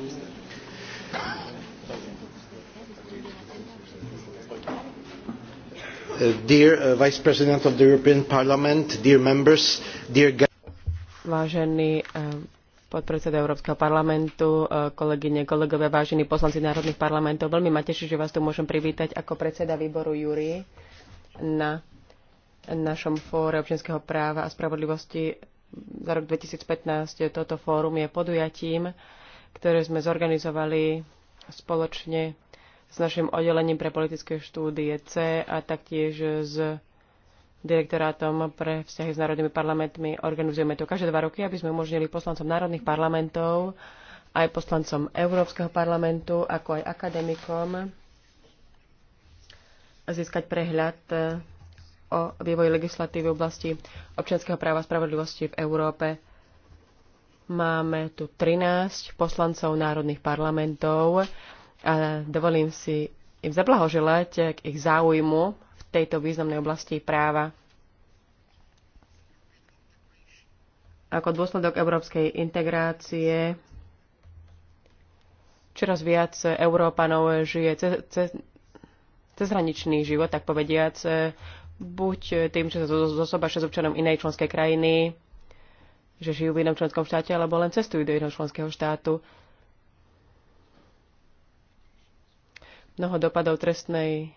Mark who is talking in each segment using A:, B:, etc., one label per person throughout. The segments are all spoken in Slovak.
A: Uh,
B: dear uh, Vice President of the European Parliament, dear
C: members, dear...
B: Vážený uh, podpredseda Európskeho parlamentu, kolegyne, kolegovia, vážení poslanci národných parlamentov. Veľmi ma teší, že vás tu môžem privítať ako predseda výboru Júri na našom fóre občianského práva a spravodlivosti za rok 2015. Toto fórum je podujatím, ktoré sme zorganizovali spoločne s našim oddelením pre politické štúdie C a taktiež s direktorátom pre vzťahy s národnými parlamentmi. Organizujeme to každé dva roky, aby sme umožnili poslancom národných parlamentov, aj poslancom Európskeho parlamentu, ako aj akademikom získať prehľad o vývoji legislatívy v oblasti občianského práva a spravodlivosti v Európe. Máme tu 13 poslancov národných parlamentov a dovolím si im zablahoželať k ich záujmu v tejto významnej oblasti práva. Ako dôsledok európskej integrácie čoraz viac Európanov žije cez, cez, cezhraničný život, tak povediac, buď tým, že sa zosobašia s občanom inej členskej krajiny, že žijú v inom členskom štáte alebo len cestujú do iného členského štátu. Mnoho dopadov trestnej,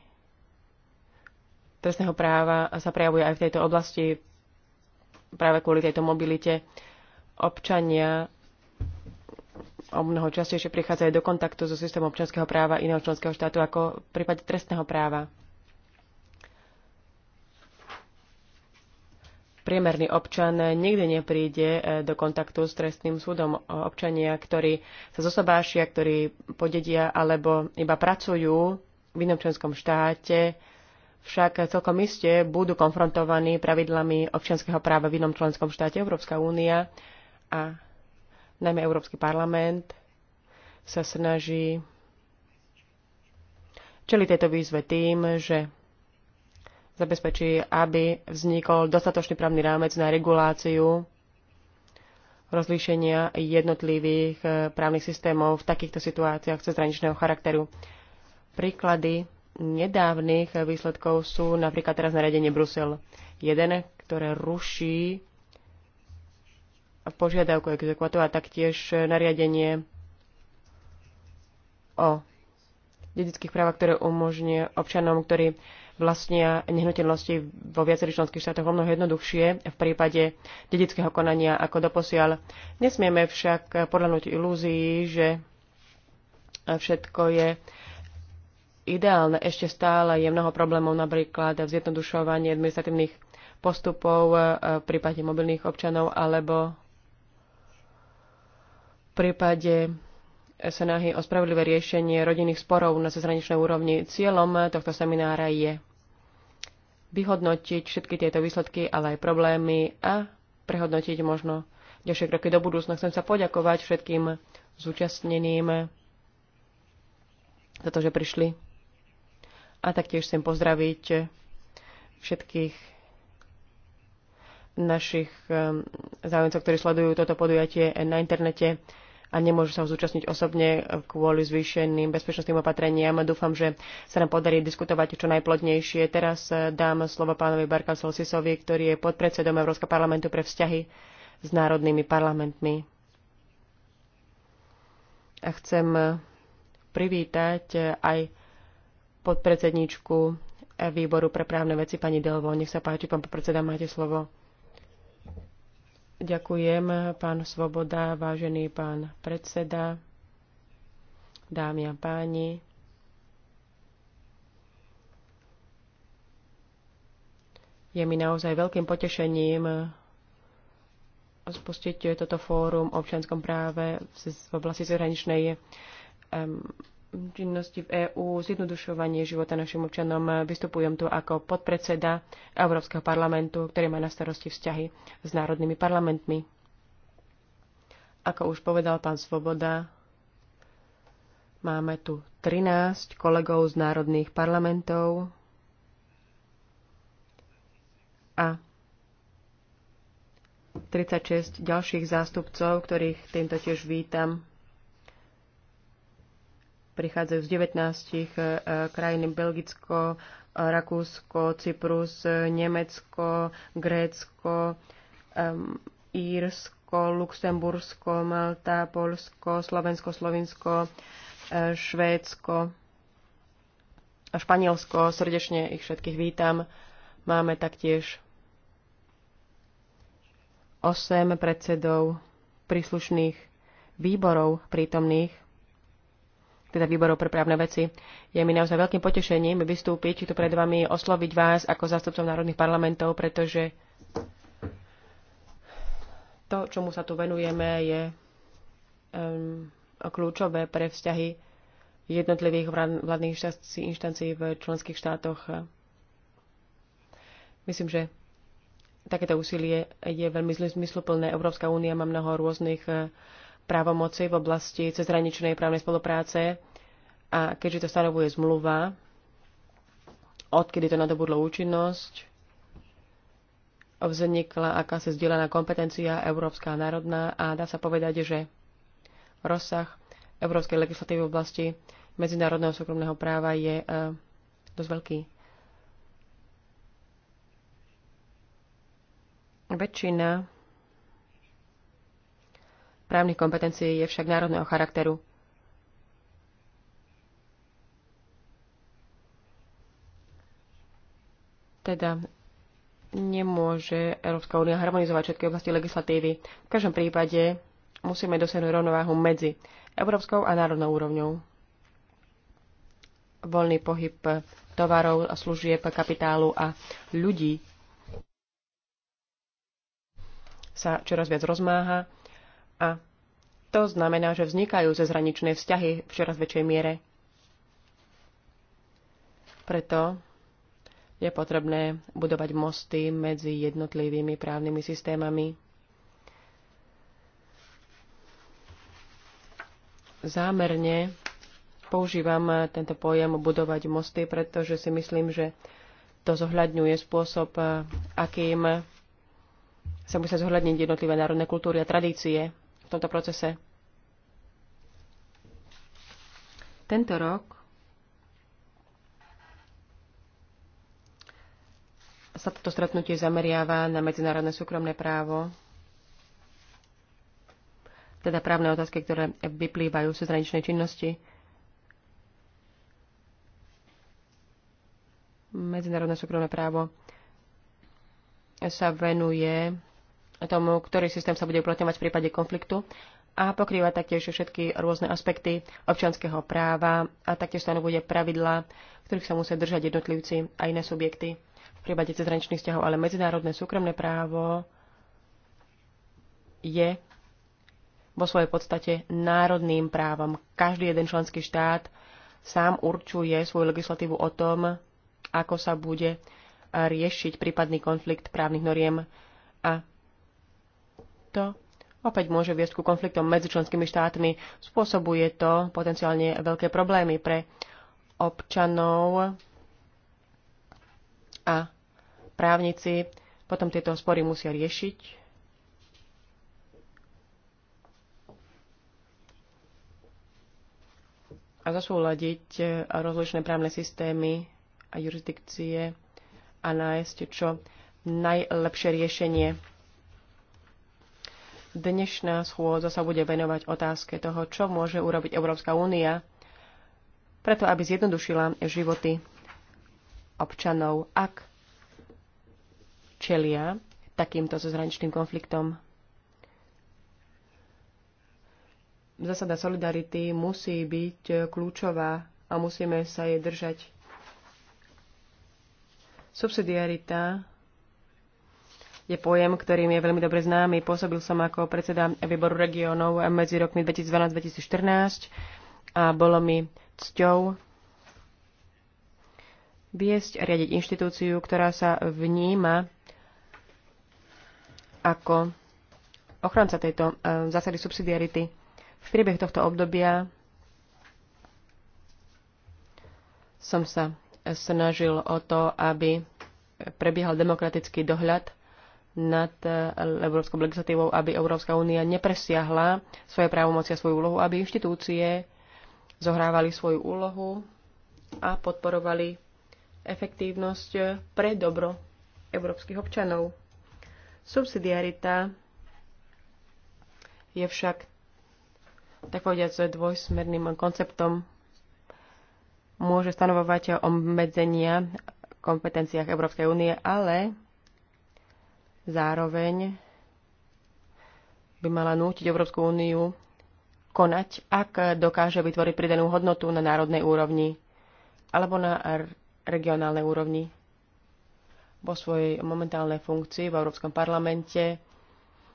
B: trestného práva sa prejavuje aj v tejto oblasti práve kvôli tejto mobilite. Občania o mnoho častejšie prichádzajú do kontaktu so systémom občanského práva iného členského štátu ako v prípade trestného práva. priemerný občan nikdy nepríde e, do kontaktu s trestným súdom. Občania, ktorí sa zosobášia, ktorí podedia alebo iba pracujú v inom členskom štáte, však celkom iste budú konfrontovaní pravidlami občianského práva v inom členskom štáte Európska únia a najmä Európsky parlament sa snaží čeliť tejto výzve tým, že zabezpečí, aby vznikol dostatočný právny rámec na reguláciu rozlíšenia jednotlivých e, právnych systémov v takýchto situáciách cezhraničného charakteru. Príklady nedávnych výsledkov sú napríklad teraz naredenie Brusel Jeden, ktoré ruší požiadavku exekvatu a taktiež nariadenie o dedických právach, ktoré umožňuje občanom, ktorí vlastnia nehnuteľnosti vo viacerých členských štátoch o mnoho jednoduchšie v prípade dedického konania ako doposiaľ. Nesmieme však podľanúť ilúzii, že všetko je ideálne. Ešte stále je mnoho problémov, napríklad v zjednodušovaní administratívnych postupov e, v prípade mobilných občanov alebo v prípade snahy o spravodlivé riešenie rodinných sporov na cezhraničnej úrovni. Cieľom tohto seminára je vyhodnotiť všetky tieto výsledky, ale aj problémy a prehodnotiť možno ďalšie kroky do budúcna. Chcem sa poďakovať všetkým zúčastneným za to, že prišli. A taktiež chcem pozdraviť všetkých našich ehm, záujemcov, ktorí sledujú toto podujatie na internete a nemôžu sa zúčastniť osobne kvôli zvýšeným bezpečnostným opatreniam. Dúfam, že sa nám podarí diskutovať čo najplodnejšie. Teraz eh, dám slovo pánovi Barkasolsisovi, ktorý je podpredsedom Európskeho parlamentu pre vzťahy s národnými parlamentmi. A chcem eh, privítať eh, aj podpredsedničku výboru pre právne veci, pani Delvo. Nech sa páči, pán podpredseda, máte slovo. Ďakujem, pán Svoboda, vážený pán predseda, dámy a páni. Je mi naozaj veľkým potešením spustiť toto fórum o občianskom práve v oblasti zahraničnej um, činnosti v EÚ, zjednodušovanie života našim občanom. Vystupujem tu ako podpredseda Európskeho parlamentu, ktorý má na starosti vzťahy s národnými parlamentmi. Ako už povedal pán Svoboda, máme tu 13 kolegov z národných parlamentov a 36 ďalších zástupcov, ktorých týmto tiež vítam prichádzajú z 19 e, e, krajín Belgicko, Rakúsko, Cyprus, e, Nemecko, Grécko, Írsko, Luxembursko, Malta, Polsko, Slovensko, Slovinsko, Švédsko a Španielsko. Srdečne ich všetkých vítam. Máme taktiež 8 predsedov príslušných výborov prítomných teda výborov pre právne veci. Je mi naozaj veľkým potešením vystúpiť tu pred vami, osloviť vás ako zástupcov národných parlamentov, pretože to, čomu sa tu venujeme, je um, kľúčové pre vzťahy jednotlivých vládnych inštancií v členských štátoch. Myslím, že takéto úsilie je veľmi zmysluplné. Európska únia má mnoho rôznych právomoci v oblasti cezhraničnej právnej spolupráce a keďže to stanovuje zmluva, odkedy to nadobudlo účinnosť, vznikla akási zdieľaná kompetencia európska a národná a dá sa povedať, že rozsah európskej legislatívy v oblasti medzinárodného súkromného práva je e, dosť veľký. Väčšina právnych kompetencií je však národného charakteru. Teda nemôže Európska únia harmonizovať všetky oblasti legislatívy. V každom prípade musíme dosiahnuť rovnováhu medzi európskou a národnou úrovňou. Voľný pohyb tovarov a služieb, kapitálu a ľudí sa čoraz viac rozmáha a to znamená, že vznikajú cezhraničné vzťahy v čoraz väčšej miere. Preto je potrebné budovať mosty medzi jednotlivými právnymi systémami. Zámerne používam tento pojem budovať mosty, pretože si myslím, že to zohľadňuje spôsob, akým sa musia zohľadniť jednotlivé národné kultúry a tradície tomto procese. Tento rok sa toto stretnutie zameriava na medzinárodné súkromné právo, teda právne otázky, ktoré vyplývajú z zraničnej činnosti. Medzinárodné súkromné právo sa venuje tomu, ktorý systém sa bude uplatňovať v prípade konfliktu a pokrýva taktiež všetky rôzne aspekty občanského práva a taktiež stanovuje pravidlá, ktorých sa musia držať jednotlivci a iné subjekty v prípade cezhraničných vzťahov, ale medzinárodné súkromné právo je vo svojej podstate národným právom. Každý jeden členský štát sám určuje svoju legislatívu o tom, ako sa bude riešiť prípadný konflikt právnych noriem a to opäť môže viesť ku konfliktom medzi členskými štátmi. Spôsobuje to potenciálne veľké problémy pre občanov a právnici potom tieto spory musia riešiť. a zasúľadiť rozličné právne systémy a jurisdikcie a nájsť čo najlepšie riešenie Dnešná schôdza sa bude venovať otázke toho, čo môže urobiť Európska únia, preto aby zjednodušila životy občanov, ak čelia takýmto zozraničným konfliktom. Zásada solidarity musí byť kľúčová a musíme sa jej držať. Subsidiarita je pojem, ktorým je veľmi dobre známy. Pôsobil som ako predseda výboru regiónov medzi rokmi 2012-2014 a bolo mi cťou viesť a riadiť inštitúciu, ktorá sa vníma ako ochranca tejto e, zásady subsidiarity. V priebehu tohto obdobia som sa snažil o to, aby prebiehal demokratický dohľad nad eh, európskou legislatívou, aby Európska únia nepresiahla svoje právomoci a svoju úlohu, aby inštitúcie zohrávali svoju úlohu a podporovali efektívnosť pre dobro európskych občanov. Subsidiarita je však, tak povediať, dvojsmerným konceptom. Môže stanovovať obmedzenia v kompetenciách Európskej únie, ale Zároveň by mala nútiť Európsku úniu konať, ak dokáže vytvoriť pridanú hodnotu na národnej úrovni alebo na regionálnej úrovni. Vo svojej momentálnej funkcii v Európskom parlamente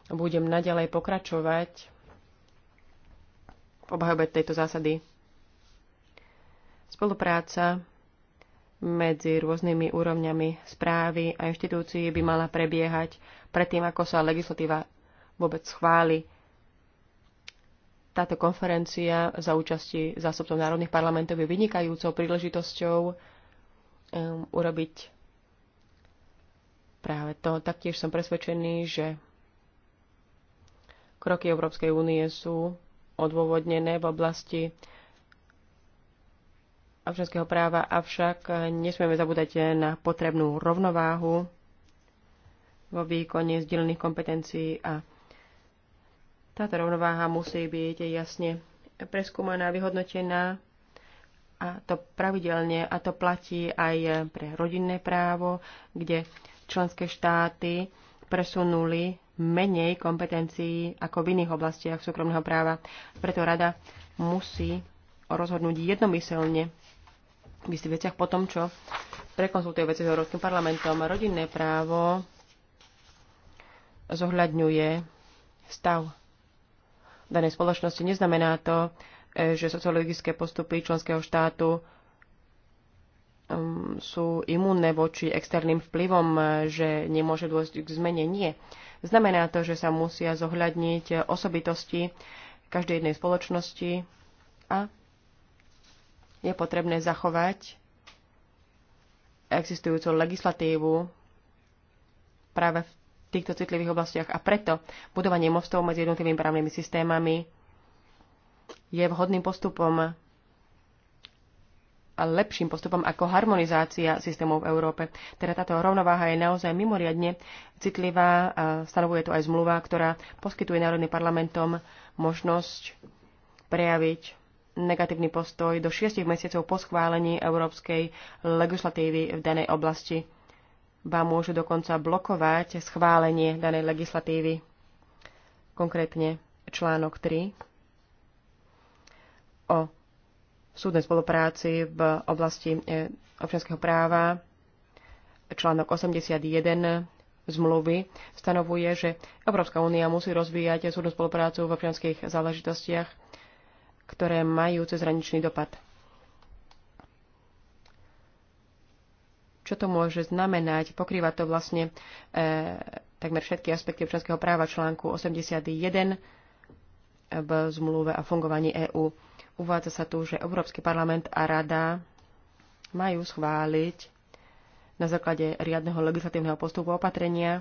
B: budem naďalej pokračovať v obhajobe tejto zásady. Spolupráca medzi rôznymi úrovňami správy a inštitúcií by mala prebiehať predtým, ako sa legislatíva vôbec schváli. Táto konferencia za účasti zásobcov národných parlamentov je vynikajúcou príležitosťou um, urobiť práve to. Taktiež som presvedčený, že kroky Európskej únie sú odôvodnené v oblasti občanského práva, avšak nesmieme zabúdať na potrebnú rovnováhu vo výkone zdieľaných kompetencií a táto rovnováha musí byť jasne preskúmaná, vyhodnotená a to pravidelne a to platí aj pre rodinné právo, kde členské štáty presunuli menej kompetencií ako v iných oblastiach súkromného práva. Preto rada musí rozhodnúť jednomyselne v istých veciach po tom, čo prekonzultuje veci s Európskym parlamentom. Rodinné právo zohľadňuje stav danej spoločnosti. Neznamená to, e, že sociologické postupy členského štátu sú imúnne voči externým vplyvom, e, že nemôže dôjsť k zmene. Nie. Znamená to, že sa musia zohľadniť osobitosti každej jednej spoločnosti a je potrebné zachovať existujúcu legislatívu práve v týchto citlivých oblastiach a preto budovanie mostov medzi jednotlivými právnymi systémami je vhodným postupom a lepším postupom ako harmonizácia systémov v Európe. Teda táto rovnováha je naozaj mimoriadne citlivá a stanovuje to aj zmluva, ktorá poskytuje národným parlamentom možnosť prejaviť negatívny postoj do šiestich mesiacov po schválení európskej legislatívy v danej oblasti. Vám môžu dokonca blokovať schválenie danej legislatívy. Konkrétne článok 3 o súdnej spolupráci v oblasti e, občianského práva, článok 81 zmluvy stanovuje, že Európska únia musí rozvíjať súdnu spoluprácu v občianských záležitostiach ktoré majú cezhraničný dopad. Čo to môže znamenať? Pokrýva to vlastne e, takmer všetky aspekty občanského práva článku 81 v zmluve a fungovaní EÚ. Uvádza sa tu, že Európsky parlament a rada majú schváliť na základe riadneho legislatívneho postupu opatrenia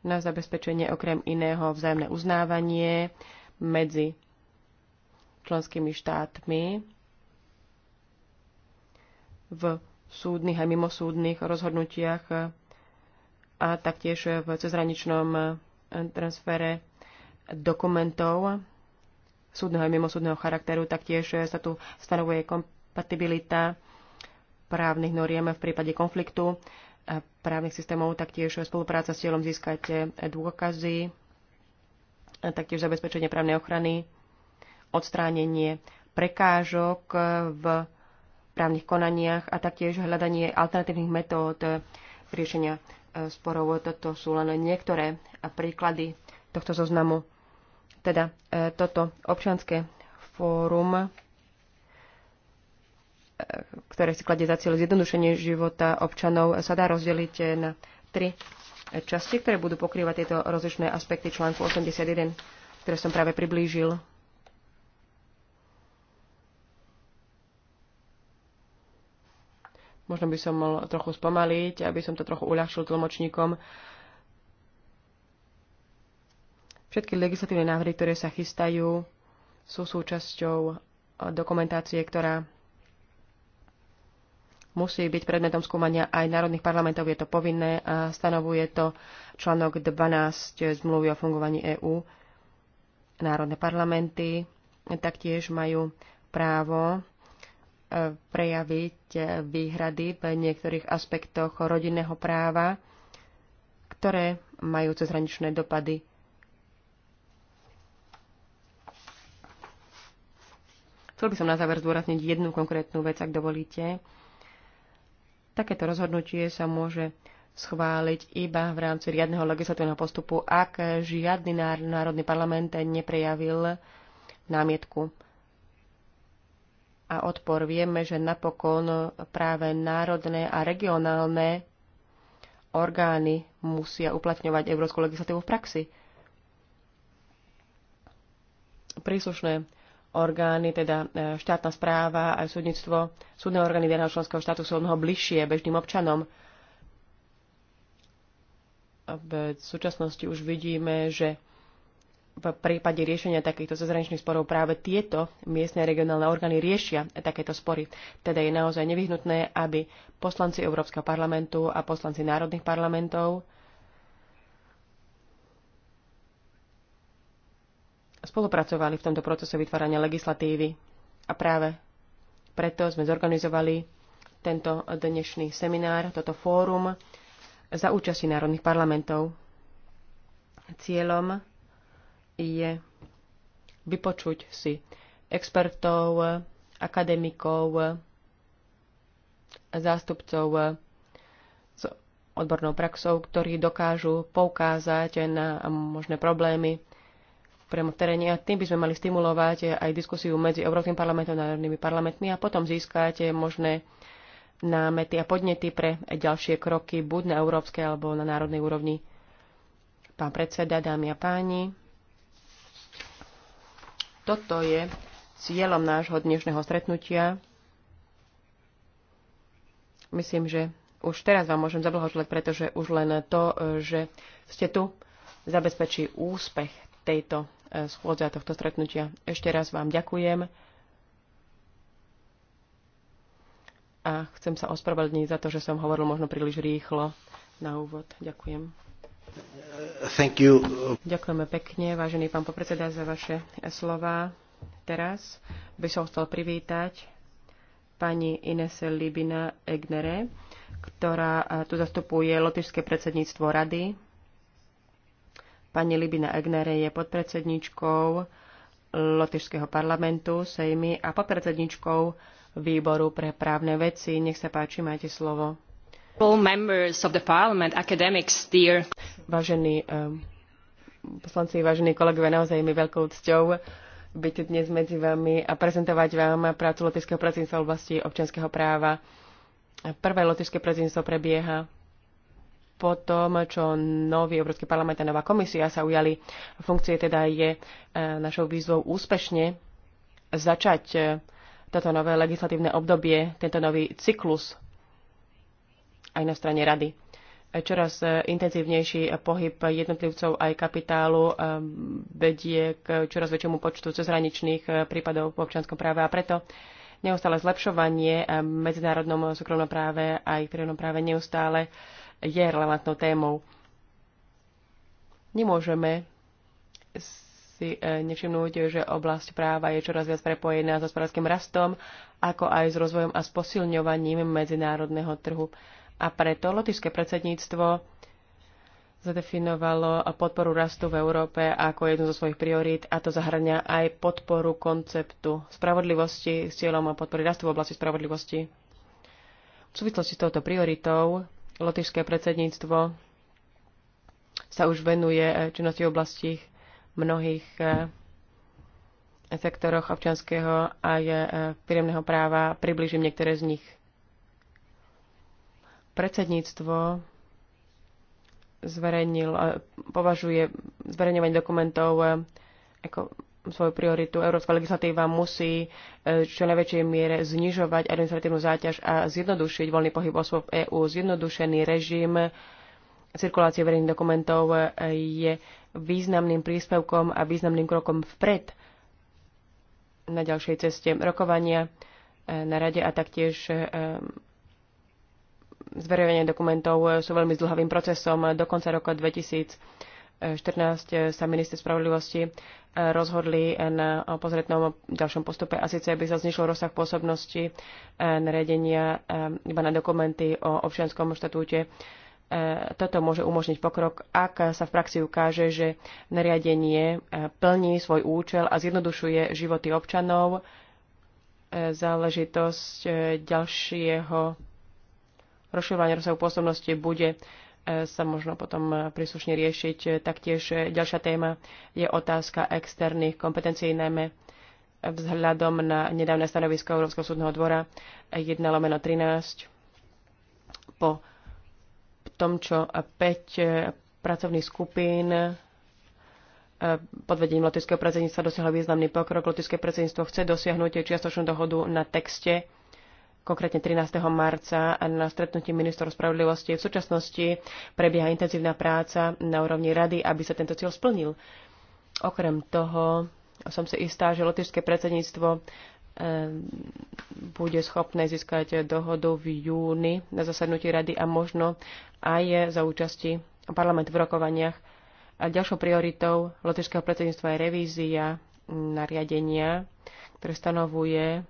B: na zabezpečenie okrem iného vzájomné uznávanie medzi členskými štátmi v súdnych a mimosúdnych rozhodnutiach a taktiež v cezhraničnom eh, transfere dokumentov súdneho a mimosúdneho charakteru. Taktiež sa tu stanovuje kompatibilita právnych noriem v prípade konfliktu právnych systémov, taktiež spolupráca s cieľom získať eh, dôkazy, taktiež zabezpečenie právnej ochrany odstránenie prekážok e, v právnych konaniach a taktiež hľadanie alternatívnych metód e, riešenia e, sporov. Toto sú len niektoré príklady tohto zoznamu. Teda toto občianské fórum, ktoré si kladie za cieľ zjednodušenie života občanov, sa dá rozdeliť na tri časti, ktoré budú pokrývať tieto rozličné aspekty článku 81, ktoré som práve priblížil. Možno by som mal trochu spomaliť, aby som to trochu uľahčil tlmočníkom. Všetky legislatívne návrhy, ktoré sa chystajú, sú súčasťou dokumentácie, ktorá musí byť predmetom skúmania aj národných parlamentov. Je to povinné a stanovuje to článok 12 zmluvy o fungovaní EÚ. Národné parlamenty taktiež majú právo prejaviť výhrady v niektorých aspektoch rodinného práva, ktoré majú cezhraničné dopady. Chcel by som na záver zdôrazniť jednu konkrétnu vec, ak dovolíte. Takéto rozhodnutie sa môže schváliť iba v rámci riadneho legislatívneho postupu, ak žiadny národný parlament neprejavil námietku a odpor. Vieme, že napokon práve národné a regionálne orgány musia uplatňovať európsku legislatívu v praxi. Príslušné orgány, teda e, štátna správa a súdnictvo, súdne orgány daného členského štátu sú mnoho bližšie bežným občanom. V súčasnosti už vidíme, že v prípade riešenia takýchto cezhraničných sporov práve tieto miestne a regionálne orgány riešia takéto spory. Teda je naozaj nevyhnutné, aby poslanci Európskeho parlamentu a poslanci národných parlamentov spolupracovali v tomto procese vytvárania legislatívy. A práve preto sme zorganizovali tento dnešný seminár, toto fórum za účasti národných parlamentov. Cieľom je vypočuť si expertov, akademikov, zástupcov s odbornou praxou, ktorí dokážu poukázať na možné problémy priamo v teréne a tým by sme mali stimulovať aj diskusiu medzi Európskym parlamentom a národnými parlamentmi a potom získať možné námety a podnety pre ďalšie kroky buď na európskej alebo na národnej úrovni. Pán predseda, dámy a páni, toto je cieľom nášho dnešného stretnutia. Myslím, že už teraz vám môžem zablahoželať, pretože už len to, že ste tu, zabezpečí úspech tejto e, schôdze a tohto stretnutia. Ešte raz vám ďakujem a chcem sa ospravedlniť za to, že som hovoril možno príliš rýchlo na úvod. Ďakujem. Thank you. Ďakujeme pekne, vážený pán popredseda, za vaše slova. Teraz by som chcel privítať pani Inese Libina Egnere, ktorá eh, tu zastupuje lotišské predsedníctvo rady. Pani Libina Egnere je podpredsedničkou lotišského parlamentu Sejmy a podpredsedničkou výboru pre právne veci. Nech sa páči, máte slovo. Vážení ehm, poslanci, vážení kolegovia, naozaj mi veľkou cťou byť tu dnes medzi vami a prezentovať vám prácu Lotyšského predsedníctva v oblasti občianského práva. Prvé Lotyšské predsedníctvo prebieha po tom, čo nový Európsky parlament a nová komisia sa ujali funkcie, teda je eh, našou výzvou úspešne začať eh, toto nové legislatívne obdobie, tento nový cyklus aj na strane rady. E, čoraz e, intenzívnejší pohyb jednotlivcov aj kapitálu e, vedie k čoraz väčšiemu počtu cezhraničných prípadov v občianskom práve a preto neustále zlepšovanie v medzinárodnom súkromnom práve aj v prírodnom práve neustále je relevantnou témou. Nemôžeme si nevšimnúť, že oblasť práva je čoraz viac prepojená s hospodárskym rastom, ako aj s rozvojom a s posilňovaním medzinárodného trhu a preto lotišské predsedníctvo zadefinovalo podporu rastu v Európe ako jednu zo svojich priorít a to zahrania aj podporu konceptu spravodlivosti s cieľom podpory rastu v oblasti spravodlivosti. V súvislosti s touto prioritou lotišské predsedníctvo sa už venuje činnosti v oblasti mnohých eh, sektoroch občianského a eh, firemného práva. Približím niektoré z nich. Predsedníctvo zverejnil, eh, považuje zverejňovanie dokumentov eh, ako svoju prioritu. Európska legislatíva musí eh, čo najväčšej miere znižovať administratívnu záťaž a zjednodušiť voľný pohyb osôb v EÚ. Zjednodušený režim cirkulácie verejných dokumentov je významným príspevkom a významným krokom vpred na ďalšej ceste rokovania na rade a taktiež zverejnenie dokumentov e, sú veľmi zdlhavým procesom. E, do konca roka 2014 e, sa minister spravodlivosti rozhodli na pozretnom ďalšom postupe a síce by sa znišil rozsah pôsobnosti nariadenia iba na dokumenty o občianskom štatúte. Toto môže umožniť pokrok, ak sa v praxi ukáže, že nariadenie plní svoj účel a zjednodušuje životy občanov. Záležitosť ďalšieho rozširovanie rozsahu pôsobnosti bude e, sa možno potom e, príslušne riešiť. E, taktiež ďalšia téma je otázka externých kompetencií, najmä vzhľadom na nedávne stanovisko Európskeho súdneho dvora 1 lomeno 13 po tom, čo 5 pracovných skupín pod vedením lotického predsedníctva dosiahlo významný pokrok. Lotické predsedníctvo chce dosiahnuť čiastočnú dohodu na texte konkrétne 13. marca na stretnutí ministrov spravodlivosti. V súčasnosti prebieha intenzívna práca na úrovni rady, aby sa tento cieľ splnil. Okrem toho som si istá, že lotišské predsedníctvo eh, bude schopné získať dohodu v júni na zasadnutí rady a možno aj za účasti parlament v rokovaniach. A ďalšou prioritou lotišského predsedníctva je revízia nariadenia, ktoré stanovuje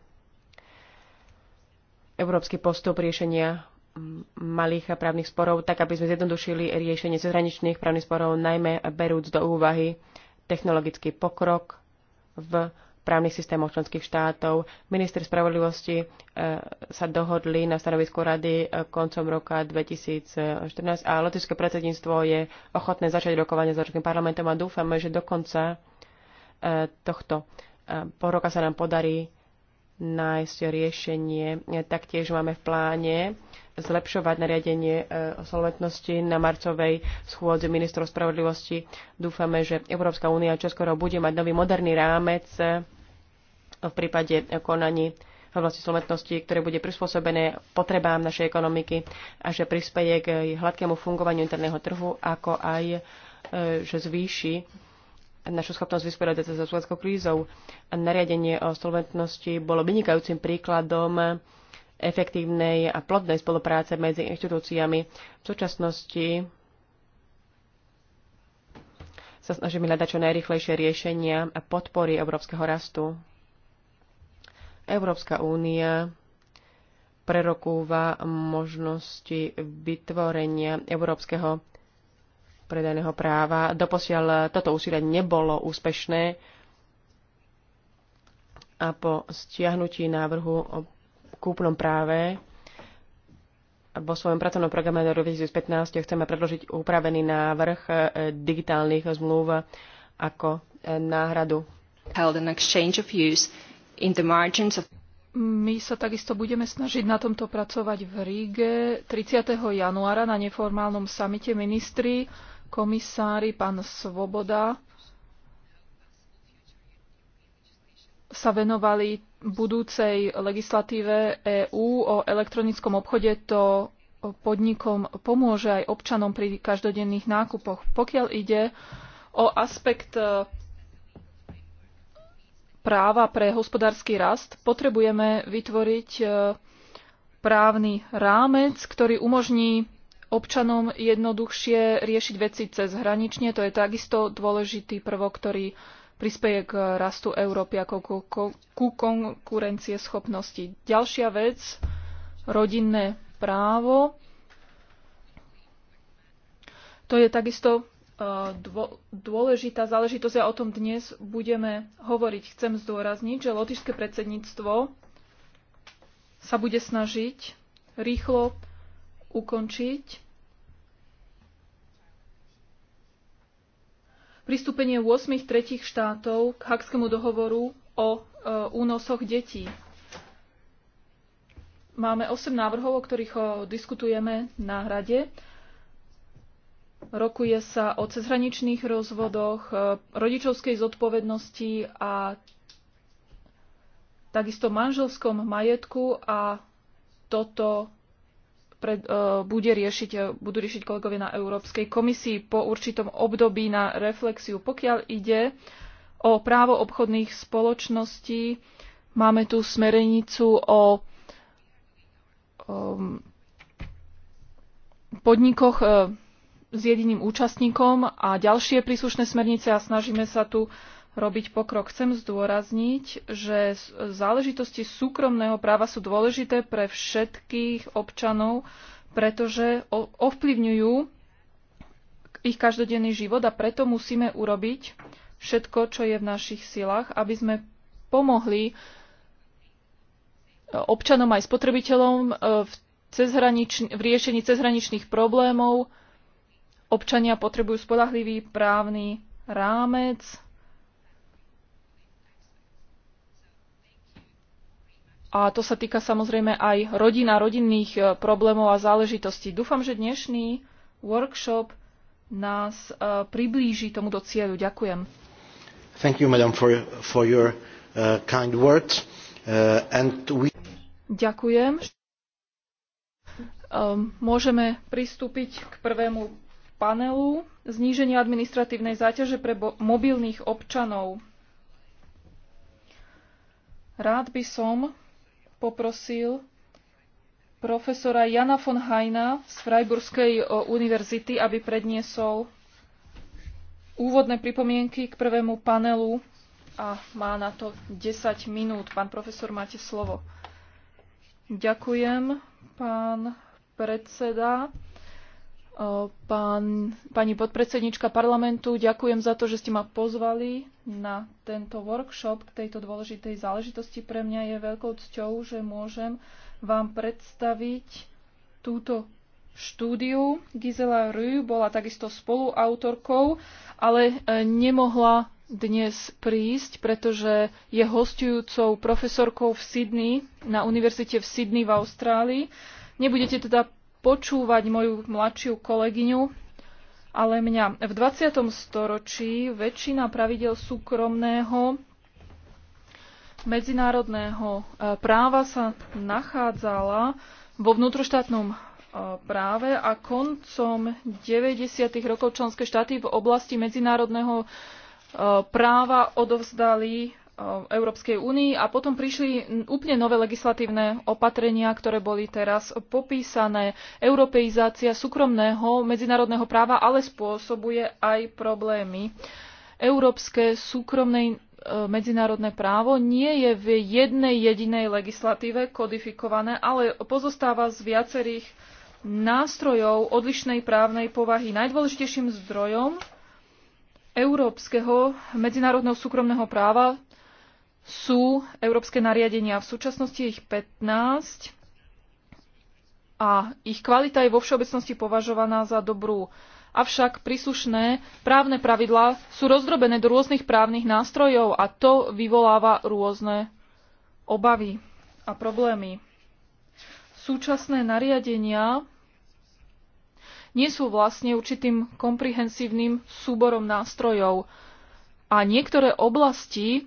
B: európsky postup riešenia malých právnych sporov, tak aby sme zjednodušili riešenie cezhraničných právnych sporov, najmä berúc do úvahy technologický pokrok v právnych systémoch členských štátov. Minister spravodlivosti e, sa dohodli na stanovisku rady e, koncom roka 2014 a lotické predsedníctvo je ochotné začať rokovanie s Európskym parlamentom a dúfame, že do konca e, tohto pol roka sa nám podarí nájsť riešenie. Taktiež máme v pláne zlepšovať nariadenie e, solventnosti na marcovej schôdzi ministrov spravodlivosti. Dúfame, že Európska únia čoskoro bude mať nový moderný rámec e, v prípade konaní v oblasti solventnosti, ktoré bude prispôsobené potrebám našej ekonomiky a že prispieje k hladkému fungovaniu interného trhu, ako aj e, že zvýši našu schopnosť vysporiadať sa so slovenskou krízou. Nariadenie o solventnosti bolo vynikajúcim príkladom efektívnej a plodnej spolupráce medzi inštitúciami. V súčasnosti sa snažíme hľadať čo najrychlejšie riešenia a podpory európskeho rastu. Európska únia prerokúva možnosti vytvorenia európskeho predajného práva. Doposiaľ toto úsilie nebolo úspešné a po stiahnutí návrhu o kúpnom práve vo svojom pracovnom programe do 2015 chceme predložiť upravený návrh eh, digitálnych zmluv ako eh, náhradu.
C: My sa takisto budeme snažiť na tomto pracovať v Ríge 30. januára na neformálnom samite ministri komisári, pán Svoboda, sa venovali budúcej legislatíve EÚ o elektronickom obchode, to podnikom pomôže aj občanom pri každodenných nákupoch. Pokiaľ ide o aspekt e, práva pre hospodársky rast, potrebujeme vytvoriť e, právny rámec, ktorý umožní občanom jednoduchšie riešiť veci cez hranične. To je takisto dôležitý prvok, ktorý prispieje k rastu Európy ako ku, ku konkurencie schopnosti. Ďalšia vec, rodinné právo. To je takisto e, dôležitá záležitosť a o tom dnes budeme hovoriť. Chcem zdôrazniť, že lotišské predsedníctvo sa bude snažiť rýchlo ukončiť pristúpenie 8 tretich štátov k Hakskému dohovoru o e, únosoch detí. Máme 8 návrhov, o ktorých o, diskutujeme na rade. Rokuje sa o cezhraničných rozvodoch, e, rodičovskej zodpovednosti a takisto manželskom majetku a toto pred, e, bude riešiť, e, budú riešiť kolegovia na Európskej komisii po určitom období na reflexiu. Pokiaľ ide o právo obchodných spoločností, máme tu smerenicu o um, podnikoch e, s jediným účastníkom a ďalšie príslušné smernice a snažíme sa tu robiť pokrok. Chcem zdôrazniť, že záležitosti súkromného práva sú dôležité pre všetkých občanov, pretože ovplyvňujú ich každodenný život a preto musíme urobiť všetko, čo je v našich silách, aby sme pomohli e, občanom aj spotrebiteľom e, v, v riešení cezhraničných problémov. Občania potrebujú spolahlivý právny rámec, A to sa týka samozrejme aj rodina, rodinných e, problémov a záležitostí. Dúfam, že dnešný workshop nás e, priblíži tomuto cieľu. Ďakujem.
B: Thank you, madam, for, for your uh, kind words. Uh, and we...
C: Ďakujem. Um, môžeme pristúpiť k prvému panelu Zníženie administratívnej záťaže pre mobilných občanov. Rád by som poprosil profesora Jana von Hajna z Freiburskej eh, univerzity, aby predniesol úvodné pripomienky k prvému panelu a má na to 10 minút. Pán profesor, máte slovo. Ďakujem, pán predseda. Pán, pani podpredsednička parlamentu, ďakujem za to, že ste ma pozvali na tento workshop k tejto dôležitej záležitosti. Pre mňa je veľkou cťou, že môžem vám predstaviť túto štúdiu. Gizela Rue bola takisto spoluautorkou, ale e, nemohla dnes prísť, pretože je hostujúcou profesorkou v Sydney, na univerzite v Sydney v Austrálii. Nebudete teda počúvať moju mladšiu kolegyňu, ale mňa. V 20. storočí väčšina pravidel súkromného medzinárodného e, práva sa nachádzala vo vnútroštátnom e, práve a koncom 90. rokov členské štáty v oblasti medzinárodného e, práva odovzdali Eh, Európskej únii a potom prišli úplne nové legislatívne opatrenia, ktoré boli teraz popísané. Europeizácia súkromného medzinárodného práva ale spôsobuje aj problémy. Európske súkromné eh, medzinárodné právo nie je v jednej jedinej legislatíve kodifikované, ale pozostáva z viacerých nástrojov odlišnej právnej povahy. Najdôležitejším zdrojom európskeho medzinárodného súkromného práva sú európske nariadenia. V súčasnosti ich 15 a ich kvalita je vo všeobecnosti považovaná za dobrú. Avšak príslušné právne pravidlá sú rozdrobené do rôznych právnych nástrojov a to vyvoláva rôzne obavy a problémy. Súčasné nariadenia nie sú vlastne určitým komprehensívnym súborom nástrojov a niektoré oblasti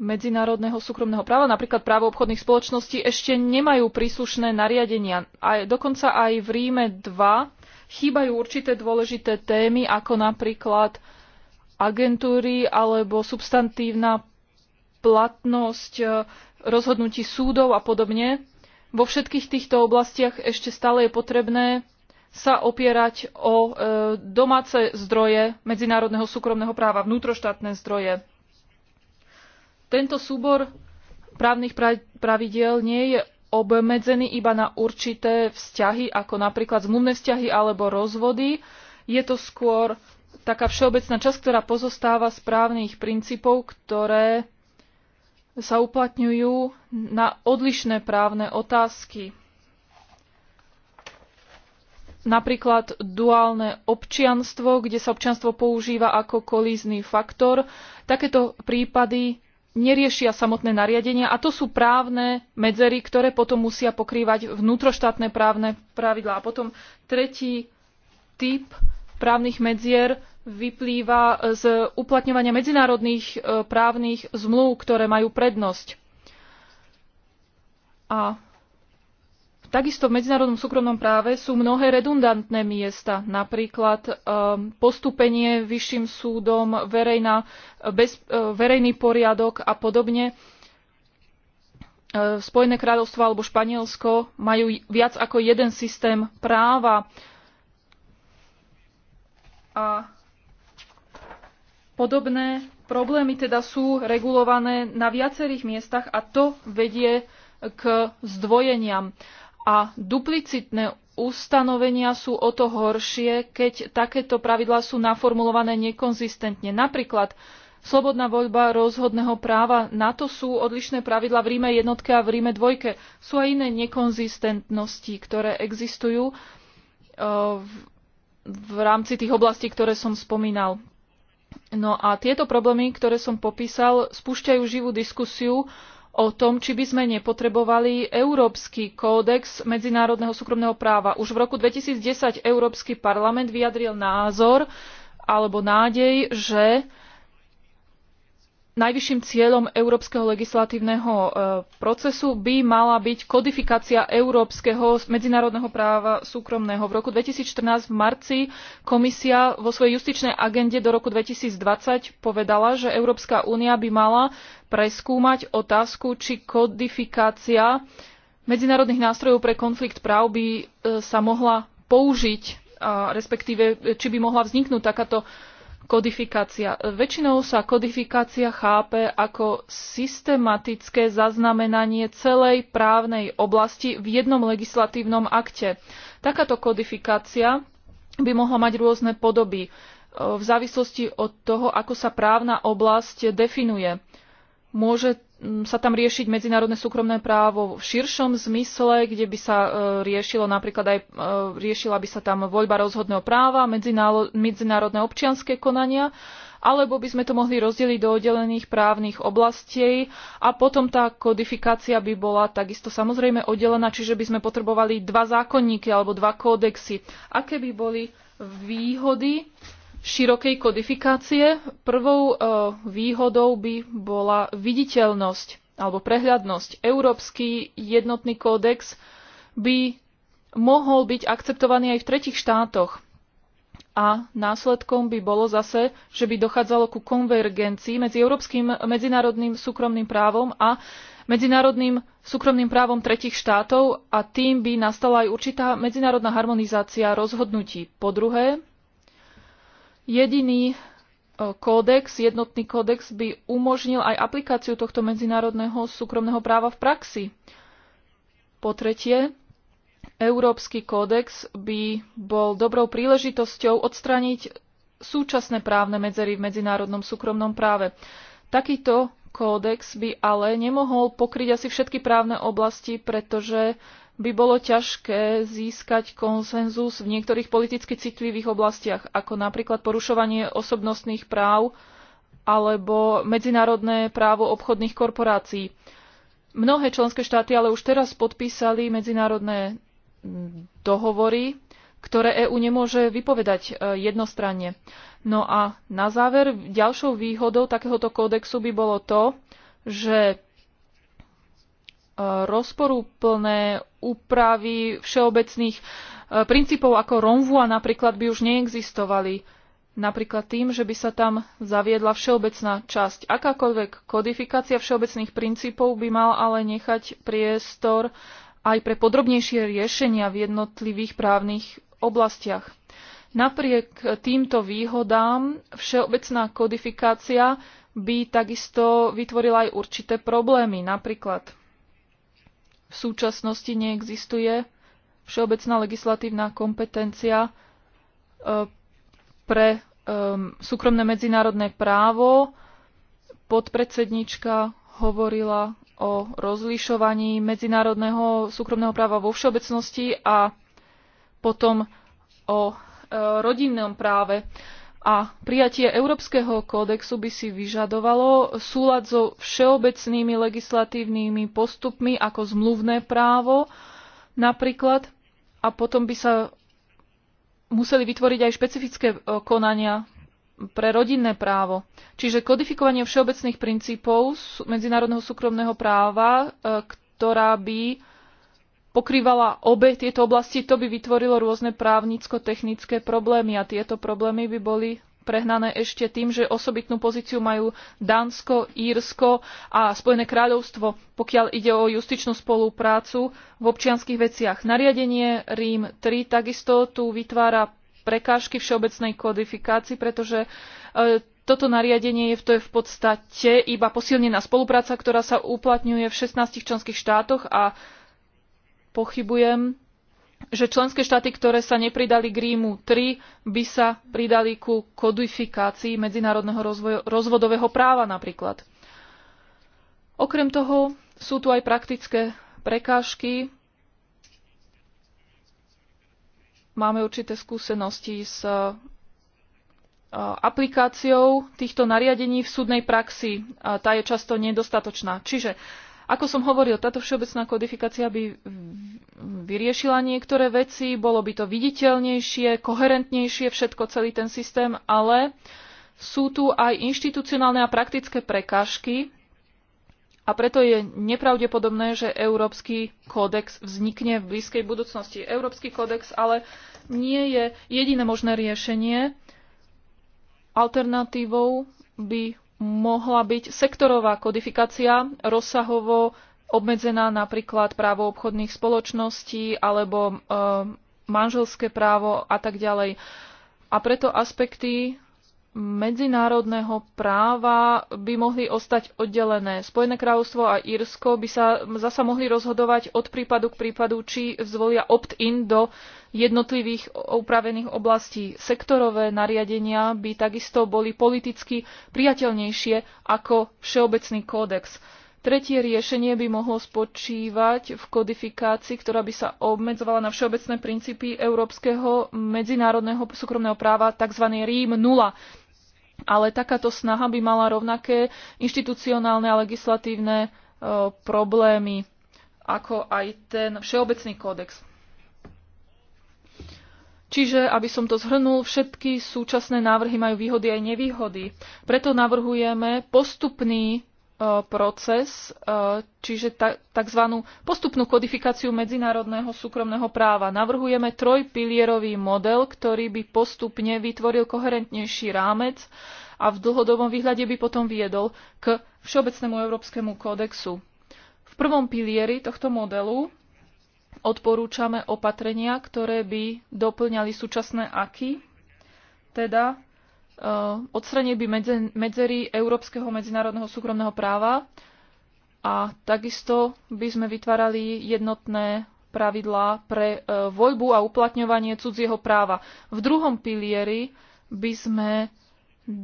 C: medzinárodného súkromného práva, napríklad právo obchodných spoločností, ešte nemajú príslušné nariadenia. A dokonca aj v Ríme 2 chýbajú určité dôležité témy, ako napríklad agentúry alebo substantívna platnosť e, rozhodnutí súdov a podobne. Vo všetkých týchto oblastiach ešte stále je potrebné sa opierať o e, domáce zdroje medzinárodného súkromného práva, vnútroštátne zdroje tento súbor právnych pravidiel nie je obmedzený iba na určité vzťahy, ako napríklad zmluvné vzťahy alebo rozvody. Je to skôr taká všeobecná časť, ktorá pozostáva z právnych princípov, ktoré sa uplatňujú na odlišné právne otázky. Napríklad duálne občianstvo, kde sa občianstvo používa ako kolízny faktor. Takéto prípady neriešia samotné nariadenia a to sú právne medzery, ktoré potom musia pokrývať vnútroštátne právne pravidlá. A potom tretí typ právnych medzier vyplýva z uplatňovania medzinárodných e, právnych zmluv, ktoré majú prednosť. A Takisto v medzinárodnom súkromnom práve sú mnohé redundantné miesta, napríklad ehm, postupenie vyšším súdom, verejná, bez, e, verejný poriadok a podobne. E, Spojené kráľovstvo alebo Španielsko majú viac ako jeden systém práva. A podobné problémy teda sú regulované na viacerých miestach a to vedie k zdvojeniam a duplicitné ustanovenia sú o to horšie, keď takéto pravidlá sú naformulované nekonzistentne. Napríklad Slobodná voľba rozhodného práva, na to sú odlišné pravidlá v Ríme jednotke a v Ríme dvojke. Sú aj iné nekonzistentnosti, ktoré existujú e, v rámci tých oblastí, ktoré som spomínal. No a tieto problémy, ktoré som popísal, spúšťajú živú diskusiu o tom, či by sme nepotrebovali Európsky kódex medzinárodného súkromného práva. Už v roku 2010 Európsky parlament vyjadril názor alebo nádej, že najvyšším cieľom európskeho legislatívneho e, procesu by mala byť kodifikácia európskeho medzinárodného práva súkromného. V roku 2014 v marci komisia vo svojej justičnej agende do roku 2020 povedala, že Európska únia by mala preskúmať otázku, či kodifikácia medzinárodných nástrojov pre konflikt práv by e, sa mohla použiť, respektíve či by mohla vzniknúť takáto kodifikácia. Väčšinou sa kodifikácia chápe ako systematické zaznamenanie celej právnej oblasti v jednom legislatívnom akte. Takáto kodifikácia by mohla mať rôzne podoby e, v závislosti od toho, ako sa právna oblasť definuje. Môže sa tam riešiť medzinárodné súkromné právo v širšom zmysle, kde by sa e, riešilo napríklad aj e, riešila by sa tam voľba rozhodného práva, medzinárodné občianské konania, alebo by sme to mohli rozdeliť do oddelených právnych oblastí a potom tá kodifikácia by bola takisto samozrejme oddelená, čiže by sme potrebovali dva zákonníky alebo dva kódexy. Aké by boli výhody širokej kodifikácie. Prvou e, výhodou by bola viditeľnosť alebo prehľadnosť. Európsky jednotný kódex by mohol byť akceptovaný aj v tretich štátoch. A následkom by bolo zase, že by dochádzalo ku konvergencii medzi európskym medzinárodným súkromným právom a medzinárodným súkromným právom tretich štátov a tým by nastala aj určitá medzinárodná harmonizácia rozhodnutí. Po druhé, Jediný e, kódex, jednotný kódex by umožnil aj aplikáciu tohto medzinárodného súkromného práva v praxi. Po tretie, Európsky kódex by bol dobrou príležitosťou odstrániť súčasné právne medzery v medzinárodnom súkromnom práve. Takýto kódex by ale nemohol pokryť asi všetky právne oblasti, pretože by bolo ťažké získať konsenzus v niektorých politicky citlivých oblastiach, ako napríklad porušovanie osobnostných práv alebo medzinárodné právo obchodných korporácií. Mnohé členské štáty ale už teraz podpísali medzinárodné dohovory, ktoré EÚ nemôže vypovedať e, jednostranne. No a na záver ďalšou výhodou takéhoto kódexu by bolo to, že rozporúplné úpravy všeobecných e, princípov ako a napríklad by už neexistovali. Napríklad tým, že by sa tam zaviedla všeobecná časť. Akákoľvek kodifikácia všeobecných princípov by mal ale nechať priestor aj pre podrobnejšie riešenia v jednotlivých právnych oblastiach. Napriek týmto výhodám všeobecná kodifikácia by takisto vytvorila aj určité problémy. Napríklad v súčasnosti neexistuje všeobecná legislatívna kompetencia e, pre súkromné medzinárodné právo. Podpredsednička hovorila o rozlišovaní medzinárodného súkromného práva vo všeobecnosti a potom o e, rodinnom práve. A prijatie Európskeho kódexu by si vyžadovalo súlad so všeobecnými legislatívnymi postupmi ako zmluvné právo napríklad a potom by sa museli vytvoriť aj špecifické e, konania pre rodinné právo. Čiže kodifikovanie všeobecných princípov medzinárodného súkromného práva, e, ktorá by pokrývala obe tieto oblasti, to by vytvorilo rôzne právnicko-technické problémy a tieto problémy by boli prehnané ešte tým, že osobitnú pozíciu majú Dánsko, Írsko a Spojené kráľovstvo, pokiaľ ide o justičnú spoluprácu v občianských veciach. Nariadenie Rím 3 takisto tu vytvára prekážky všeobecnej kodifikácii, pretože e, toto nariadenie je, to je v podstate iba posilnená spolupráca, ktorá sa uplatňuje v 16 členských štátoch a pochybujem, že členské štáty, ktoré sa nepridali k Rímu 3, by sa pridali ku kodifikácii medzinárodného rozvodového práva napríklad. Okrem toho sú tu aj praktické prekážky. Máme určité skúsenosti s e, aplikáciou týchto nariadení v súdnej praxi. Tá je často nedostatočná. Čiže ako som hovoril, táto všeobecná kodifikácia by vyriešila niektoré veci, bolo by to viditeľnejšie, koherentnejšie všetko, celý ten systém, ale sú tu aj inštitucionálne a praktické prekážky a preto je nepravdepodobné, že Európsky kódex vznikne v blízkej budúcnosti. Európsky kódex ale nie je jediné možné riešenie. Alternatívou by mohla byť sektorová kodifikácia rozsahovo obmedzená napríklad právo obchodných spoločností alebo e, manželské právo a tak ďalej. A preto aspekty medzinárodného práva by mohli ostať oddelené. Spojené kráľovstvo a Írsko by sa zasa mohli rozhodovať od prípadu k prípadu, či zvolia opt-in do jednotlivých upravených oblastí. Sektorové nariadenia by takisto boli politicky priateľnejšie ako Všeobecný kódex. Tretie riešenie by mohlo spočívať v kodifikácii, ktorá by sa obmedzovala na všeobecné princípy európskeho medzinárodného súkromného práva, tzv. Rím 0 ale takáto snaha by mala rovnaké inštitucionálne a legislatívne e, problémy ako aj ten všeobecný kódex. Čiže, aby som to zhrnul, všetky súčasné návrhy majú výhody aj nevýhody. Preto navrhujeme postupný E, proces, e, čiže tzv. postupnú kodifikáciu medzinárodného súkromného práva. Navrhujeme trojpilierový model, ktorý by postupne vytvoril koherentnejší rámec a v dlhodobom výhľade by potom viedol k Všeobecnému európskemu kódexu. V prvom pilieri tohto modelu odporúčame opatrenia, ktoré by doplňali súčasné aky, teda Eh, odstranie by medzery európskeho medzinárodného súkromného práva a takisto by sme vytvárali jednotné pravidlá pre eh, voľbu a uplatňovanie cudzieho práva. V druhom pilieri by sme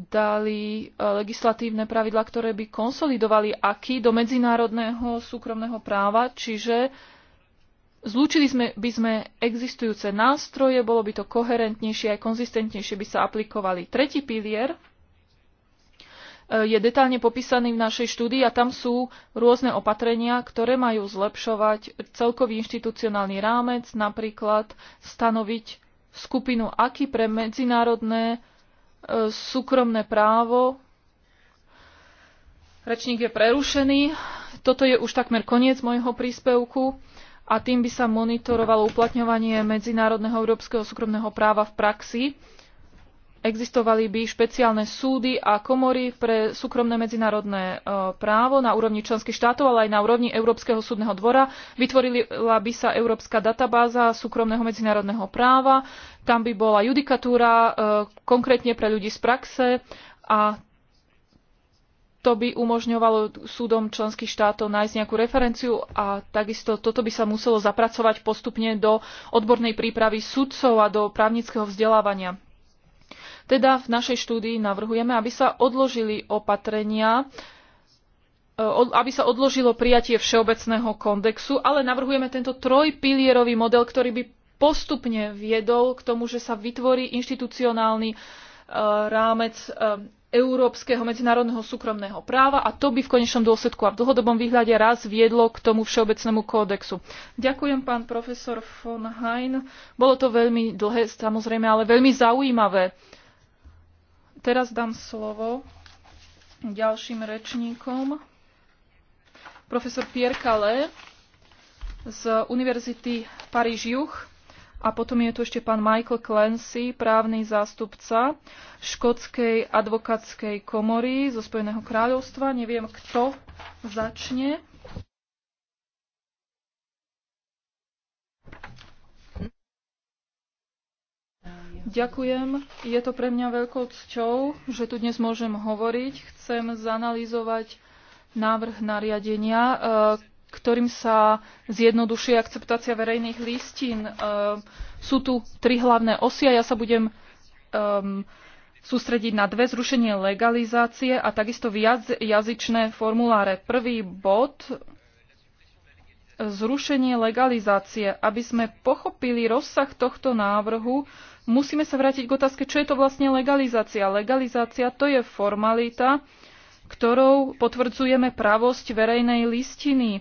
C: dali eh, legislatívne pravidlá, ktoré by konsolidovali aký do medzinárodného súkromného práva, čiže uh, Zlúčili sme, by sme existujúce nástroje, bolo by to koherentnejšie aj konzistentnejšie by sa aplikovali. Tretí pilier e, je detálne popísaný v našej štúdii a tam sú rôzne opatrenia, ktoré majú zlepšovať celkový inštitucionálny rámec, napríklad stanoviť skupinu aký pre medzinárodné e, súkromné právo. Rečník je prerušený. Toto je už takmer koniec môjho príspevku a tým by sa monitorovalo uplatňovanie medzinárodného európskeho súkromného práva v praxi. Existovali by špeciálne súdy a komory pre súkromné medzinárodné e, právo na úrovni členských štátov, ale aj na úrovni Európskeho súdneho dvora. Vytvorila by sa Európska databáza súkromného medzinárodného práva. Tam by bola judikatúra e, konkrétne pre ľudí z praxe a to by umožňovalo súdom členských štátov nájsť nejakú referenciu a takisto toto by sa muselo zapracovať postupne do odbornej prípravy sudcov a do právnického vzdelávania. Teda v našej štúdii navrhujeme, aby sa odložili opatrenia, e, aby sa odložilo prijatie Všeobecného kondexu, ale navrhujeme tento trojpilierový model, ktorý by postupne viedol k tomu, že sa vytvorí inštitucionálny e, rámec e, európskeho medzinárodného súkromného práva a to by v konečnom dôsledku a v dlhodobom výhľade raz viedlo k tomu všeobecnému kódexu. Ďakujem pán profesor von Hein. Bolo to veľmi dlhé, samozrejme, ale veľmi zaujímavé. Teraz dám slovo ďalším rečníkom. Profesor Pierre Calais z Univerzity Paríž-Juch a potom je tu ešte pán Michael Clancy, právny zástupca škótskej advokátskej komory zo Spojeného kráľovstva. Neviem, kto začne. Ďakujem. Je to pre mňa veľkou cťou, že tu dnes môžem hovoriť. Chcem zanalizovať návrh nariadenia, e, ktorým sa zjednodušuje akceptácia verejných listín. Ehm, sú tu tri hlavné osy a ja sa budem ehm, sústrediť na dve zrušenie legalizácie a takisto viac jazyčné formuláre. Prvý bod zrušenie legalizácie. Aby sme pochopili rozsah tohto návrhu, musíme sa vrátiť k otázke, čo je to vlastne legalizácia. Legalizácia to je formalita, ktorou potvrdzujeme pravosť verejnej listiny, e,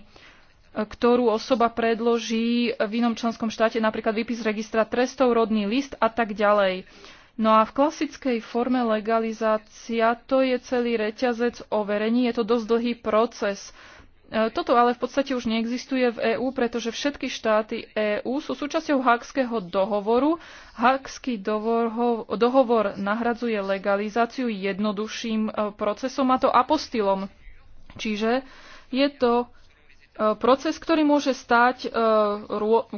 C: ktorú osoba predloží v inom členskom štáte, napríklad výpis registra trestov, rodný list a tak ďalej. No a v klasickej forme legalizácia to je celý reťazec overení, je to dosť dlhý proces. E, toto ale v podstate už neexistuje v EÚ, pretože všetky štáty EÚ sú súčasťou Hákského dohovoru. Hákský dohovor nahradzuje legalizáciu jednoduchším e, procesom, a to apostilom. Čiže je to E, proces, ktorý môže, stať, e,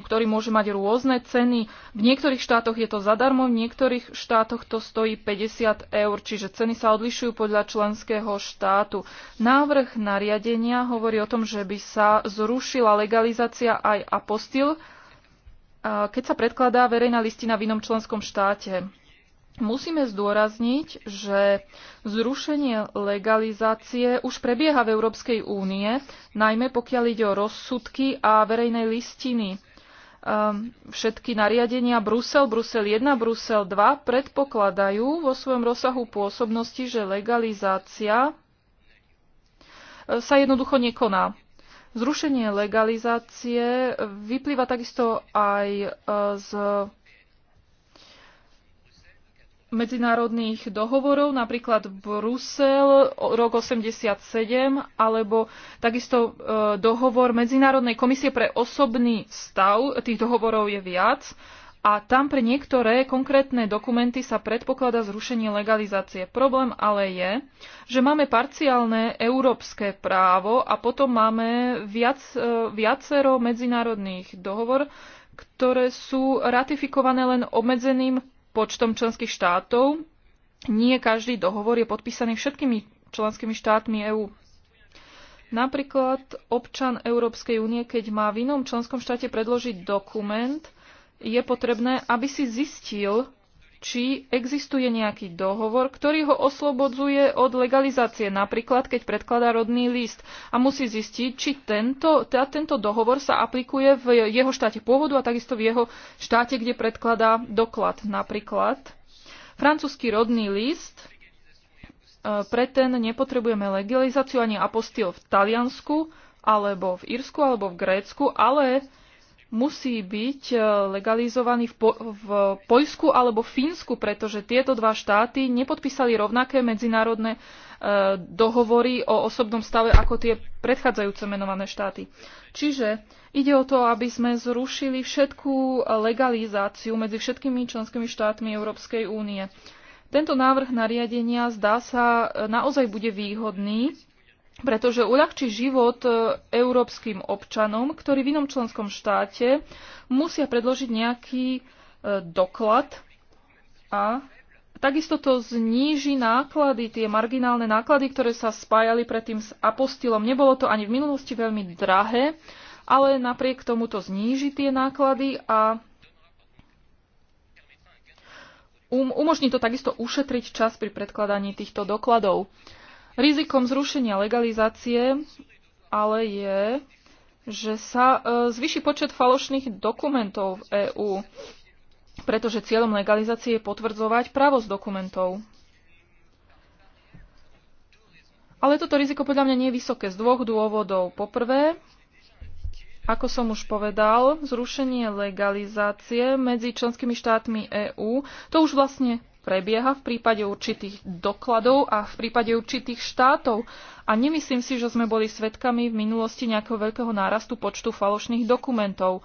C: ktorý môže mať rôzne ceny. V niektorých štátoch je to zadarmo, v niektorých štátoch to stojí 50 eur, čiže ceny sa odlišujú podľa členského štátu. Návrh nariadenia hovorí o tom, že by sa zrušila legalizácia aj apostil, e, keď sa predkladá verejná listina v inom členskom štáte. Musíme zdôrazniť, že zrušenie legalizácie už prebieha v Európskej únie, najmä pokiaľ ide o rozsudky a verejnej listiny. Ehm, všetky nariadenia Brusel, Brusel 1, Brusel 2 predpokladajú vo svojom rozsahu pôsobnosti, že legalizácia e, sa jednoducho nekoná. Zrušenie legalizácie vyplýva takisto aj e, z medzinárodných dohovorov, napríklad Brusel rok 87, alebo takisto e, dohovor Medzinárodnej komisie pre osobný stav, tých dohovorov je viac, a tam pre niektoré konkrétne dokumenty sa predpokladá zrušenie legalizácie. Problém ale je, že máme parciálne európske právo a potom máme viac, e, viacero medzinárodných dohovor, ktoré sú ratifikované len obmedzeným počtom členských štátov. Nie každý dohovor je podpísaný všetkými členskými štátmi EÚ. Napríklad občan Európskej únie, keď má v inom členskom štáte predložiť dokument, je potrebné, aby si zistil, či existuje nejaký dohovor, ktorý ho oslobodzuje od legalizácie, napríklad keď predkladá rodný list a musí zistiť, či tento, teda tento dohovor sa aplikuje v jeho štáte pôvodu a takisto v jeho štáte, kde predkladá doklad. Napríklad francúzsky rodný list, e, pre ten nepotrebujeme legalizáciu ani apostil v Taliansku, alebo v Írsku, alebo v Grécku, ale musí byť e, legalizovaný v, po- v Poľsku alebo Fínsku, pretože tieto dva štáty nepodpísali rovnaké medzinárodné e, dohovory o osobnom stave ako tie predchádzajúce menované štáty. Čiže ide o to, aby sme zrušili všetkú legalizáciu medzi všetkými členskými štátmi Európskej únie. Tento návrh nariadenia zdá sa e, naozaj bude výhodný pretože uľahčí život e, európskym občanom, ktorí v inom členskom štáte musia predložiť nejaký e, doklad a takisto to zníži náklady, tie marginálne náklady, ktoré sa spájali predtým s apostilom. Nebolo to ani v minulosti veľmi drahé, ale napriek tomu to zníži tie náklady a um, umožní to takisto ušetriť čas pri predkladaní týchto dokladov. Rizikom zrušenia legalizácie ale je, že sa e, zvyši počet falošných dokumentov v EÚ, pretože cieľom legalizácie je potvrdzovať právo z dokumentov. Ale toto riziko podľa mňa nie je vysoké z dvoch dôvodov. Poprvé, ako som už povedal, zrušenie legalizácie medzi členskými štátmi EÚ, to už vlastne prebieha v prípade určitých dokladov a v prípade určitých štátov. A nemyslím si, že sme boli svedkami v minulosti nejakého veľkého nárastu počtu falošných dokumentov.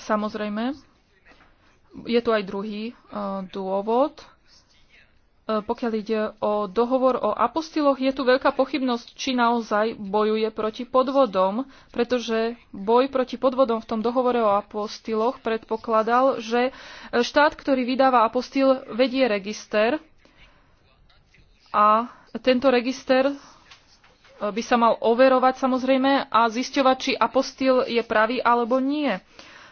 C: Samozrejme, je tu aj druhý uh, dôvod. E, pokiaľ ide o dohovor o apostiloch, je tu veľká pochybnosť, či naozaj bojuje proti podvodom, pretože boj proti podvodom v tom dohovore o apostiloch predpokladal, že štát, ktorý vydáva apostil, vedie register a tento register e, by sa mal overovať samozrejme a zisťovať, či apostil je pravý alebo nie.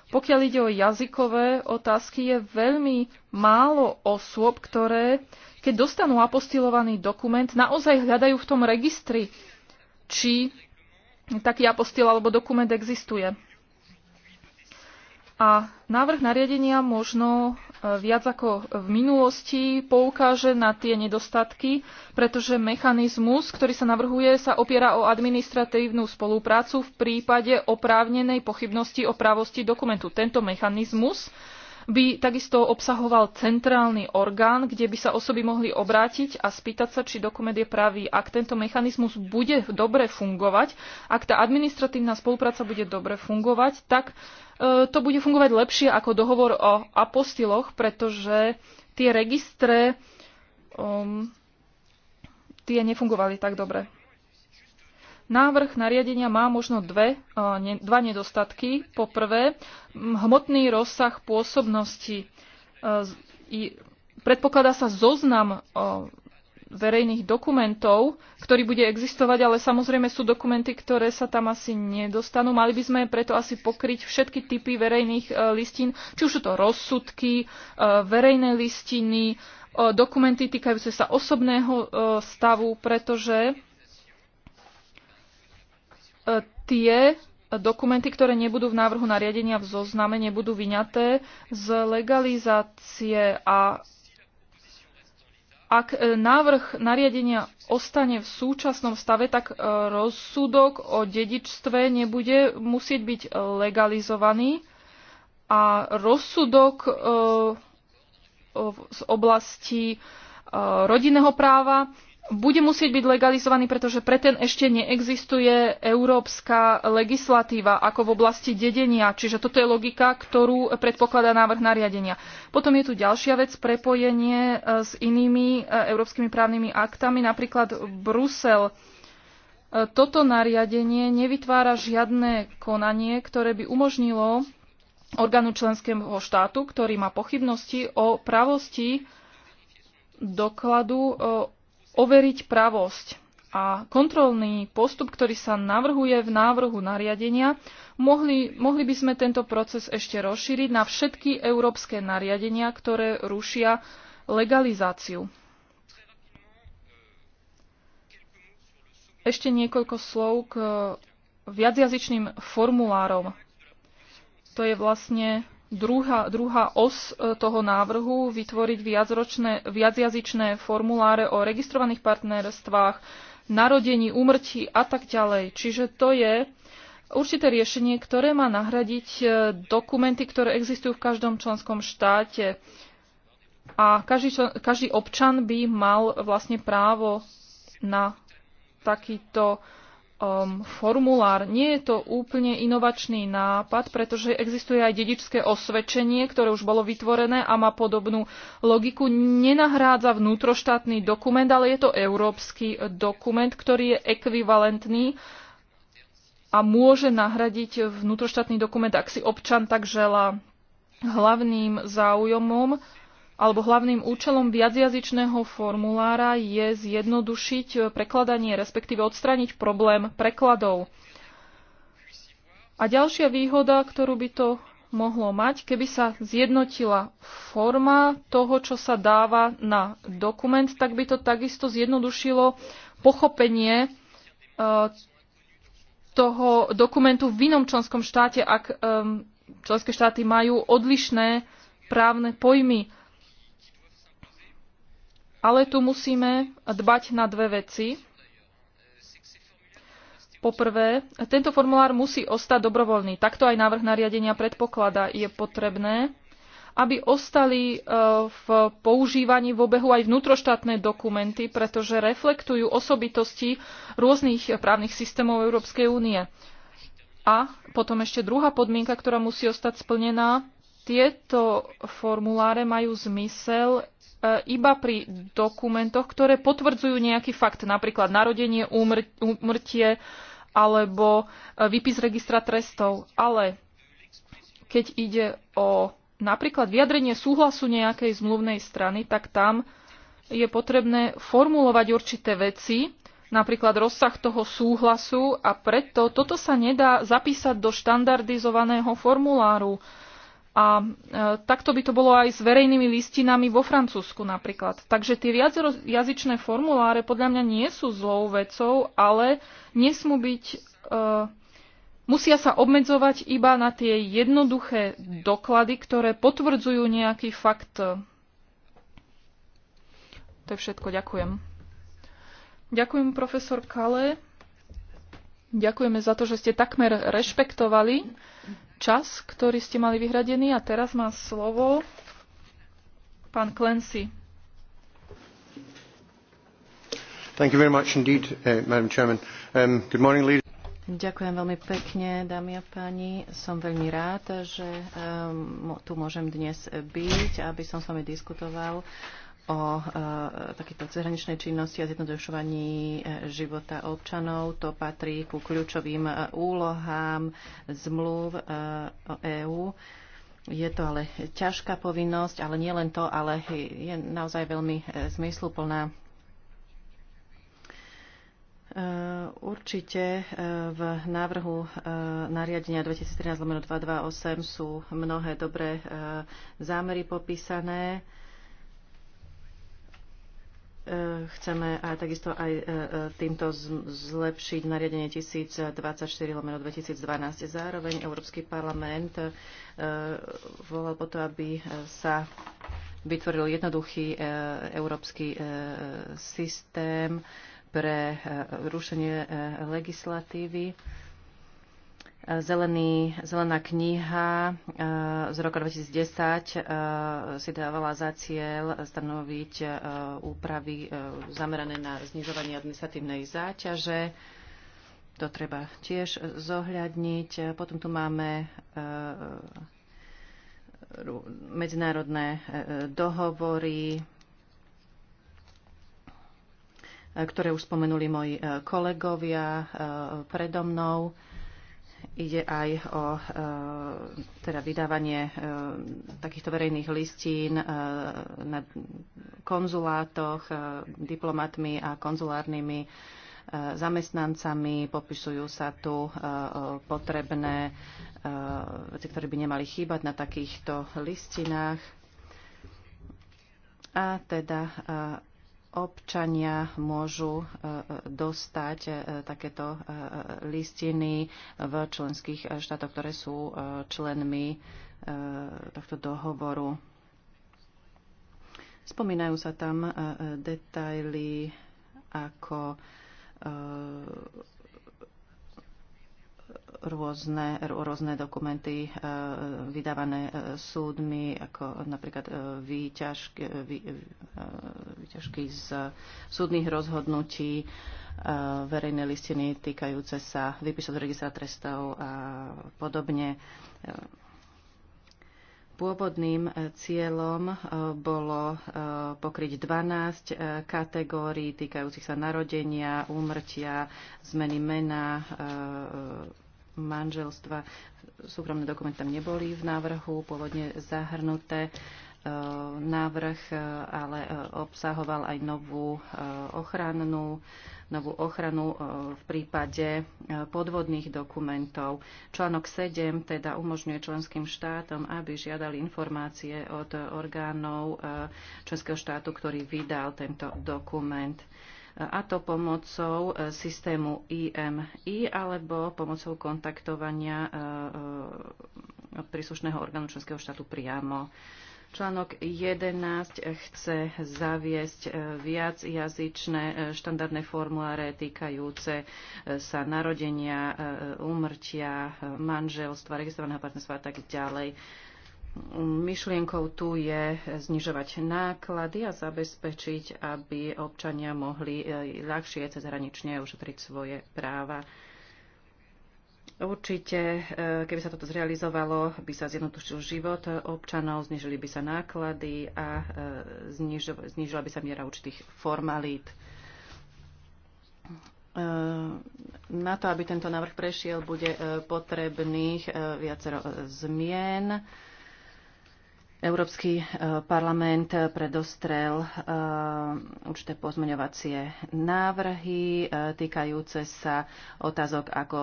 C: Pokiaľ ide o jazykové otázky, je veľmi málo osôb, ktoré, keď dostanú apostilovaný dokument, naozaj hľadajú v tom registri, či taký apostil alebo dokument existuje. A návrh nariadenia možno viac ako v minulosti poukáže na tie nedostatky, pretože mechanizmus, ktorý sa navrhuje, sa opiera o administratívnu spoluprácu v prípade oprávnenej pochybnosti o právosti dokumentu. Tento mechanizmus by takisto obsahoval centrálny orgán, kde by sa osoby mohli obrátiť a spýtať sa, či dokument je pravý. Ak tento mechanizmus bude dobre fungovať, ak tá administratívna spolupráca bude dobre fungovať, tak e, to bude fungovať lepšie ako dohovor o apostiloch, pretože tie registre um, tie nefungovali tak dobre. Návrh nariadenia má možno dve, e, dva nedostatky. Po prvé, hmotný rozsah pôsobnosti. E, predpokladá sa zoznam e, verejných dokumentov, ktorý bude existovať, ale samozrejme sú dokumenty, ktoré sa tam asi nedostanú. Mali by sme preto asi pokryť všetky typy verejných listín, či už sú to rozsudky, verejné listiny, dokumenty týkajúce sa osobného stavu, pretože tie dokumenty, ktoré nebudú v návrhu nariadenia v zozname, nebudú vyňaté z legalizácie a ak e, návrh nariadenia ostane v súčasnom stave, tak e, rozsudok o dedičstve nebude musieť byť e, legalizovaný a rozsudok z oblasti rodinného práva bude musieť byť legalizovaný, pretože pre ten ešte neexistuje európska legislatíva, ako v oblasti dedenia. Čiže toto je logika, ktorú predpokladá návrh nariadenia. Potom je tu ďalšia vec, prepojenie e, s inými e, európskymi právnymi aktami, napríklad Brusel. E, toto nariadenie nevytvára žiadne konanie, ktoré by umožnilo orgánu členského štátu, ktorý má pochybnosti o pravosti dokladu overiť pravosť. A kontrolný postup, ktorý sa navrhuje v návrhu nariadenia, mohli, mohli by sme tento proces ešte rozšíriť na všetky európske nariadenia, ktoré rušia legalizáciu. Ešte niekoľko slov k viacjazyčným formulárom. To je vlastne druhá, druhá os e, toho návrhu vytvoriť viacročné, viacjazyčné formuláre o registrovaných partnerstvách, narodení, úmrtí a tak ďalej. Čiže to je určité riešenie, ktoré má nahradiť e, dokumenty, ktoré existujú v každom členskom štáte. A každý, každý občan by mal vlastne právo na takýto um, formulár. Nie je to úplne inovačný nápad, pretože existuje aj dedičské osvedčenie, ktoré už bolo vytvorené a má podobnú logiku. Nenahrádza vnútroštátny dokument, ale je to európsky dokument, ktorý je ekvivalentný a môže nahradiť vnútroštátny dokument, ak si občan tak želá. Hlavným záujomom alebo hlavným účelom viacjazyčného formulára je zjednodušiť eh, prekladanie, respektíve odstraniť problém prekladov. A ďalšia výhoda, ktorú by to mohlo mať, keby sa zjednotila forma toho, čo sa dáva na dokument, tak by to takisto zjednodušilo pochopenie eh, toho dokumentu v inom členskom štáte, ak eh, členské štáty majú odlišné právne pojmy. Ale tu musíme dbať na dve veci. Poprvé, tento formulár musí ostať dobrovoľný. Takto aj návrh nariadenia predpokladá. Je potrebné, aby ostali e, v používaní v obehu aj vnútroštátne dokumenty, pretože reflektujú osobitosti rôznych právnych systémov Európskej únie. A potom ešte druhá podmienka, ktorá musí ostať splnená. Tieto formuláre majú zmysel E, iba pri dokumentoch, ktoré potvrdzujú nejaký fakt, napríklad narodenie, úmrtie alebo e, výpis registra trestov. Ale keď ide o napríklad vyjadrenie súhlasu nejakej zmluvnej strany, tak tam je potrebné formulovať určité veci, napríklad rozsah toho súhlasu a preto toto sa nedá zapísať do štandardizovaného formuláru. A e, takto by to bolo aj s verejnými listinami vo Francúzsku napríklad. Takže tie viacjazyčné formuláre podľa mňa nie sú zlou vecou, ale nesmú byť, e, musia sa obmedzovať iba na tie jednoduché doklady, ktoré potvrdzujú nejaký fakt. To je všetko. Ďakujem. Ďakujem, profesor Kale. Ďakujeme za to, že ste takmer rešpektovali čas, ktorý ste mali vyhradený a teraz má slovo pán Clancy.
B: Thank you very much indeed, uh, Madam Chairman. Um, good morning, ladies.
A: Ďakujem veľmi pekne, dámy a páni. Som veľmi rád, že um, tu môžem dnes byť, aby som s vami diskutoval o e, takéto cezhraničnej činnosti a zjednodušovaní e, života občanov. To patrí ku kľúčovým e, úlohám zmluv o EÚ. Je to ale ťažká povinnosť, ale nie len to, ale je naozaj veľmi zmysluplná. Určite v návrhu nariadenia 2013-228 sú mnohé dobré zámery popísané chceme aj takisto aj e, e, týmto zlepšiť nariadenie 1024 lomeno 2012. Zároveň Európsky parlament e, volal po to, aby sa vytvoril jednoduchý európsky systém pre rušenie legislatívy Zelený, zelená kniha eh, z roku 2010 eh, si dávala za cieľ stanoviť eh, úpravy zamerané na znižovanie administratívnej záťaže. To treba tiež zohľadniť. Potom tu máme medzinárodné dohovory, ktoré už spomenuli moji kolegovia predo mnou Ide aj o e, teda vydávanie e, takýchto verejných listín e, na konzulátoch, diplomatmi a konzulárnymi zamestnancami, popisujú sa tu potrebné veci, ktoré by nemali chýbať na takýchto listinách. A teda občania môžu e, e, dostať e, takéto listiny v členských štátoch, ktoré sú členmi tohto dohovoru. Spomínajú sa tam detaily ako rôzne, rôzne dokumenty e, vydávané e, súdmi, ako napríklad e, výťažky, vý, výťažky z súdnych rozhodnutí, verejné listiny týkajúce sa výpisov z registra trestov a podobne. Pôvodným cieľom bolo pokryť 12 kategórií týkajúcich sa narodenia, úmrtia, zmeny mena, manželstva. Súkromné dokumenty tam neboli v návrhu, pôvodne zahrnuté. E, návrh e, ale e, obsahoval aj novú ochrannú novú ochranu v prípade podvodných dokumentov. Článok 7 teda umožňuje členským štátom, aby žiadali informácie od orgánov členského štátu, ktorý vydal tento dokument a to pomocou e, systému IMI alebo pomocou kontaktovania e, e, príslušného orgánu členského štátu priamo. Článok 11 chce zaviesť viac jazyčné štandardné formuláre týkajúce sa narodenia, úmrtia, manželstva, registrovaného partnerstva a tak ďalej Myšlienkou tu je znižovať náklady a zabezpečiť, aby občania mohli e, ľahšie cezhranične ušetriť svoje práva. Určite, e, keby sa toto zrealizovalo, by sa zjednodušil život občanov, znižili by sa náklady a e, znižila by sa miera určitých formalít. Na to, aby tento návrh prešiel, bude potrebných viacero zmien Európsky e, parlament predostrel e, určité pozmeňovacie návrhy e, týkajúce sa otázok ako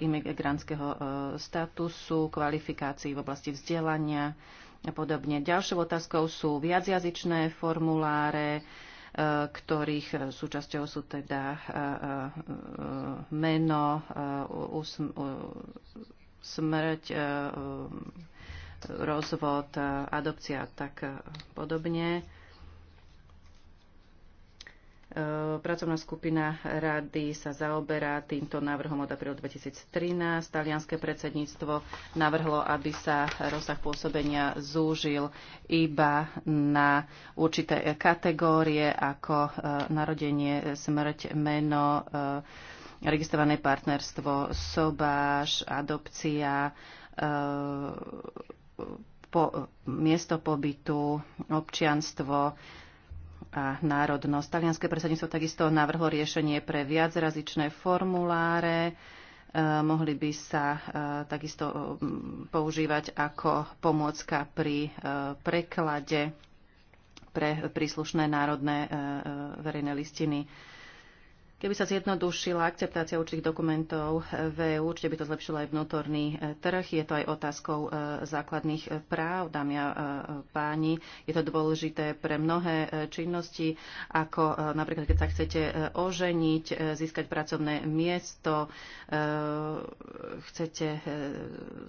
A: imigrantského statusu, kvalifikácií v oblasti vzdelania a podobne. Ďalšou otázkou sú viacjazyčné formuláre, ktorých súčasťou sú teda meno, smrť, rozvod, e, adopcia a tak e, podobne. E, pracovná skupina rady sa zaoberá týmto návrhom od apríla 2013. Talianské predsedníctvo navrhlo, aby sa rozsah pôsobenia zúžil iba na určité kategórie ako narodenie, smrť, meno, registrované partnerstvo, sobáš, adopcia, po, miesto pobytu, občianstvo a národnosť. Talianské predsedníctvo takisto navrhlo riešenie pre viacrazičné formuláre. E, mohli by sa e, takisto e, používať ako pomôcka pri preklade pre príslušné národné verejné listiny. Keby sa zjednodušila akceptácia určitých dokumentov v EU, určite by to zlepšilo aj vnútorný e, trh. Je to aj otázkou e, základných e, práv, dámy a páni. Je to dôležité pre mnohé činnosti, ako napríklad, keď sa chcete oženiť, získať pracovné miesto, chcete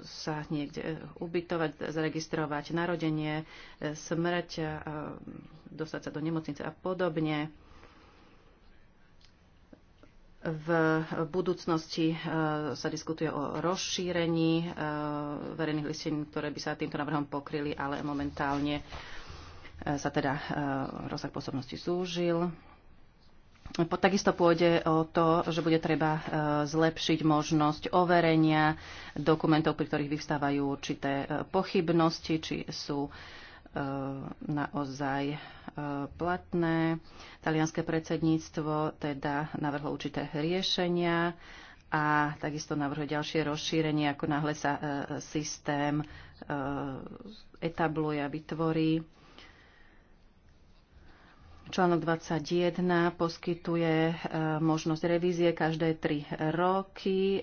A: sa niekde ubytovať, zaregistrovať narodenie, smrť, dostať sa do nemocnice a podobne v budúcnosti e, sa diskutuje o rozšírení e, verejných listín, ktoré by sa týmto návrhom pokryli, ale momentálne e, sa teda rozsah pôsobnosti zúžil. Takisto pôjde o to, že bude treba zlepšiť možnosť overenia dokumentov, pri ktorých vyvstávajú určité pochybnosti, či sú E, naozaj e, platné. Talianské predsedníctvo teda navrhlo určité riešenia a takisto navrhuje ďalšie rozšírenie, ako náhle sa e, systém etabluje a vytvorí. Článok 21 poskytuje možnosť revízie každé tri roky.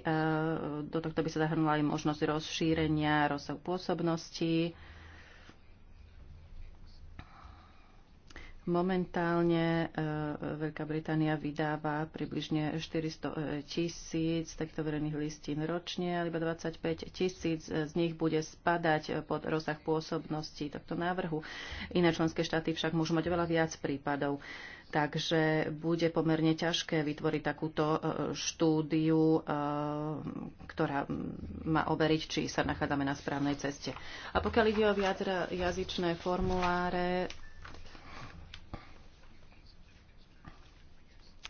A: Do tohto by sa zahrnula aj možnosť rozšírenia rozsahu pôsobnosti Momentálne e, Veľká Británia vydáva približne 400 e, tisíc takto verejných listín ročne, ale iba 25 tisíc z nich bude spadať e, pod rozsah pôsobnosti tohto návrhu. Iné členské štáty však môžu mať veľa viac prípadov. Takže bude pomerne ťažké vytvoriť takúto štúdiu, ktorá má overiť, či sa nachádzame na správnej ceste. A pokiaľ ide o viacjazyčné formuláre,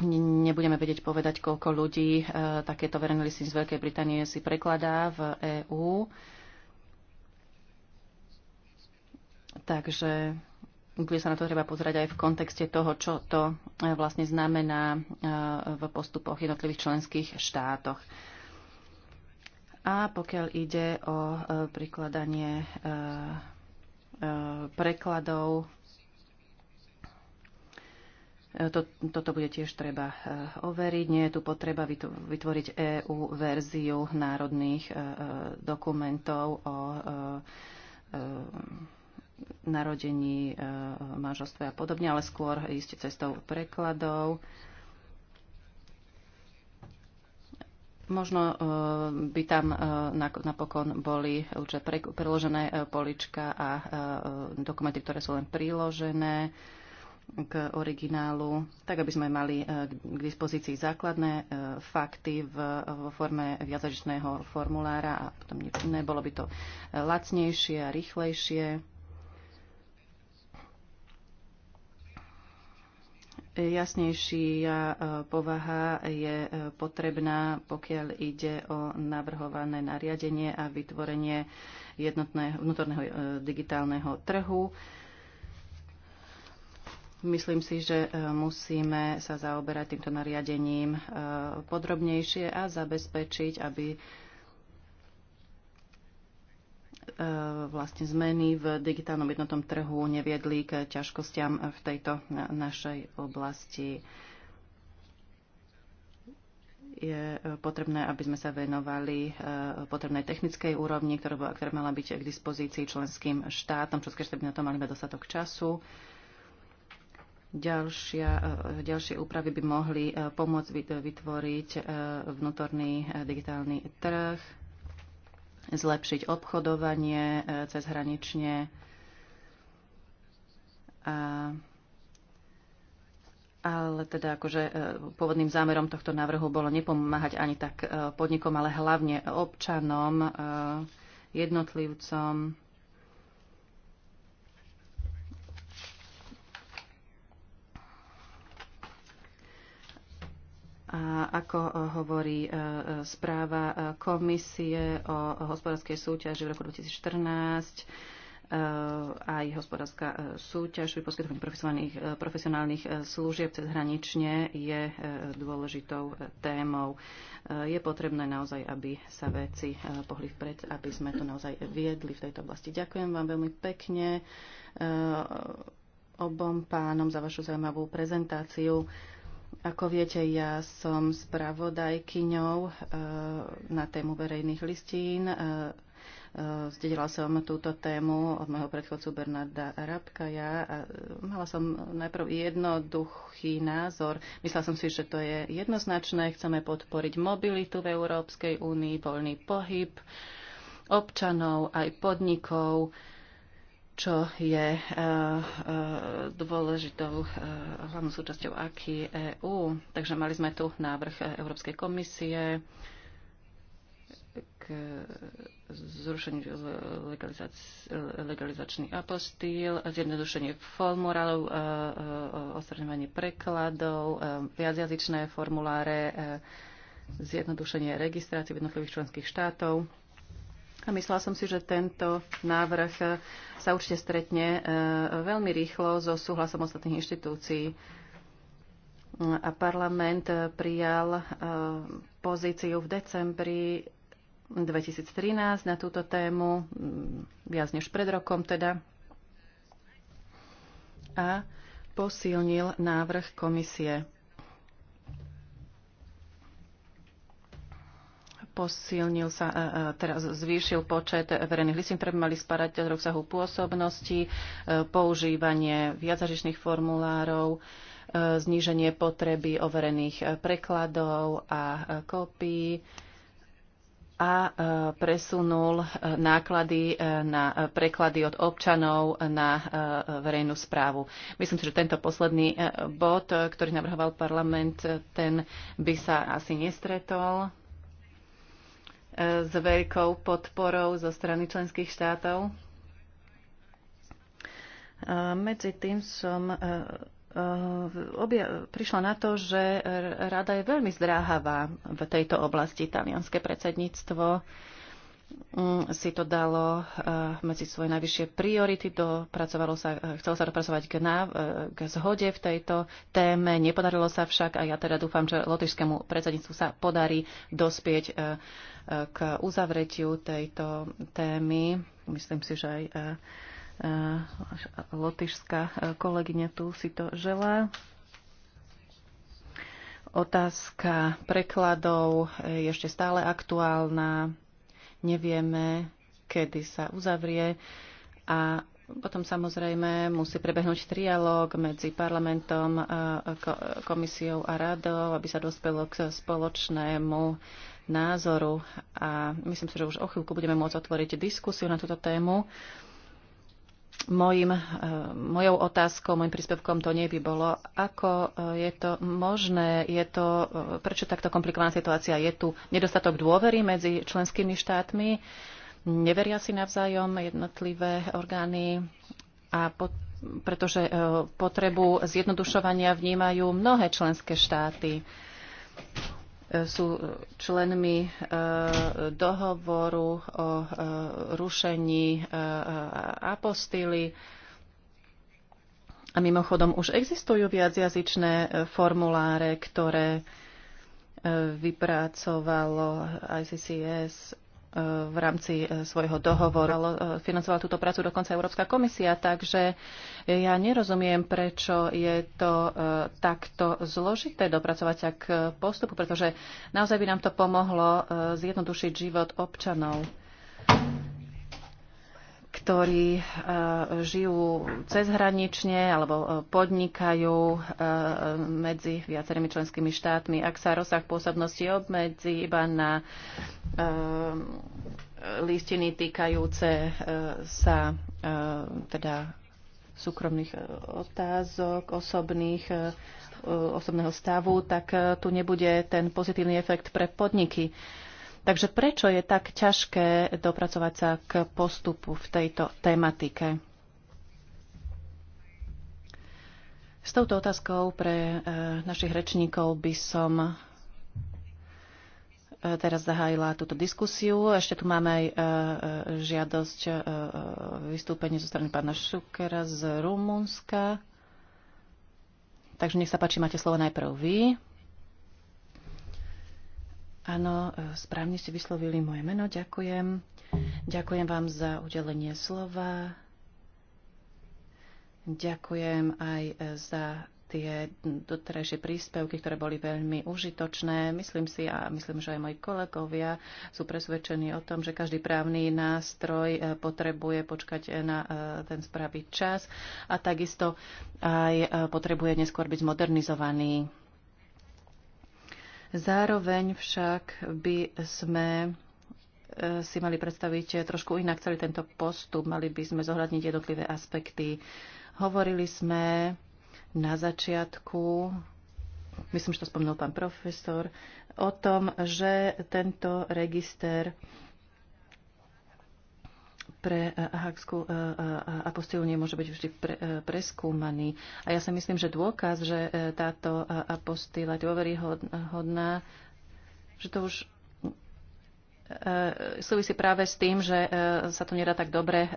A: Nebudeme vedieť povedať, koľko ľudí e, takéto verejné listy z Veľkej Británie si prekladá v EÚ. Takže bude sa na to treba pozrieť aj v kontexte toho, čo to e, vlastne znamená e, v postupoch jednotlivých členských štátoch. A pokiaľ ide o prikladanie prekladov E, to, toto bude tiež treba e, overiť. Nie je tu potreba vytvoriť EU verziu národných e, dokumentov o narodení, manželstva a podobne, ale skôr ísť cestou prekladov. Možno by tam napokon boli určite preložené polička a dokumenty, ktoré sú len priložené k originálu, tak aby sme mali e, k dispozícii základné e, fakty v, vo forme viacažičného formulára a potom nebolo by to e, lacnejšie a rýchlejšie. Jasnejšia povaha je potrebná, pokiaľ ide o navrhované nariadenie a vytvorenie jednotného vnútorného digitálneho trhu. Myslím si, že e, musíme sa zaoberať týmto nariadením e, podrobnejšie a zabezpečiť, aby e, vlastne zmeny v digitálnom jednotnom trhu neviedli k ťažkostiam v tejto našej oblasti. Je potrebné, aby sme sa venovali potrebnej technickej úrovni, ktorá, ktorá mala byť k dispozícii členským štátom. Členské štáty na to mali mať dostatok času Ďalšia, eh, ďalšie úpravy by mohli eh, pomôcť vytvoriť eh, vnútorný digitálny trh, zlepšiť obchodovanie cezhranične a ale teda akože pôvodným zámerom tohto návrhu bolo nepomáhať ani tak podnikom, ale hlavne občanom, jednotlivcom, A ako e, hovorí e, e, správa komisie o hospodárskej súťaži v roku 2014, aj hospodárska súťaž pri poskytovaní profesionálnych služieb cez hranične je dôležitou témou. Je potrebné naozaj, aby sa veci pohli vpred, aby sme to naozaj viedli v tejto oblasti. Ďakujem vám veľmi pekne obom pánom za vašu zaujímavú prezentáciu. Ako viete, ja som spravodajkyňou eh, na tému verejných listín. Eh, eh, zdedila som túto tému od môjho predchodcu Bernarda Rabka. Ja mala som najprv jednoduchý názor. Myslela som si, že to je jednoznačné. Chceme podporiť mobilitu v Európskej únii, voľný pohyb občanov aj podnikov čo je eh, eh, dôležitou eh, hlavnou súčasťou AKI EU. Takže mali sme tu návrh Európskej komisie k zrušeniu legalizac legalizačný apostýl, zjednodušenie formulárov, odstraňovanie prekladov, viacjazyčné formuláre, zjednodušenie registrácie v jednotlivých členských štátov a myslela som si, že tento návrh sa určite stretne e, veľmi rýchlo so súhlasom ostatných inštitúcií. A parlament prijal e, pozíciu v decembri 2013 na túto tému, mm, viac než pred rokom teda, a posilnil návrh komisie. posilnil sa, e, e, teraz zvýšil počet verejných listín, ktoré by mali sparať do rozsahu pôsobnosti, e, používanie viazažičných formulárov, zníženie potreby overených prekladov a kópií a presunul náklady na preklady od občanov na verejnú správu. Myslím si, že tento posledný bod, ktorý navrhoval parlament, ten by sa asi nestretol s veľkou podporou zo strany členských štátov. Medzi tým som e, e, prišla na to, že rada je veľmi zdráhavá v tejto oblasti. Talianské predsedníctvo Mm, si to dalo eh, medzi svoje najvyššie priority, dopracovalo sa, eh, chcelo sa dopracovať k, náv, eh, k zhode v tejto téme, nepodarilo sa však a ja teda dúfam, že lotyšskému predsedníctvu sa podarí dospieť k uzavretiu tejto témy. Myslím si, že aj lotyšská kolegyňa tu si to želá. Otázka prekladov je ešte stále aktuálna nevieme, kedy sa uzavrie a potom samozrejme musí prebehnúť trialog medzi parlamentom, komisiou a radou, aby sa dospelo k spoločnému názoru. A myslím si, že už o chvíľku budeme môcť otvoriť diskusiu na túto tému. Mojim, eh, mojou otázkou, môjim príspevkom to nie by bolo, ako eh, je to možné, je to, eh, prečo takto komplikovaná situácia je tu nedostatok dôvery medzi členskými štátmi, neveria si navzájom jednotlivé orgány a po, pretože potrebu zjednodušovania vnímajú mnohé členské štáty sú členmi e, dohovoru o e, rušení e, apostily. A mimochodom už existujú viacjazyčné formuláre, ktoré vypracovalo ICCS v rámci e, svojho dohovoru e, financovala túto prácu dokonca Európska komisia, takže ja nerozumiem, prečo je to e, takto zložité dopracovať sa k postupu, pretože naozaj by nám to pomohlo zjednodušiť život občanov ktorí e, žijú cezhranične alebo e, podnikajú e, medzi viacerými členskými štátmi. Ak sa rozsah pôsobnosti obmedzi iba na listiny týkajúce sa teda súkromných otázok, osobných, osobného stavu, tak tu nebude ten pozitívny efekt pre podniky. Takže prečo je tak ťažké dopracovať sa k postupu v tejto tematike? S touto otázkou pre e, našich rečníkov by som e, teraz zahájila túto diskusiu. Ešte tu máme aj e, žiadosť vystúpenie zo strany pána Šukera z Rumunska. Takže nech sa páči, máte slovo najprv vy. Áno, e, správne ste vyslovili moje meno, ďakujem. Ďakujem vám za udelenie slova. Ďakujem aj e, za tie doterajšie príspevky, ktoré boli veľmi užitočné. Myslím si a myslím, že aj moji kolegovia sú presvedčení o tom, že každý právny nástroj e, potrebuje počkať na ten správny čas a takisto aj potrebuje neskôr byť modernizovaný Zároveň však by sme e, si mali predstaviť trošku inak celý tento postup. Mali by sme zohľadniť jednotlivé aspekty. Hovorili sme na začiatku, myslím, že to spomnul pán profesor, o tom, že tento register pre e, Hakskú e, e, apostílu nemôže byť vždy pre, preskúmaný. A ja si myslím, že dôkaz, že táto apostíla dôveryhodná, že to už súvisí práve s tým, že sa to nedá tak dobre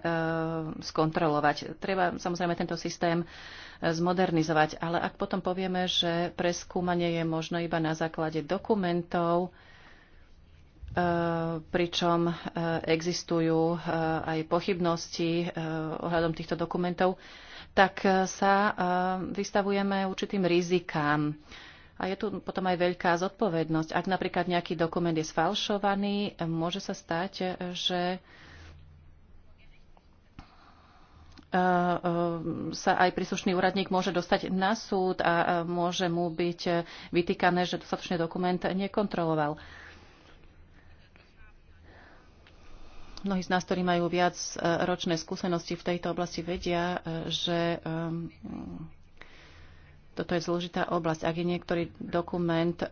A: skontrolovať. Treba samozrejme tento systém zmodernizovať, ale ak potom povieme, že preskúmanie je možno iba na základe dokumentov, Eh, pričom eh, existujú eh, aj pochybnosti ohľadom týchto dokumentov, tak sa vystavujeme určitým rizikám. A je tu potom aj veľká zodpovednosť. Ak napríklad nejaký dokument je sfalšovaný, môže sa stať, že sa aj príslušný úradník môže dostať na súd a môže mu byť vytýkané, že dostatočne dokument nekontroloval. Mnohí z nás, ktorí majú viac e, ročné skúsenosti v tejto oblasti, vedia, e, že ehm, toto je zložitá oblasť. Ak je niektorý dokument e,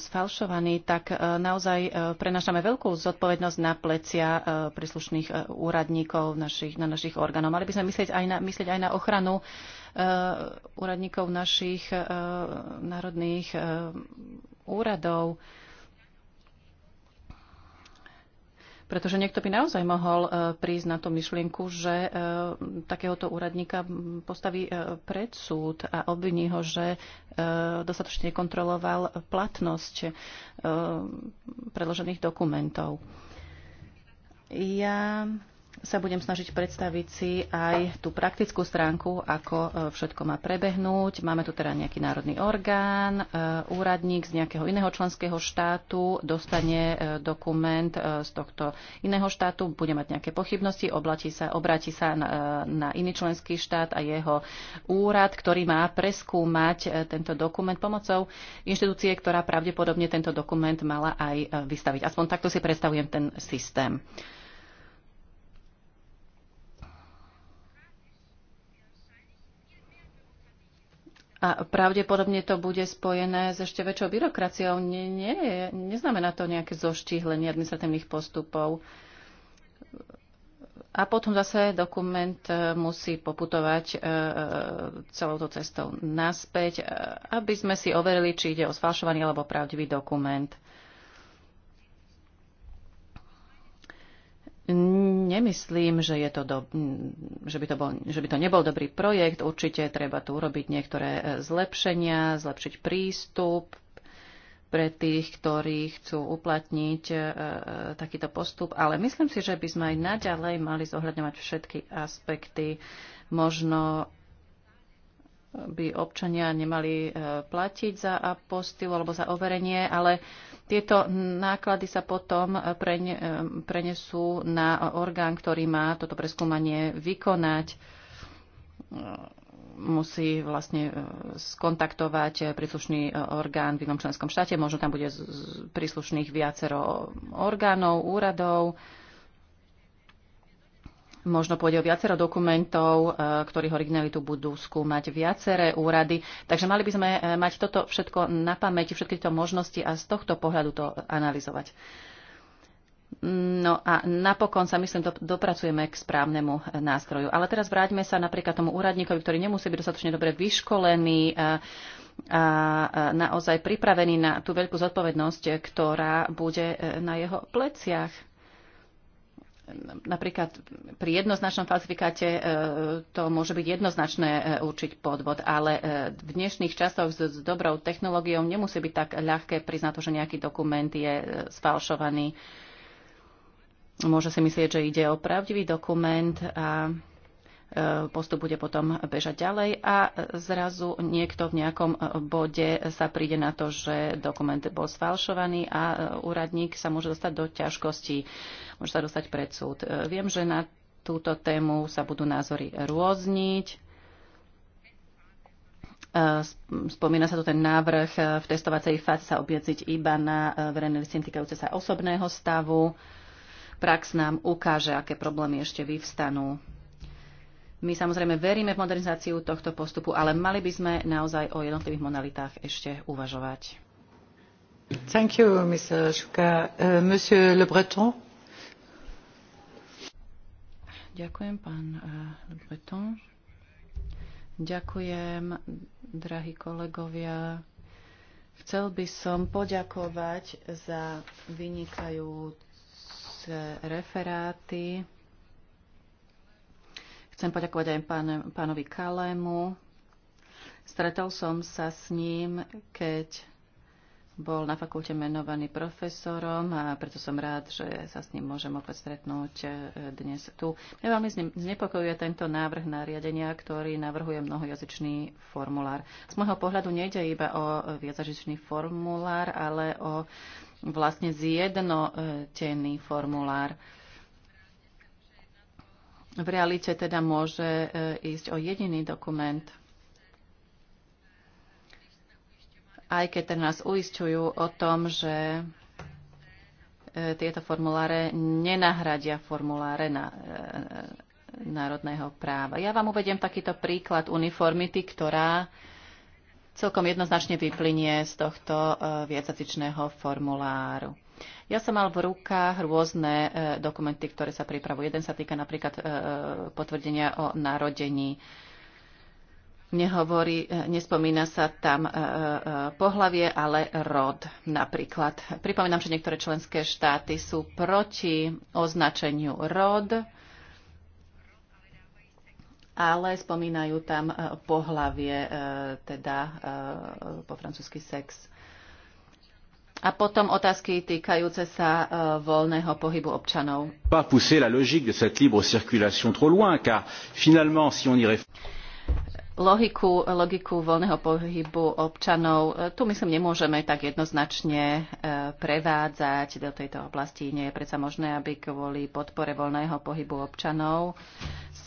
A: sfalšovaný, tak naozaj prenašame veľkú zodpovednosť na plecia príslušných úradníkov našich, na našich orgánov. Mali by sme myslieť aj na, myslieť aj na ochranu úradníkov našich národných úradov. Pretože niekto by naozaj mohol e, prísť na tú myšlienku, že e, takéhoto úradníka postaví e, pred súd a obviní ho, že dostatočne kontroloval platnosť predložených dokumentov. Ja sa budem snažiť predstaviť si aj tú praktickú stránku, ako e, všetko má prebehnúť. Máme tu teda nejaký národný orgán, e, úradník z nejakého iného členského štátu dostane e, dokument z tohto iného štátu, bude mať nejaké pochybnosti, oblatí sa, obráti sa na, na iný členský štát a jeho úrad, ktorý má preskúmať tento dokument pomocou inštitúcie, ktorá pravdepodobne tento dokument mala aj vystaviť. Aspoň takto si predstavujem ten systém. A pravdepodobne to bude spojené s ešte väčšou byrokraciou. Nie, nie, neznamená to nejaké zoštihlenie administratívnych postupov. A potom zase dokument e, musí poputovať e, e, celou to cestou naspäť, aby sme si overili, či ide o sfalšovaný alebo pravdivý dokument. Nemyslím, že, je to do, že, by to bol, že by to nebol dobrý projekt. Určite treba tu urobiť niektoré e, zlepšenia, zlepšiť prístup pre tých, ktorí chcú uplatniť e, e, takýto postup, ale myslím si, že by sme aj naďalej mali zohľadňovať všetky aspekty. Možno by občania nemali e, platiť za apostil alebo za overenie, ale tieto náklady sa potom eh, eh, prenesú na orgán, ktorý má toto preskúmanie vykonať. Eh, musí vlastne skontaktovať príslušný orgán v inom členskom štáte. Možno tam bude z príslušných viacero orgánov, úradov Možno pôjde o viacero dokumentov, e, ktorých originalitu budú skúmať viaceré úrady. Takže mali by sme e, mať toto všetko na pamäti, všetky tieto možnosti a z tohto pohľadu to analyzovať. No a napokon sa, myslím, do, dopracujeme k správnemu e, nástroju. Ale teraz vráťme sa napríklad tomu úradníkovi, ktorý nemusí byť dostatočne dobre vyškolený a, a naozaj pripravený na tú veľkú zodpovednosť, ktorá bude na jeho pleciach napríklad pri jednoznačnom falsifikáte e, to môže byť jednoznačné e, určiť podvod, ale e, v dnešných časoch s, s dobrou technológiou nemusí byť tak ľahké priznať to, že nejaký dokument je sfalšovaný. Môže si myslieť, že ide o pravdivý dokument a postup bude potom bežať ďalej a zrazu niekto v nejakom bode sa príde na to, že dokument bol sfalšovaný a úradník sa môže dostať do ťažkostí, môže sa dostať pred súd. Viem, že na túto tému sa budú názory rôzniť. Spomína sa tu ten návrh v testovacej fáze sa obieciť iba na verejné listin týkajúce sa osobného stavu. Prax nám ukáže, aké problémy ešte vyvstanú. My samozrejme veríme v modernizáciu tohto postupu, ale mali by sme naozaj o jednotlivých modalitách ešte uvažovať.
C: Thank you, Mr. Šuka. Uh, Monsieur Le Breton.
A: Ďakujem, pán uh, Le Breton. Ďakujem, drahí kolegovia. Chcel by som poďakovať za vynikajúce referáty. Chcem poďakovať aj pán, pánovi Kalému. Stretol som sa s ním, keď bol na fakulte menovaný profesorom a preto som rád, že sa s ním môžem opäť stretnúť e, dnes tu. Mňa veľmi znepokojuje tento návrh nariadenia, ktorý navrhuje mnohojazyčný formulár. Z môjho pohľadu nejde iba o viacjazyčný formulár, ale o vlastne zjednotený formulár v realite teda môže e, ísť o jediný dokument. Aj keď teda nás uistujú o tom, že e, tieto formuláre nenahradia formuláre na, e, národného práva. Ja vám uvediem takýto príklad uniformity, ktorá celkom jednoznačne vyplynie z tohto viacatičného formuláru. Ja som mal v rukách rôzne e, dokumenty, ktoré sa pripravujú. Jeden sa týka napríklad e, potvrdenia o narodení. Nehovorí, e, nespomína sa tam pohlavie, ale rod napríklad. Pripomínam, že niektoré členské štáty sú proti označeniu rod ale spomínajú tam pohlavie, teda po francúzsky sex. A potom otázky týkajúce sa e, voľného pohybu občanov.
B: Pas pousser la logique de cette libre circulation trop loin, car finalement, si on y
A: Logiku, logiku voľného pohybu občanov, e, tu myslím, nemôžeme tak jednoznačne e, prevádzať do tejto oblasti. Nie je predsa možné, aby kvôli podpore voľného pohybu občanov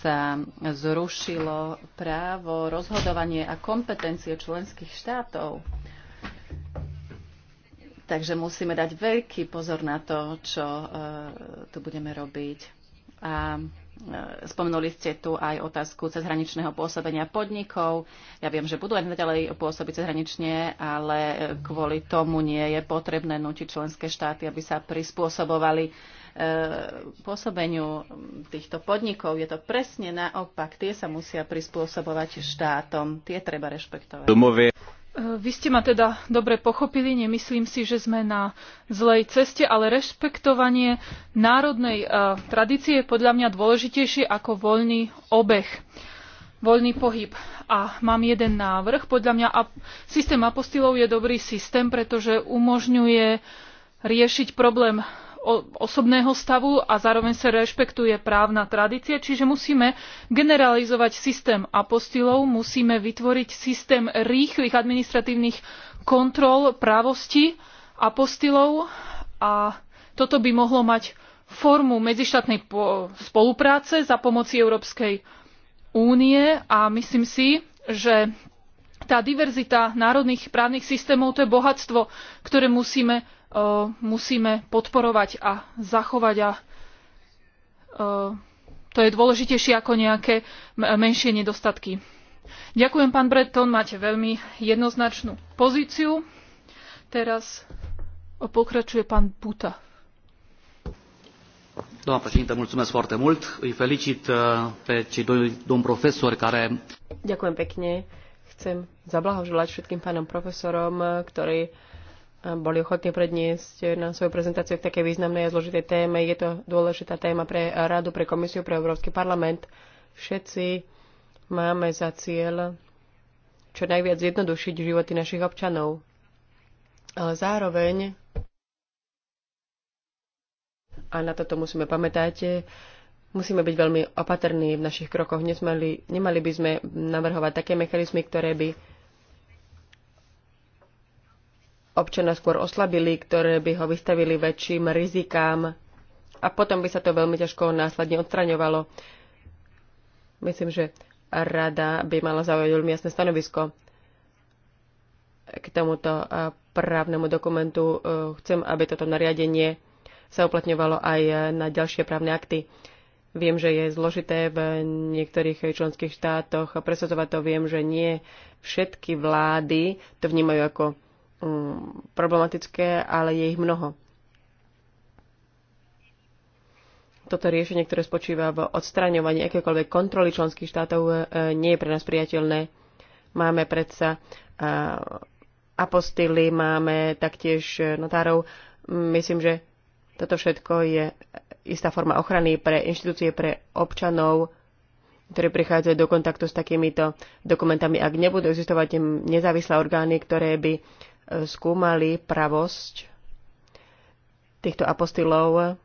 A: sa zrušilo právo, rozhodovanie a kompetencie členských štátov Takže musíme dať veľký pozor na to, čo e, tu budeme robiť. A e, Spomenuli ste tu aj otázku cezhraničného pôsobenia podnikov. Ja viem, že budú aj naďalej pôsobiť cezhranične, ale e, kvôli tomu nie je potrebné nutiť členské štáty, aby sa prispôsobovali pôsobeniu týchto podnikov. Je to presne naopak. Tie sa musia prispôsobovať štátom. Tie treba rešpektovať.
C: Vy ste ma teda dobre pochopili, nemyslím si, že sme na zlej ceste, ale rešpektovanie národnej e, tradície je podľa mňa dôležitejšie ako voľný obeh, voľný pohyb. A mám jeden návrh. Podľa mňa systém apostilov je dobrý systém, pretože umožňuje riešiť problém osobného stavu a zároveň sa rešpektuje právna tradícia, čiže musíme generalizovať systém apostilov, musíme vytvoriť systém rýchlych administratívnych kontrol právosti apostilov a toto by mohlo mať formu medzištátnej spolupráce za pomoci Európskej únie a myslím si, že tá diverzita národných právnych systémov to je bohatstvo, ktoré musíme musíme podporovať a zachovať a to je dôležitejšie ako nejaké menšie nedostatky. Ďakujem, pán Breton, máte veľmi jednoznačnú pozíciu. Teraz pokračuje pán Buta. Doamna președinte, mulțumesc foarte mult. Îi felicit pe cei doi domn profesori care...
B: Ďakujem pekne. Chcem zablahoželať všetkým pánom profesorom, ktorí boli ochotní predniesť na svoju prezentáciu v takej významnej a zložitej téme. Je to dôležitá téma pre Radu, pre Komisiu, pre Európsky parlament. Všetci máme za cieľ čo najviac zjednodušiť životy našich občanov. Ale zároveň, a na toto musíme pamätať, musíme byť veľmi opatrní v našich krokoch. Nesmali, nemali by sme navrhovať také mechanizmy, ktoré by občana skôr oslabili, ktoré by ho vystavili väčším rizikám a potom by sa to veľmi ťažko následne odstraňovalo. Myslím, že rada by mala zaujať veľmi jasné stanovisko k tomuto právnemu dokumentu. E, chcem, aby toto nariadenie sa uplatňovalo aj e, na ďalšie právne akty. Viem, že je zložité v niektorých členských štátoch presadzovať to. Viem, že nie všetky vlády to vnímajú ako Mm, problematické, ale je ich mnoho. Toto riešenie, ktoré spočíva v odstraňovaní akékoľvek kontroly členských štátov, e, nie je pre nás priateľné. Máme predsa e, apostily, máme taktiež e, notárov. Myslím, že toto všetko je istá forma ochrany pre inštitúcie, pre občanov, ktorí prichádzajú do kontaktu s takýmito dokumentami, ak nebudú existovať nezávislé orgány, ktoré by skúmali pravosť týchto apostilov.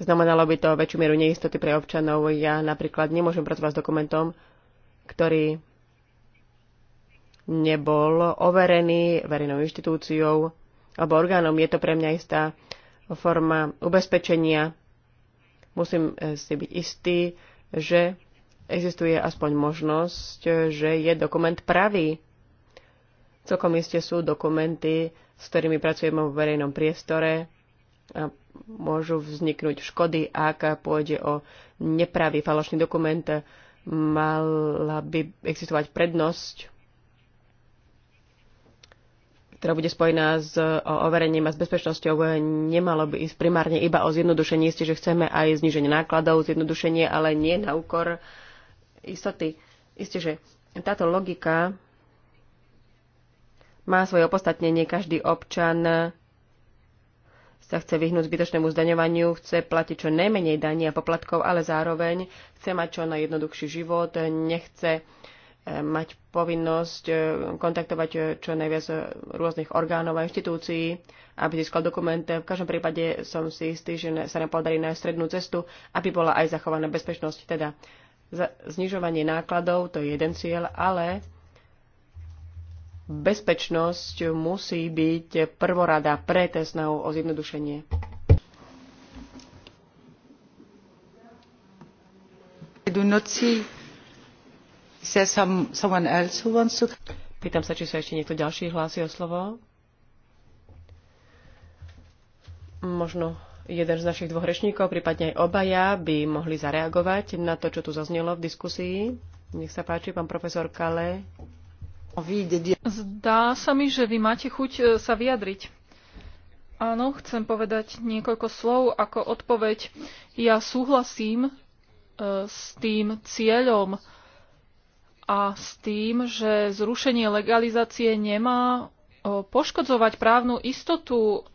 B: Znamenalo by to väčšiu mieru neistoty pre občanov. Ja napríklad nemôžem pracovať s dokumentom, ktorý nebol overený verejnou inštitúciou alebo orgánom. Je to pre mňa istá forma ubezpečenia. Musím eh, si byť istý, že existuje aspoň možnosť, že je dokument pravý Celkom iste sú dokumenty, s ktorými pracujeme v verejnom priestore a môžu vzniknúť škody, ak pôjde o nepravý falošný dokument. Mala by existovať prednosť ktorá bude spojená s overením a s bezpečnosťou, nemalo by ísť primárne iba o zjednodušenie. Isté, že chceme aj zníženie nákladov, zjednodušenie, ale nie na úkor istoty. Isté, že táto logika má svoje opodstatnenie. Každý občan sa chce vyhnúť zbytočnému zdaňovaniu, chce platiť čo najmenej daní a poplatkov, ale zároveň chce mať čo najjednoduchší život, nechce eh, mať povinnosť eh, kontaktovať eh, čo najviac rôznych orgánov a inštitúcií, aby získal dokument. V každom prípade som si istý, že sa nám podarí nájsť strednú cestu, aby bola aj zachovaná bezpečnosť. Teda znižovanie nákladov, to je jeden cieľ, ale bezpečnosť musí byť prvorada pre snahu o zjednodušenie. Pýtam sa, či sa ešte niekto ďalší hlási o slovo. Možno jeden z našich dvoch rečníkov, prípadne aj obaja, by mohli zareagovať na to, čo tu zaznelo v diskusii. Nech sa páči, pán profesor Kale.
C: Zdá sa mi, že vy máte chuť e, sa vyjadriť. Áno, chcem povedať niekoľko slov ako odpoveď. Ja súhlasím e, s tým cieľom a s tým, že zrušenie legalizácie nemá poškodzovať právnu istotu.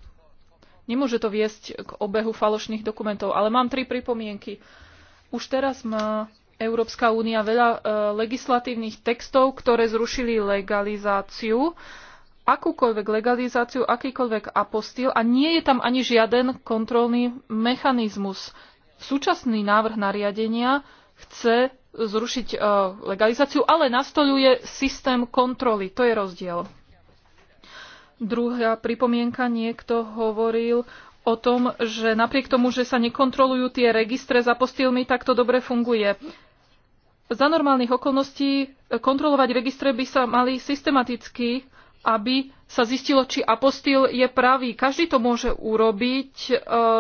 C: Nemôže to viesť k obehu falošných dokumentov, ale mám tri pripomienky. Už teraz má Európska únia veľa e, legislatívnych textov, ktoré zrušili legalizáciu, akúkoľvek legalizáciu, akýkoľvek apostil a nie je tam ani žiaden kontrolný mechanizmus. Súčasný návrh nariadenia chce zrušiť e, legalizáciu, ale nastoluje systém kontroly. To je rozdiel. Druhá pripomienka, niekto hovoril o tom, že napriek tomu, že sa nekontrolujú tie registre za postilmi, tak to dobre funguje za normálnych okolností e, kontrolovať registre by sa mali systematicky, aby sa zistilo, či apostil je pravý. Každý to môže urobiť e,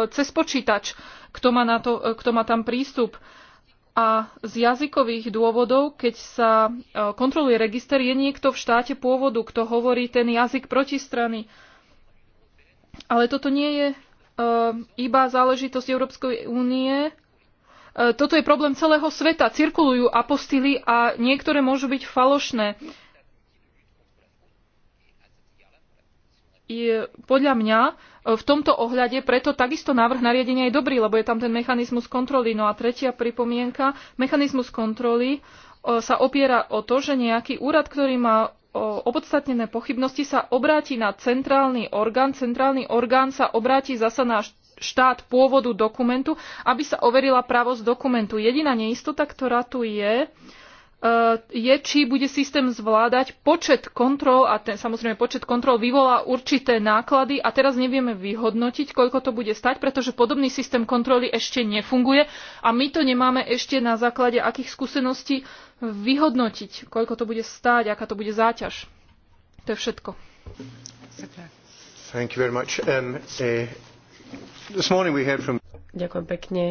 C: cez počítač, kto má, na to, e, kto má tam prístup. A z jazykových dôvodov, keď sa kontroluje register, je niekto v štáte pôvodu, kto hovorí ten jazyk protistrany. Ale toto nie je iba záležitosť Európskej únie, E, toto je problém celého sveta. Cirkulujú apostily a niektoré môžu byť falošné. Je, podľa mňa e, v tomto ohľade preto takisto návrh nariadenia je dobrý, lebo je tam ten mechanizmus kontroly. No a tretia pripomienka, mechanizmus kontroly o, e, sa opiera o to, že nejaký úrad, ktorý má o, opodstatnené pochybnosti, sa obráti na centrálny orgán, centrálny orgán sa obráti zasa na štát pôvodu dokumentu, aby sa overila pravosť dokumentu. Jediná neistota, ktorá tu je, e, je, či bude systém zvládať počet kontrol a ten, samozrejme počet kontrol vyvolá určité náklady a teraz nevieme vyhodnotiť, koľko to bude stať, pretože podobný systém kontroly ešte nefunguje a my to nemáme ešte na základe akých skúseností vyhodnotiť, koľko to bude stáť, aká to bude záťaž. To je všetko. Thank you very much. Um, uh...
B: Ďakujem pekne.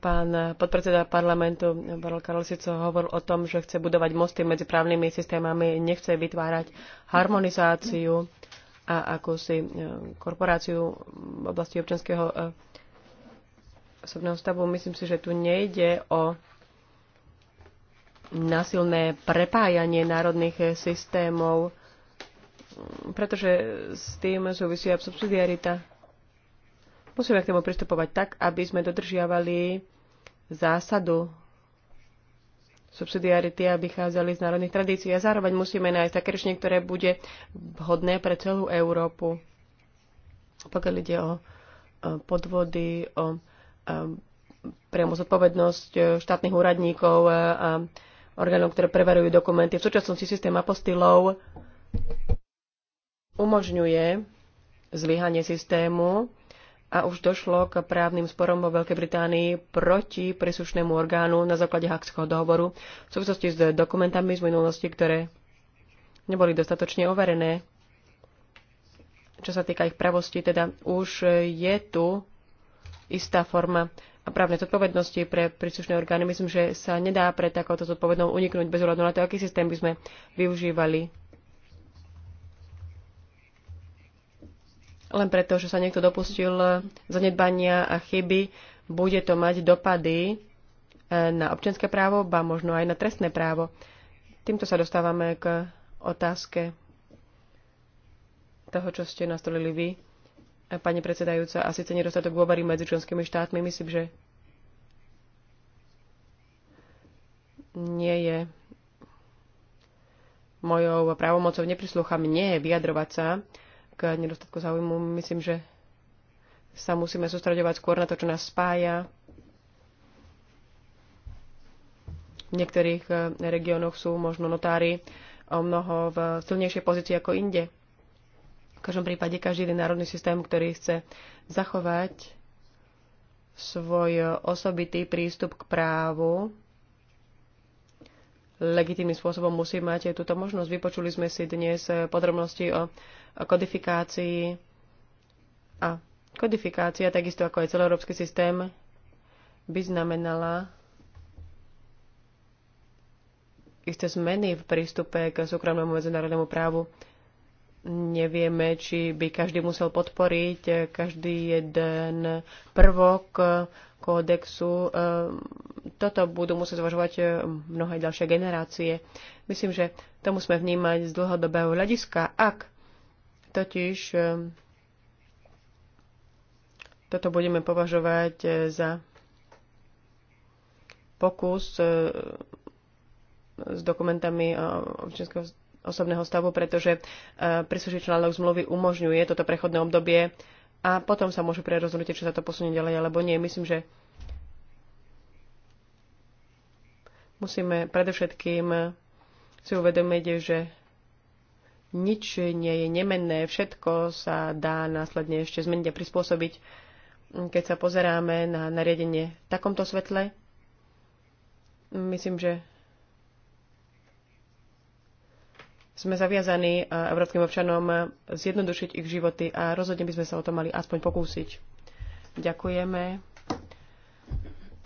B: Pán podpredseda parlamentu Barol Karolsico hovoril o tom, že chce budovať mosty medzi právnymi systémami, nechce vytvárať harmonizáciu a akúsi e, korporáciu v oblasti občanského e, osobného stavu. Myslím si, že tu nejde o nasilné prepájanie národných systémov pretože s tým súvisí aj subsidiarita. Musíme k tomu pristupovať tak, aby sme dodržiavali zásadu subsidiarity a vychádzali z národných tradícií. A zároveň musíme nájsť také riešenie, ktoré bude vhodné pre celú Európu. Pokiaľ ide o e, podvody, o e, priamo zodpovednosť e, štátnych úradníkov a orgánov, ktoré preverujú dokumenty. V súčasnosti systém apostilov umožňuje zlyhanie systému a už došlo k právnym sporom vo Veľkej Británii proti príslušnému orgánu na základe hackského dohovoru v súvislosti s dokumentami z minulosti, ktoré neboli dostatočne overené. Čo sa týka ich pravosti, teda už je tu istá forma a právnej zodpovednosti pre príslušné orgány. Myslím, že sa nedá pre takouto zodpovednou uniknúť bez ohľadu na to, aký systém by sme využívali. len preto, že sa niekto dopustil eh, zanedbania a chyby, bude to mať dopady eh, na občianské právo, ba možno aj na trestné právo. Týmto sa dostávame k otázke toho, čo ste nastolili vy, eh, pani predsedajúca, a síce nedostatok dôvery medzi členskými štátmi, myslím, že nie je mojou právomocou, neprislúcha mne vyjadrovať sa k nedostatku záujmu. Myslím, že sa musíme sústraďovať skôr na to, čo nás spája. V niektorých eh, regiónoch sú možno notári o mnoho v silnejšej pozícii ako inde. V každom prípade každý národný systém, ktorý chce zachovať svoj osobitý prístup k právu, legitímnym spôsobom musí mať túto možnosť. Vypočuli sme si dnes podrobnosti o kodifikácii. A kodifikácia, takisto ako aj celoeurópsky systém, by znamenala isté zmeny v prístupe k súkromnému medzinárodnému právu. Nevieme, či by každý musel podporiť každý jeden prvok kódexu. Ehm, toto budú musieť zvažovať mnohé ďalšie generácie. Myslím, že to musíme vnímať z dlhodobého hľadiska. Ak Totiž e, toto budeme považovať e, za pokus e, s dokumentami občianského osobného stavu, pretože príslušný článok zmluvy umožňuje toto prechodné obdobie a potom sa môže prerozhodnúť, či sa to posunie ďalej alebo nie. Myslím, že musíme predovšetkým si uvedomiť, že nič nie je nemenné, všetko sa dá následne ešte zmeniť a prispôsobiť. Keď sa pozeráme na nariadenie v takomto svetle, myslím, že sme zaviazaní európskym občanom zjednodušiť ich životy a rozhodne by sme sa o to mali aspoň pokúsiť. Ďakujeme.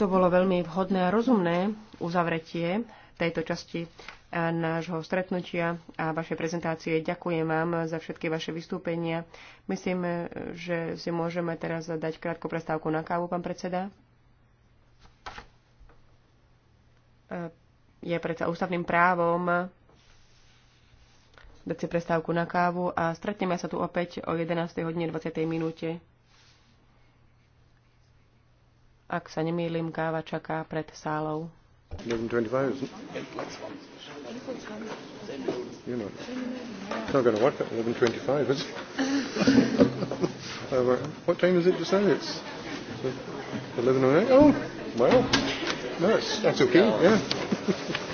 B: To bolo veľmi vhodné a rozumné uzavretie tejto časti nášho stretnutia a vašej prezentácie. Ďakujem vám za všetky vaše vystúpenia. Myslím, že si môžeme teraz dať krátku prestávku na kávu, pán predseda. E, je predsa ústavným právom dať si prestávku na kávu a stretneme sa tu opäť o 11. hodine 20. minúte. Ak sa nemýlim, káva čaká pred sálou it's not going to work at 11.25, is it? Uh, what time is it just now? It's 11.08? Oh, well, no, that's, that's okay, yeah.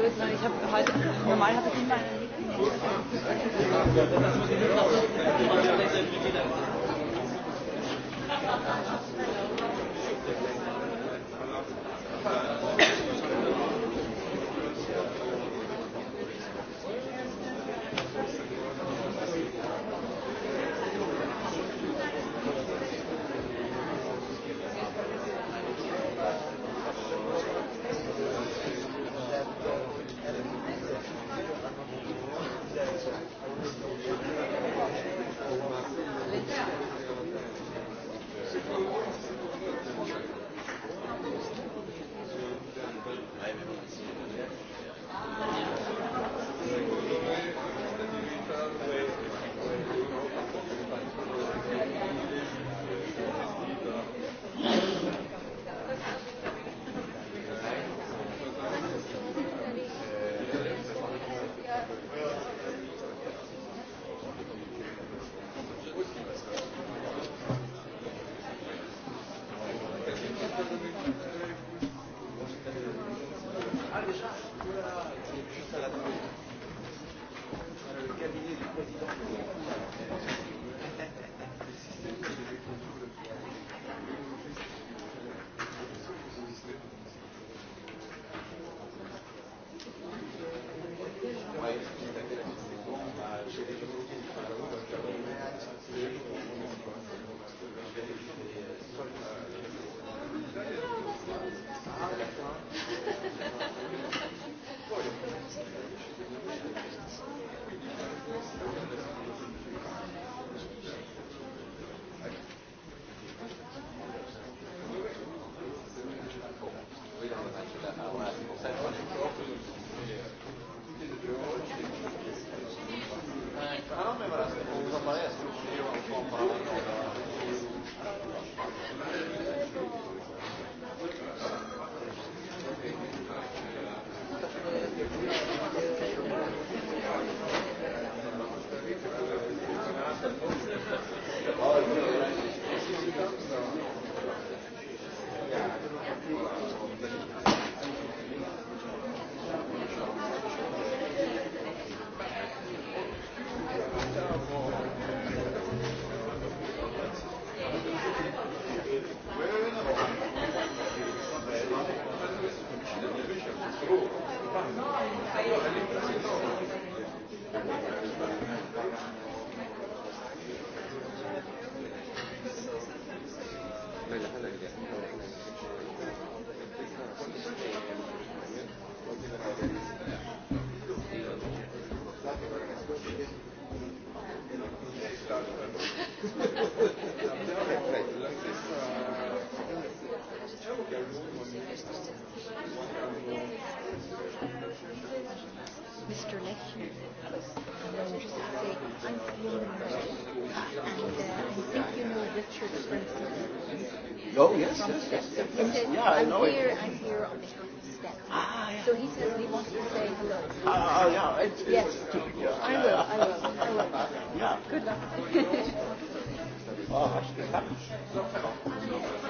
C: blöd, weil ich habe heute, normal habe ich immer einen Thank you.
B: Oh, yes, yes, yes. yes, yes. He says, yeah, I know I'm here, I'm here on behalf of staff. Ah, yeah. So he says he wants to say hello. Ah, uh, yeah. It's, yes. It's, uh, yeah, I will, I will, I will. Yeah. Good luck. oh,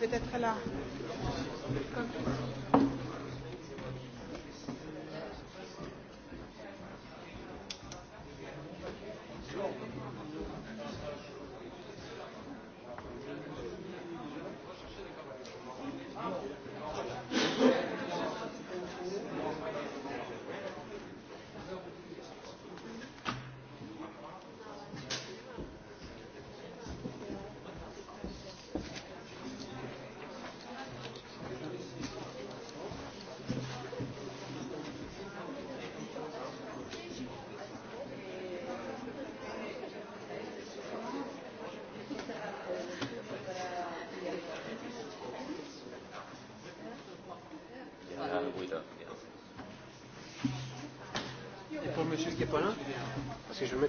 B: peut-être là.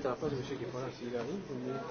B: peut-être à la place
C: de M. Guépard, s'il arrive, vous me dites.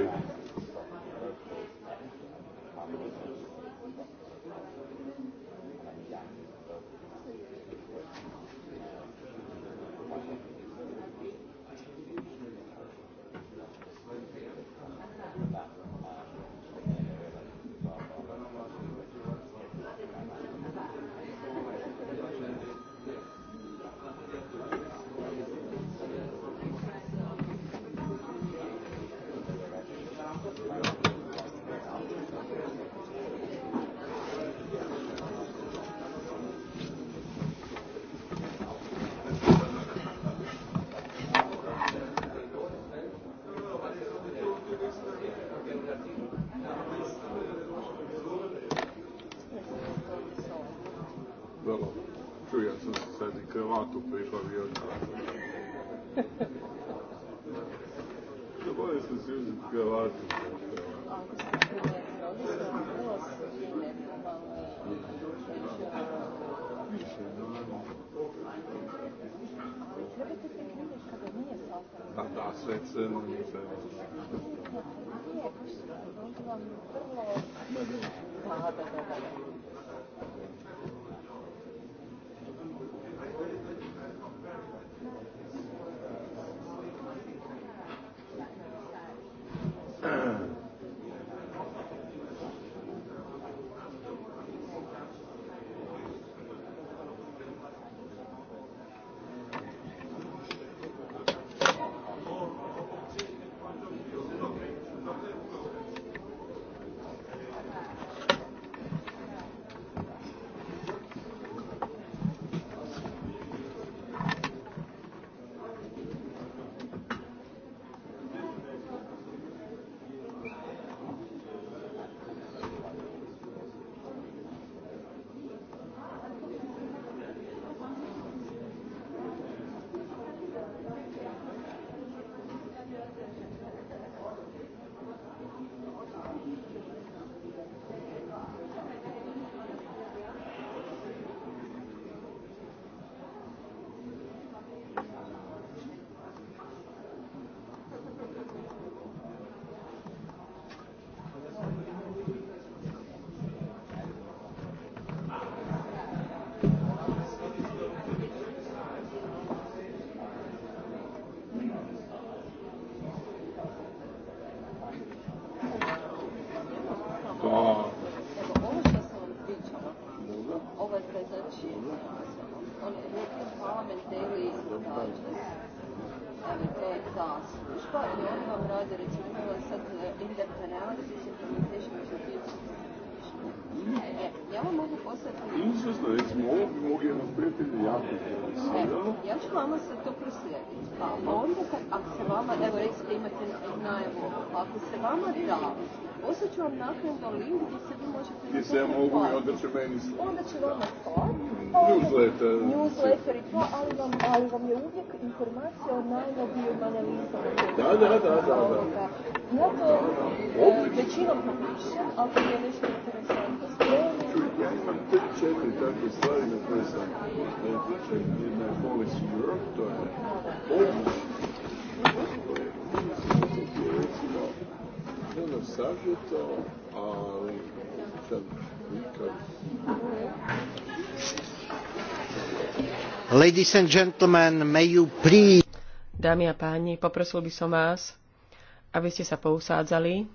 A: vam prvo ovom gdje se ja mogu i onda će meni slati. onda će vama slati
C: newsletter newsletter i to ali vam, ali vam je uvijek informacija o najnovijim analizama da, da, da, da, da. ja to većinom napišem ali to je nešto interesantno
A: ja imam te četiri takve stvari na koje sam jedna je Policy Europe to je odlično
B: Ladies and gentlemen, may you please... Dámy a páni, poprosil by som vás, aby ste sa pousádzali.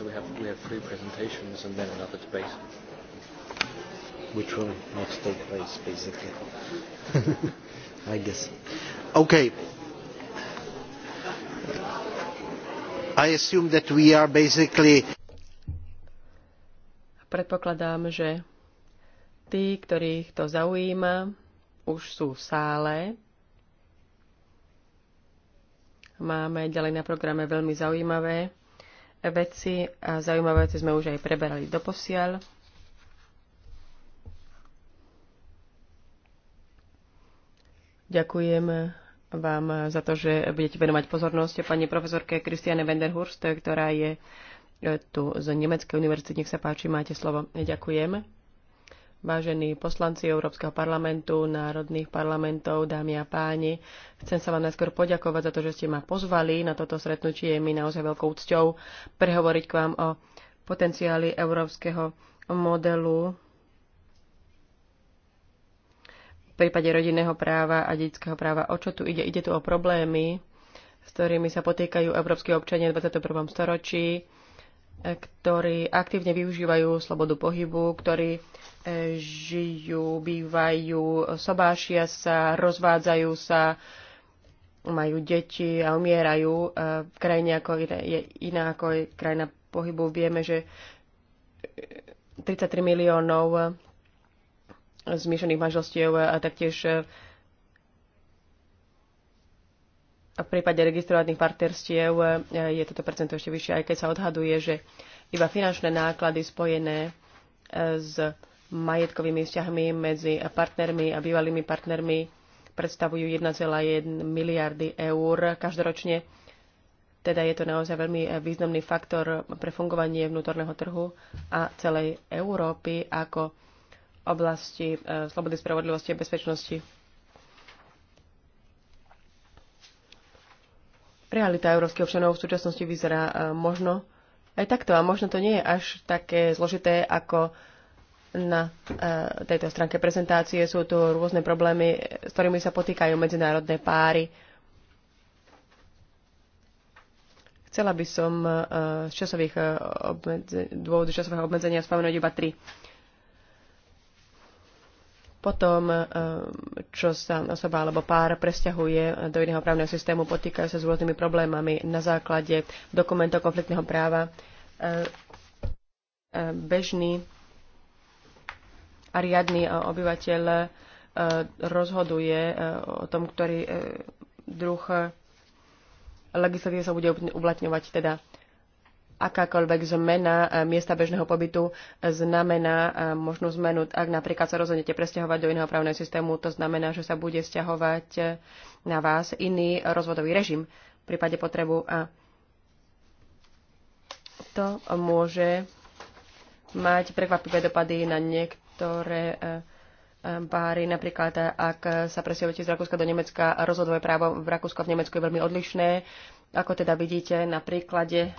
B: so we have we have three presentations and then another debate, which will not take place basically.
A: I guess. Okay. I assume that we are basically.
B: Predpokladám, že tí, ktorých to zaujíma, už sú v sále. Máme ďalej na programe veľmi zaujímavé veci a zaujímavé veci sme už aj preberali posiel. Ďakujem vám za to, že budete venovať pozornosť pani profesorke Kristiane Wenderhurst, ktorá je tu z Nemeckej univerzity. Nech sa páči, máte slovo. Ďakujem. Vážení poslanci Európskeho parlamentu, národných parlamentov, dámy a páni, chcem sa vám najskôr poďakovať za to, že ste ma pozvali na toto stretnutie. Je mi naozaj veľkou cťou prehovoriť k vám o potenciáli európskeho modelu v prípade rodinného práva a detského práva. O čo tu ide? Ide tu o problémy, s ktorými sa potýkajú európsky občania v 21. storočí ktorí aktívne využívajú slobodu pohybu, ktorí e, žijú, bývajú, sobášia sa, rozvádzajú sa, majú deti a umierajú e, v krajine ako je iná ako je krajina pohybu. Vieme, že e, 33 miliónov zmiešaných manželstiev a taktiež v prípade registrovaných partnerstiev e, je toto percento ešte vyššie, aj keď sa odhaduje, že iba finančné náklady spojené e, s majetkovými vzťahmi medzi partnermi a bývalými partnermi predstavujú 1,1 miliardy eur každoročne. Teda je to naozaj veľmi e, významný faktor pre fungovanie vnútorného trhu a celej Európy ako oblasti slobody, spravodlivosti a bezpečnosti. Realita európskych občanov v súčasnosti vyzerá e, možno aj takto a možno to nie je až také zložité, ako na e, tejto stránke prezentácie. Sú tu rôzne problémy, s ktorými sa potýkajú medzinárodné páry. Chcela by som e, z časových obmedze- dôvodu časového obmedzenia spomenúť iba tri potom, eh, čo sa osoba alebo pár presťahuje do iného právneho systému, potýkajú sa s rôznymi problémami na základe dokumentov konfliktného práva. Eh, eh, bežný a riadný obyvateľ rozhoduje o tom, ktorý druh legislatívy sa bude uplatňovať. Teda akákoľvek zmena e, miesta bežného pobytu znamená e, možnú zmenu. Ak napríklad sa rozhodnete presťahovať do iného právneho systému, to znamená, že sa bude sťahovať e, na vás iný rozvodový režim v prípade potrebu a to môže mať prekvapivé dopady na niektoré páry. Napríklad, ak sa presťahujete z Rakúska do Nemecka, rozhodové právo v Rakúsku a v Nemecku je veľmi odlišné ako teda vidíte na príklade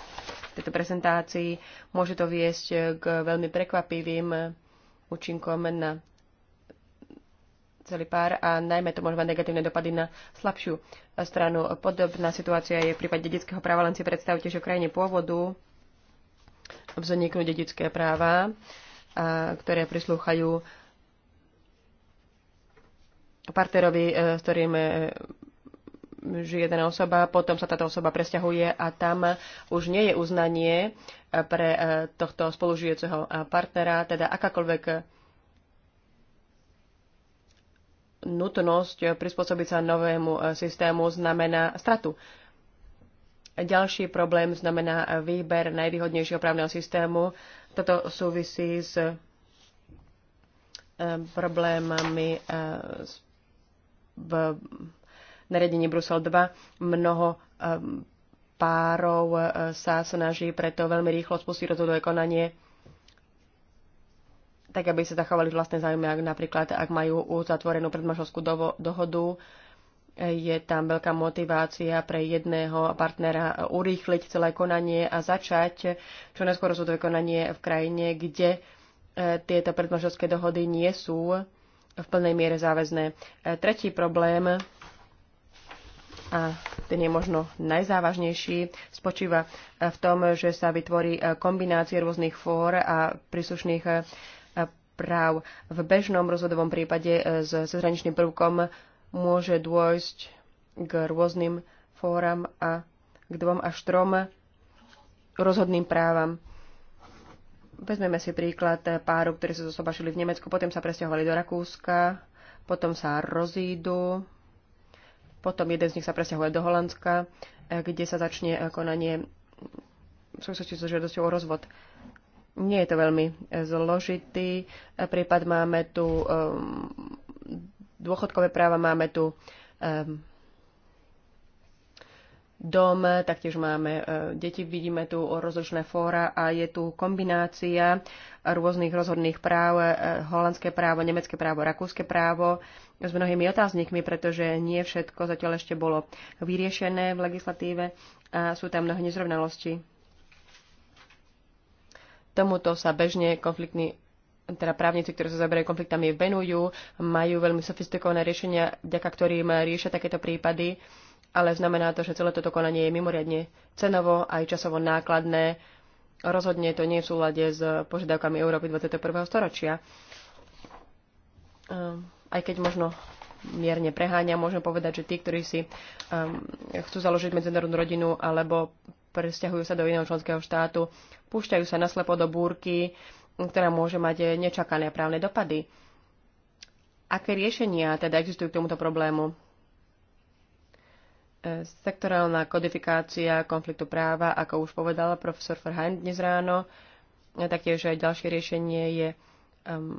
B: tejto prezentácii, môže to viesť k veľmi prekvapivým účinkom na celý pár a najmä to môže mať negatívne dopady na slabšiu stranu. Podobná situácia je v prípade detského práva, len si predstavte, že v krajine pôvodu vzniknú dedické práva, ktoré prislúchajú partnerovi, e, s ktorým e, žije daná osoba, potom sa táto osoba presťahuje a tam už nie je uznanie eh, pre eh, tohto spolužijúceho eh, partnera, teda akákoľvek nutnosť prispôsobiť sa novému systému znamená stratu. Ďalší problém znamená výber najvýhodnejšieho právneho systému. Toto súvisí s problémami v nariadenie Brusel 2. Mnoho ehm, párov e, sa snaží preto veľmi rýchlo spustiť rozhodové konanie tak aby sa zachovali vlastné záujmy, ak napríklad ak majú uzatvorenú predmažovskú dohodu, je tam veľká motivácia pre jedného partnera urýchliť celé konanie a začať čo najskôr rozhodové konanie v krajine, kde e, tieto predmažovské dohody nie sú v plnej miere záväzné. E, tretí problém a ten je možno najzávažnejší, spočíva e, v tom, že sa vytvorí e, kombinácie rôznych fór a príslušných e, práv. V bežnom rozhodovom prípade s cezhraničným prvkom môže dôjsť k rôznym fóram a k dvom až trom rozhodným právam. Vezmeme si príklad páru, ktorí sa zosobašili v Nemecku, potom sa presťahovali do Rakúska, potom sa rozídu, potom jeden z nich sa presťahuje do Holandska, e, kde sa začne e, konanie v súvislosti so žiadosťou o rozvod. Nie je to veľmi e, zložitý prípad. Máme tu dôchodkové práva, máme tu dom, taktiež máme e, deti, vidíme tu rozličné fóra a je tu kombinácia rôznych rozhodných práv, e, holandské právo, nemecké právo, rakúske právo s mnohými otáznikmi, pretože nie všetko zatiaľ ešte bolo vyriešené v legislatíve a sú tam mnohé nezrovnalosti. Tomuto sa bežne konfliktní teda právnici, ktorí sa zaberajú konfliktami, venujú, majú veľmi sofistikované riešenia, vďaka ktorým riešia takéto prípady. Uh, ale znamená to, že celé toto konanie je mimoriadne cenovo aj časovo nákladné. Rozhodne to nie je v súlade s požiadavkami Európy 21. storočia. Ehm, aj keď možno mierne preháňa, môžem povedať, že tí, ktorí si ehm, chcú založiť medzinárodnú rodinu alebo presťahujú sa do iného členského štátu, púšťajú sa naslepo do búrky, ktorá môže mať nečakané právne dopady. Aké riešenia teda existujú k tomuto problému? Sektorálna kodifikácia konfliktu práva, ako už povedala profesor Farhan dnes ráno, taktiež aj ďalšie riešenie je um,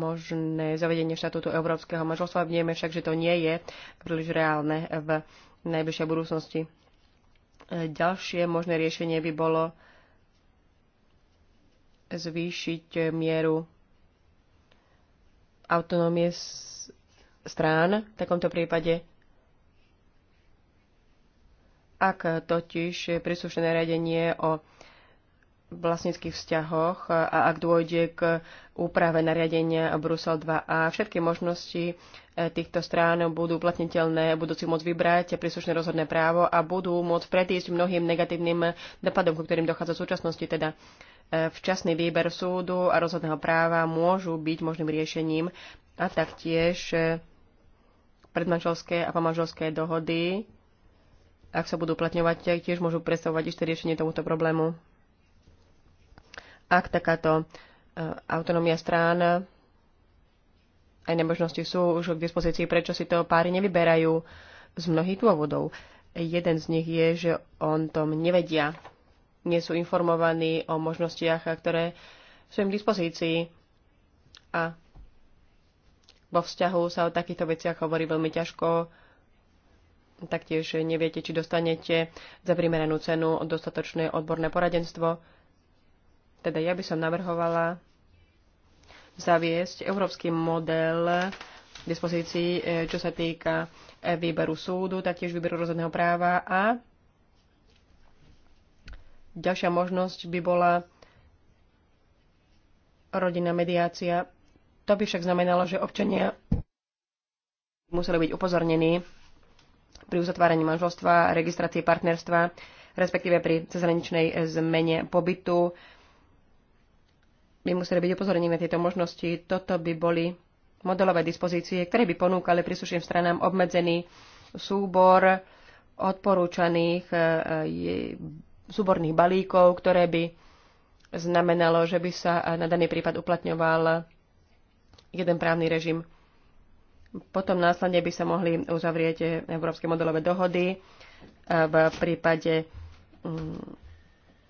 B: možné zavedenie štatútu Európskeho manželstva. Vieme však, že to nie je príliš reálne v najbližšej budúcnosti. E, ďalšie možné riešenie by bolo zvýšiť mieru autonómie strán v takomto prípade ak totiž príslušné nariadenie o vlastníckých vzťahoch a ak dôjde k úprave nariadenia Brusel 2a, všetky možnosti e, týchto strán budú platniteľné, budú si môcť vybrať príslušné rozhodné právo a budú môcť predísť mnohým negatívnym dopadom, ku ktorým dochádza v súčasnosti. Teda e, včasný výber súdu a rozhodného práva môžu byť možným riešením a taktiež e, predmanželské a pomanželské dohody ak sa budú uplatňovať, tiež môžu predstavovať ešte riešenie tomuto problému. Ak takáto e, autonómia strán e, aj nemožnosti sú už k dispozícii, prečo si to páry nevyberajú z mnohých dôvodov. Jeden z nich je, že on tom nevedia, nie sú informovaní o možnostiach, ktoré sú im k dispozícii a vo vzťahu sa o takýchto veciach hovorí veľmi ťažko taktiež neviete, či dostanete za primeranú cenu dostatočné odborné poradenstvo. Teda ja by som navrhovala zaviesť európsky model k dispozícii, e, čo sa týka e, výberu súdu, taktiež výberu rozhodného práva a ďalšia možnosť by bola rodinná mediácia. To by však znamenalo, že občania museli byť upozornení pri uzatváraní manželstva, registrácii partnerstva, respektíve pri cezhraničnej zmene pobytu. By museli byť upozornení na tieto možnosti. Toto by boli modelové dispozície, ktoré by ponúkali príslušným stranám obmedzený súbor odporúčaných e, súborných balíkov, ktoré by znamenalo, že by sa e, na daný prípad uplatňoval jeden právny režim. Potom následne by sa mohli uzavrieť eh, európske modelové dohody eh, v prípade mm,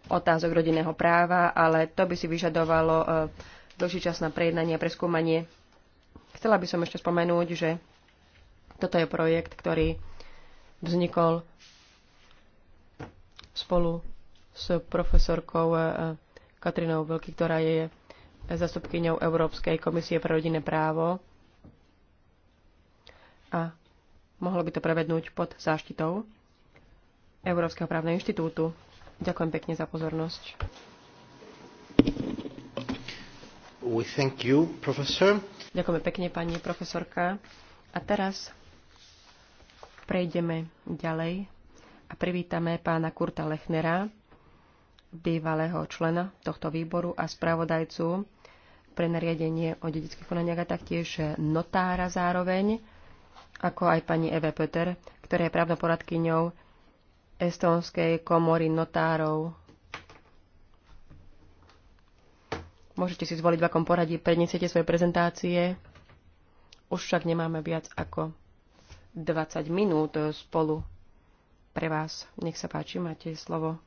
B: otázok rodinného práva, ale to by si vyžadovalo eh, dlhší čas na prejednanie a preskúmanie. Chcela by som ešte spomenúť, že toto je projekt, ktorý vznikol spolu s profesorkou Katrinou Veľký, ktorá je zastupkyňou Európskej komisie pre rodinné právo a mohlo by to prevednúť pod záštitou Európskeho právneho inštitútu. Ďakujem pekne za pozornosť. We thank you, professor. Ďakujeme pekne, pani profesorka. A teraz prejdeme ďalej a privítame pána Kurta Lechnera, bývalého člena tohto výboru a spravodajcu pre nariadenie o dedických konaniach a taktiež notára zároveň ako aj pani Eve Peter, ktorá je právnoporadkyňou Estonskej komory notárov. Môžete si zvoliť, v akom poradí predniesiete svoje prezentácie. Už však nemáme viac ako 20 minút spolu pre vás. Nech sa páči, máte slovo.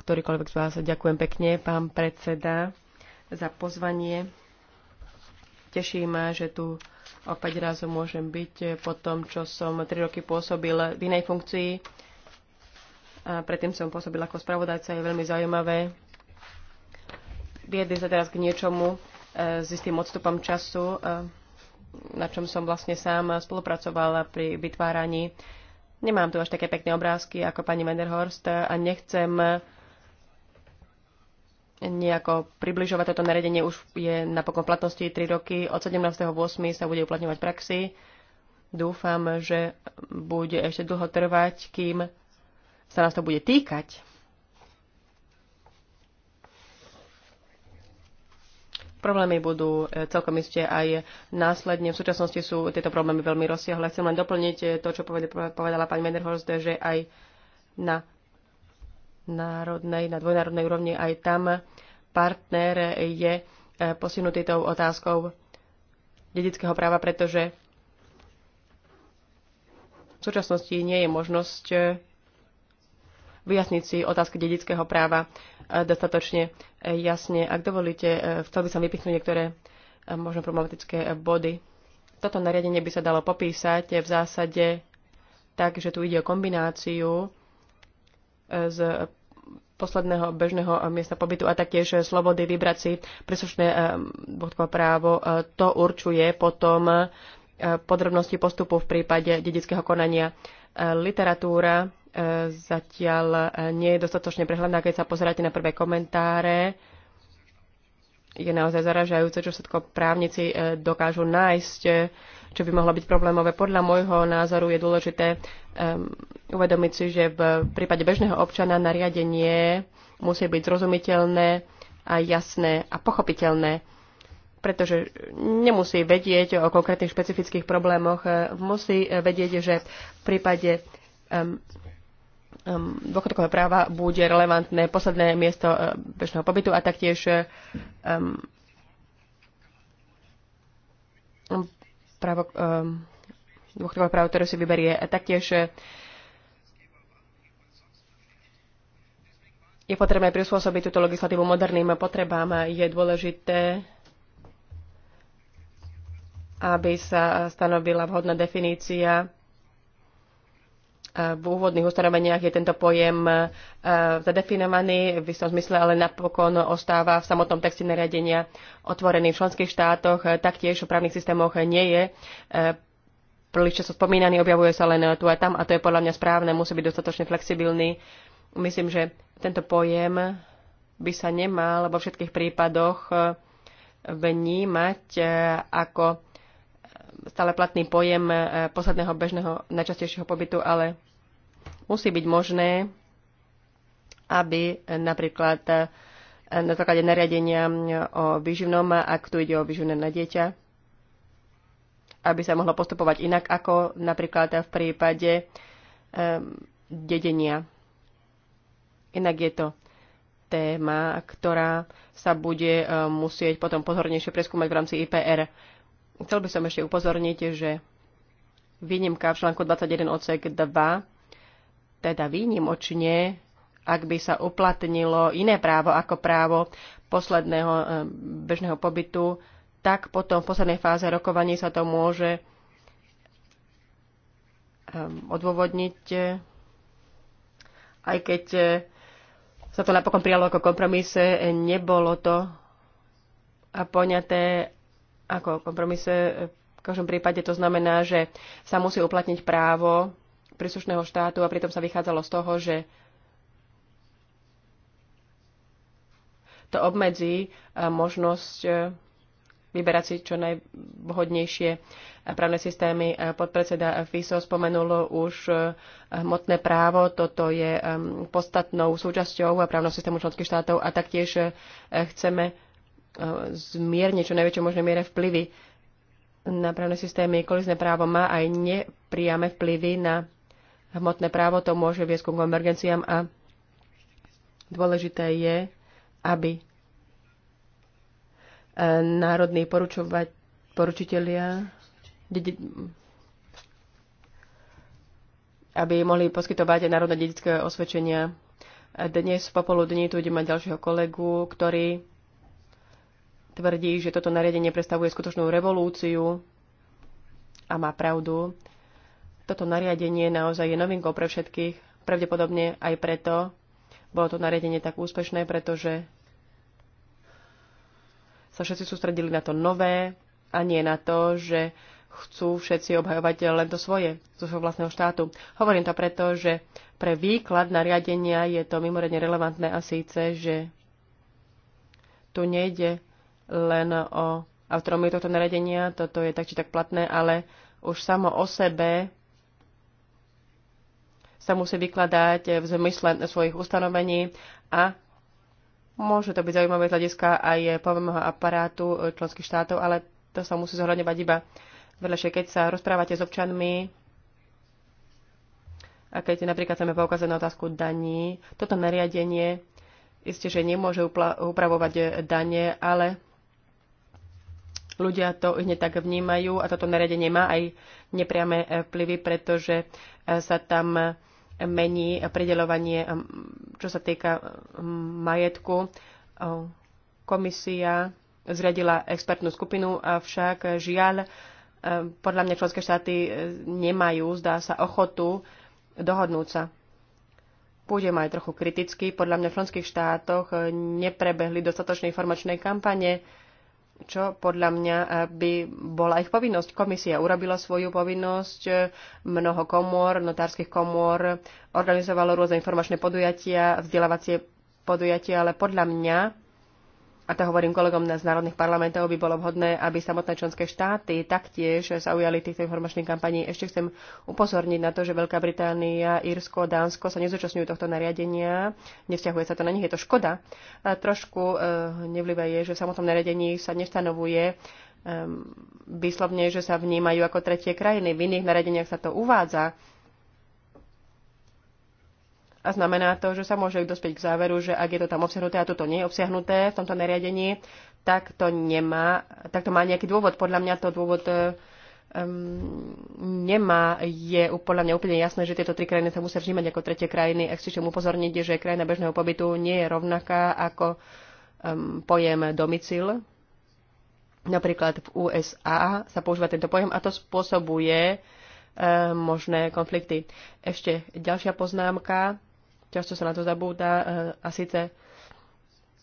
B: Ktorýkoľvek z vás. Ďakujem pekne, pán predseda, za pozvanie. Teší ma, že tu Opäť raz môžem byť eh, po tom, čo som tri roky pôsobil v inej funkcii. A predtým som pôsobil ako spravodajca. Je veľmi zaujímavé viedli sa teraz k niečomu eh, s istým odstupom času, eh, na čom som vlastne sám spolupracovala pri vytváraní. Nemám tu až také pekné obrázky ako pani Menderhorst a nechcem nejako približovať toto nariadenie. Už je napokon platnosti 3 roky. Od 17.8. sa bude uplatňovať praxi. Dúfam, že bude ešte dlho trvať, kým sa nás to bude týkať. Problémy budú e, celkom iste aj následne. V súčasnosti sú tieto problémy veľmi rozsiahle. Chcem len doplniť e, to, čo povedala pani Menderhorst, že aj na národnej, na dvojnárodnej úrovni, aj tam partner je e, posunutý tou otázkou dedického práva, pretože v súčasnosti nie je možnosť e, vyjasniť si otázky dedického práva e, dostatočne jasne. Ak dovolíte, chcel by som vypichnúť niektoré možno problematické body. Toto nariadenie by sa dalo popísať v zásade tak, že tu ide o kombináciu z posledného bežného miesta pobytu a taktiež slobody vybrať si príslušné eh, právo. Eh, to určuje potom eh, podrobnosti postupu v prípade dedického konania. Literatúra zatiaľ nie je dostatočne prehľadná, keď sa pozeráte na prvé komentáre. Je naozaj zaražajúce, čo všetko právnici dokážu nájsť čo by mohlo byť problémové. Podľa môjho názoru je dôležité um, uvedomiť si, že v prípade bežného občana nariadenie musí byť zrozumiteľné a jasné a pochopiteľné, pretože nemusí vedieť o konkrétnych špecifických problémoch, e, musí e, vedieť, že v prípade um, um, dôchodkového práva bude relevantné posledné miesto uh, bežného pobytu a taktiež um, právo, ehm, dôchodkové právo, ktoré si vyberie. A taktiež eh, je potrebné prispôsobiť túto legislatívu moderným potrebám. Je dôležité, aby sa stanovila vhodná definícia v úvodných ustanoveniach je tento pojem e, zadefinovaný v istom zmysle, ale napokon ostáva v samotnom texte nariadenia otvorený v členských štátoch. E, taktiež v právnych systémoch nie je e, príliš často spomínaný, objavuje sa len tu a tam a to je podľa mňa správne, musí byť dostatočne flexibilný. Myslím, že tento pojem by sa nemal vo všetkých prípadoch vnímať ako stále platný pojem posledného bežného najčastejšieho pobytu, ale musí byť možné, aby napríklad eh, na základe nariadenia mm, o výživnom, ak tu ide o výživné na dieťa, aby sa mohlo postupovať inak ako napríklad v prípade dedenia. Inak je to téma, ktorá sa bude eh, musieť potom pozornejšie preskúmať v rámci IPR. Chcel by som ešte upozorniť, že výnimka v článku 21 odsek 2 teda výnimočne, ak by sa uplatnilo iné právo ako právo posledného eh, bežného pobytu, tak potom v poslednej fáze rokovaní sa to môže eh, odôvodniť, aj keď eh, sa to napokon prijalo ako kompromise, nebolo to a poňaté ako kompromise. V každom prípade to znamená, že sa musí uplatniť právo príslušného štátu a pritom sa vychádzalo z toho, že to obmedzí e, možnosť e, vyberať si čo najvhodnejšie e, právne systémy. Podpredseda FISO spomenul už hmotné právo, toto je podstatnou súčasťou právneho systému členských štátov a taktiež chceme zmierniť čo najväčšie možné miere vplyvy na právne systémy. Kolizné právo má aj nepriame vplyvy na hmotné právo, to môže viesť ku konvergenciám a dôležité je, aby e, národní poručovať, poručitelia, aby mohli poskytovať aj národné dedické osvedčenia. Dnes v popoludní tu ide mať ďalšieho kolegu, ktorý tvrdí, že toto nariadenie predstavuje skutočnú revolúciu a má pravdu. Toto nariadenie naozaj je novinkou pre všetkých, pravdepodobne aj preto bolo to nariadenie tak úspešné, pretože sa všetci sústredili na to nové a nie na to, že chcú všetci obhajovať len to svoje, zo svojho vlastného štátu. Hovorím to preto, že pre výklad nariadenia je to mimoriadne relevantné a síce, že tu nejde len o autonómiu tohto nariadenia, toto je tak či tak platné, ale už samo o sebe sa musí vykladať v zmysle svojich ustanovení a môže to byť zaujímavé z hľadiska aj povemného aparátu členských štátov, ale to sa musí zohľadňovať iba vedľašie. Keď sa rozprávate s občanmi a keď napríklad chceme poukázať na otázku daní, toto nariadenie isté, že nemôže upravovať dane, ale ľudia to hneď tak vnímajú a toto nariadenie má aj nepriame vplyvy, pretože sa tam mení predelovanie, čo sa týka majetku. Komisia zriadila expertnú skupinu, avšak žiaľ, e, podľa mňa členské štáty e, nemajú, zdá sa, ochotu dohodnúť sa. Pôjdem aj trochu kritický. Podľa mňa v členských štátoch e, neprebehli dostatočné informačné kampane čo podľa mňa eh, by bola ich povinnosť. Komisia urobila svoju povinnosť, eh, mnoho komôr, notárskych komôr, organizovalo rôzne informačné podujatia, vzdelávacie podujatia, ale podľa mňa a to hovorím kolegom z národných parlamentov, by bolo vhodné, aby samotné členské štáty taktiež zaujali týchto informačných kampaní. Ešte chcem upozorniť na to, že Veľká Británia, Írsko, Dánsko sa nezúčastňujú tohto nariadenia, nevzťahuje sa to na nich, je to škoda. A trošku e, nevlivé je, že v samotnom nariadení sa nestanovuje um, e, vyslovne, že sa vnímajú ako tretie krajiny. V iných nariadeniach sa to uvádza. A znamená to, že sa môže dospieť k záveru, že ak je to tam obsiahnuté a toto nie je obsiahnuté v tomto nariadení, tak to nemá, tak to má nejaký dôvod. Podľa mňa to dôvod um, nemá, je podľa mňa úplne jasné, že tieto tri krajiny sa musia vnímať ako tretie krajiny. Ak si chcem upozorniť, že krajina bežného pobytu nie je rovnaká ako um, pojem domicil. Napríklad v USA sa používa tento pojem a to spôsobuje eh, možné konflikty. Ešte ďalšia poznámka často sa na to zabúda, e, a síce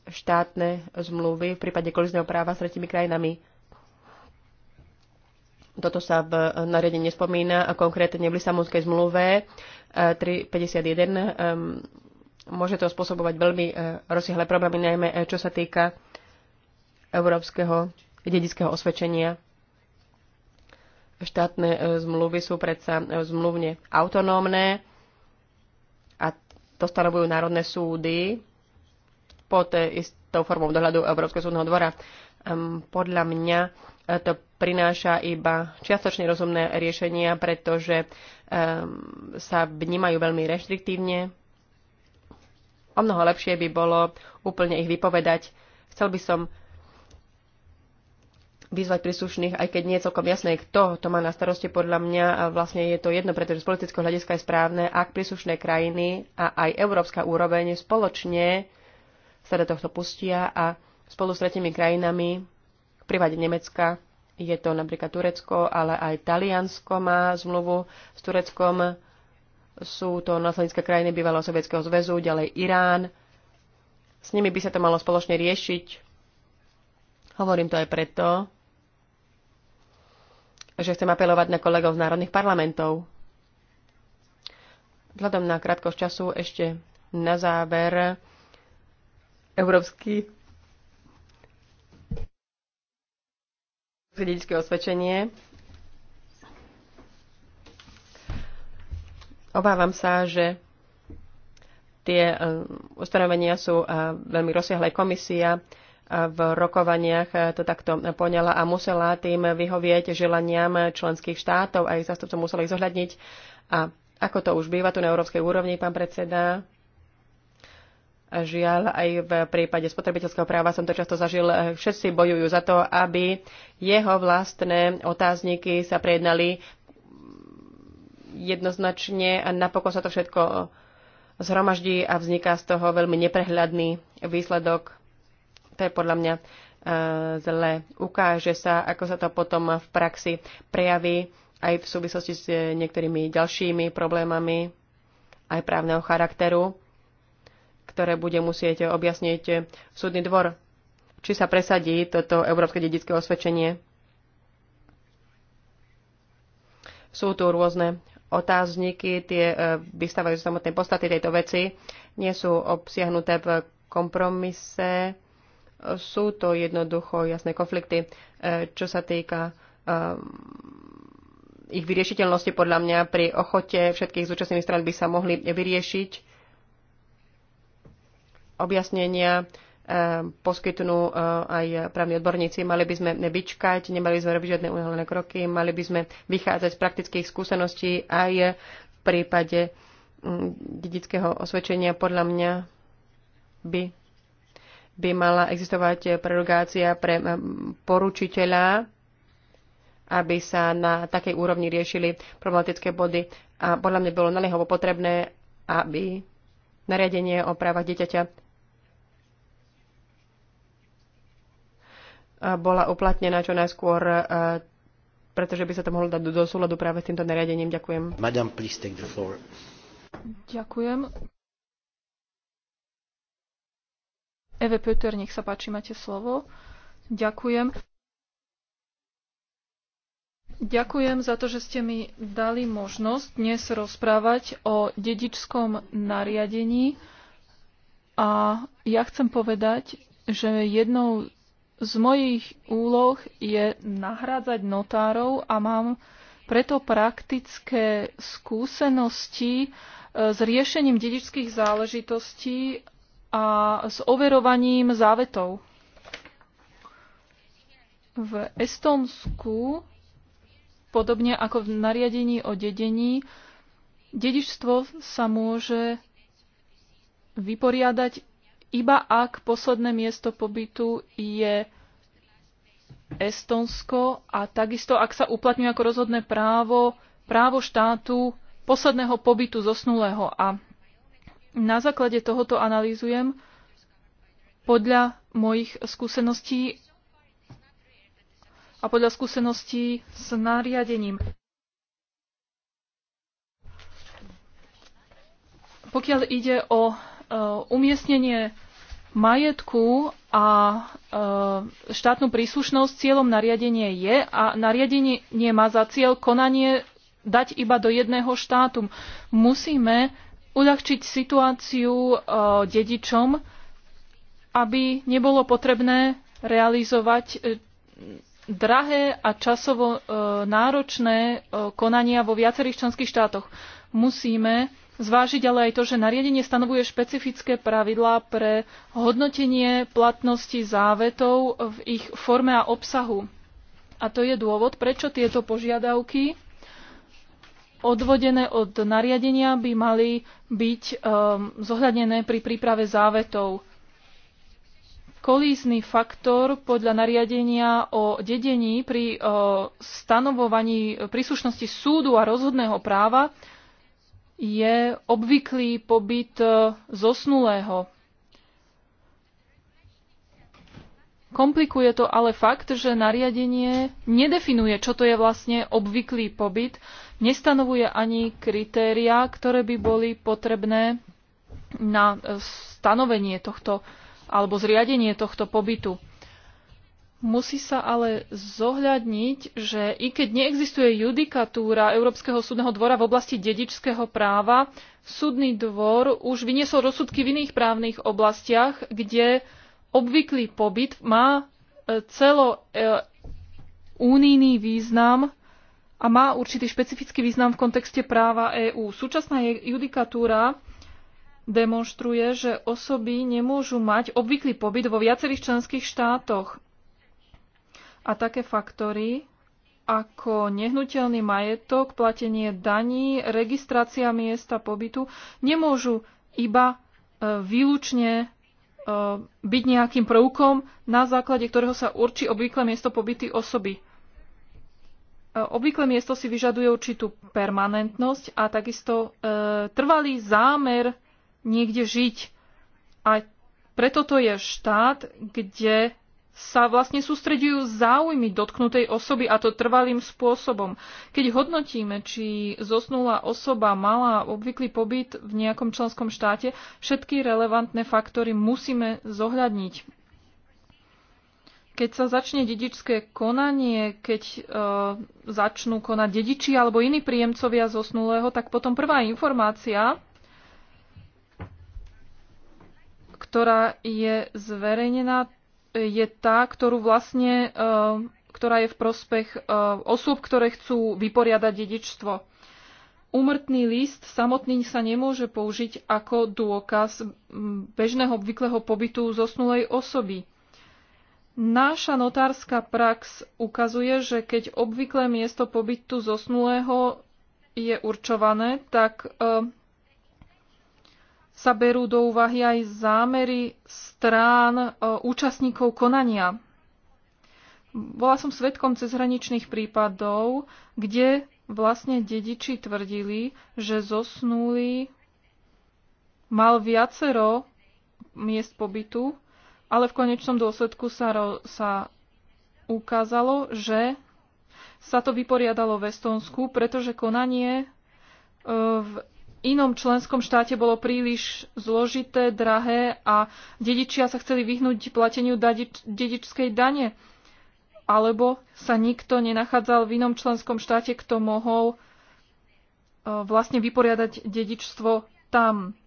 B: štátne zmluvy v prípade kolizného práva s tretimi krajinami. Toto sa v nariadení nespomína, a konkrétne v Lisabonskej zmluve 351. E, e, môže to spôsobovať veľmi rozsiahle problémy, najmä čo sa týka európskeho dedického osvedčenia. Štátne zmluvy sú predsa zmluvne autonómne to stanovujú národné súdy pod eh, istou formou dohľadu Európskeho súdneho dvora. Podľa mňa eh, to prináša iba čiastočne rozumné riešenia, pretože sa vnímajú veľmi reštriktívne. O mnoho lepšie by bolo úplne ich vypovedať. Chcel by som vyzvať príslušných, aj keď nie je celkom jasné, kto to má na starosti. Podľa mňa vlastne je to jedno, pretože z politického hľadiska je správne, ak príslušné krajiny a aj európska úroveň spoločne sa do tohto pustia a spolu s tretimi krajinami, v prípade Nemecka je to napríklad Turecko, ale aj Taliansko má zmluvu s Tureckom, sú to následnícke krajiny bývalého Sovietskeho zväzu, ďalej Irán. S nimi by sa to malo spoločne riešiť. Hovorím to aj preto, že chcem apelovať na kolegov z národných parlamentov. Vzhľadom na krátkosť času ešte na záver Európsky dedičské osvedčenie. Obávam sa, že tie eh, ustanovenia sú eh, veľmi rozsiahle komisia v rokovaniach e, to takto poňala a musela tým vyhovieť želaniam členských štátov a ich zastupcov museli ich zohľadniť. A ako to už býva tu na európskej úrovni, pán predseda, žiaľ aj v prípade spotrebiteľského práva som to často zažil, e, všetci bojujú za to, aby jeho vlastné otázniky sa prejednali jednoznačne a napokon sa to všetko zhromaždí a vzniká z toho veľmi neprehľadný výsledok to je podľa mňa e, zle. Ukáže sa, ako sa to potom v praxi prejaví aj v súvislosti s e, niektorými ďalšími problémami, aj právneho charakteru, ktoré bude musieť objasniť súdny dvor, či sa presadí toto európske dedické osvedčenie. Sú tu rôzne otázniky, tie e, vystávajú z samotnej podstaty tejto veci, nie sú obsiahnuté v kompromise sú to jednoducho jasné konflikty, e, čo sa týka e, ich vyriešiteľnosti podľa mňa pri ochote všetkých zúčastnených strán by sa mohli vyriešiť. Objasnenia e, poskytnú aj právni odborníci. Mali by sme nevyčkať, nemali sme robiť žiadne unáhlené kroky, mali by sme vychádzať z praktických skúseností aj v prípade mm, dedického osvedčenia. Podľa mňa by by mala existovať prerogácia pre poručiteľa, aby sa na takej úrovni riešili problematické body. A podľa mňa bolo naliehavo potrebné, aby nariadenie o právach dieťaťa bola uplatnená čo najskôr, pretože by sa to mohlo dať do súladu práve s týmto nariadením. Ďakujem. Madame, please take the floor.
C: Ďakujem. Eve Peter, nech sa páči, máte slovo. Ďakujem. Ďakujem za to, že ste mi dali možnosť dnes rozprávať o dedičskom nariadení. A ja chcem povedať, že jednou z mojich úloh je nahrádzať notárov a mám preto praktické skúsenosti e, s riešením dedičských záležitostí a s overovaním závetov. V Estonsku, podobne ako v nariadení o dedení, dedičstvo sa môže vyporiadať iba ak posledné miesto pobytu je Estonsko a takisto ak sa uplatňuje ako rozhodné právo právo štátu posledného pobytu zosnulého. A na základe tohoto analýzujem podľa mojich skúseností a podľa skúseností s nariadením. Pokiaľ ide o e, umiestnenie majetku a e, štátnu príslušnosť, cieľom nariadenie je a nariadenie má za cieľ konanie dať iba do jedného štátu. Musíme uľahčiť situáciu e, dedičom, aby nebolo potrebné realizovať e, drahé a časovo e, náročné konania vo viacerých členských štátoch. Musíme zvážiť ale aj to, že nariadenie stanovuje špecifické pravidlá pre hodnotenie platnosti závetov v ich forme a obsahu. A to je dôvod, prečo tieto požiadavky odvodené od nariadenia by mali byť um, zohľadnené pri príprave závetov. Kolízny faktor podľa nariadenia o dedení pri uh, stanovovaní príslušnosti súdu a rozhodného práva je obvyklý pobyt uh, zosnulého. Komplikuje to ale fakt, že nariadenie nedefinuje, čo to je vlastne obvyklý pobyt, nestanovuje ani kritéria, ktoré by boli potrebné na e, stanovenie tohto alebo zriadenie tohto pobytu. Musí sa ale zohľadniť, že i keď neexistuje judikatúra Európskeho súdneho dvora v oblasti dedičského práva, súdny dvor už vyniesol rozsudky v iných právnych oblastiach, kde obvyklý pobyt má e, celo únijný e, význam a má určitý špecifický význam v kontexte práva EÚ. Súčasná judikatúra demonstruje, že osoby nemôžu mať obvyklý pobyt vo viacerých členských štátoch. A také faktory ako nehnuteľný majetok, platenie daní, registrácia miesta pobytu nemôžu iba e, výlučne E, byť nejakým prvkom, na základe ktorého sa určí obvykle miesto pobyty osoby. E, obvykle miesto si vyžaduje určitú permanentnosť a takisto e, trvalý zámer niekde žiť. A preto to je štát, kde sa vlastne sústredujú záujmy dotknutej osoby a to trvalým spôsobom. Keď hodnotíme, či zosnulá osoba mala obvyklý pobyt v nejakom členskom štáte, všetky relevantné faktory musíme zohľadniť. Keď sa začne dedičské konanie, keď e, začnú konať dediči alebo iní príjemcovia zosnulého, tak potom prvá informácia, ktorá je zverejnená, je tá, ktorú vlastne, eh, ktorá je v prospech eh, osôb, ktoré chcú vyporiadať dedičstvo. Úmrtný list samotný sa nemôže použiť ako dôkaz bežného obvyklého pobytu zosnulej osoby. Náša notárska prax ukazuje, že keď obvyklé miesto pobytu zosnulého je určované, tak eh, sa berú do úvahy aj zámery strán e, účastníkov konania. Bola som svetkom cezhraničných prípadov, kde vlastne dediči tvrdili, že zosnulý mal viacero miest pobytu, ale v konečnom dôsledku sa, ro- sa ukázalo, že sa to vyporiadalo v Estonsku, pretože konanie e, v inom členskom štáte bolo príliš zložité, drahé a dedičia sa chceli vyhnúť plateniu dedičskej dane. Alebo sa nikto nenachádzal v inom členskom štáte, kto mohol e, vlastne vyporiadať dedičstvo tam.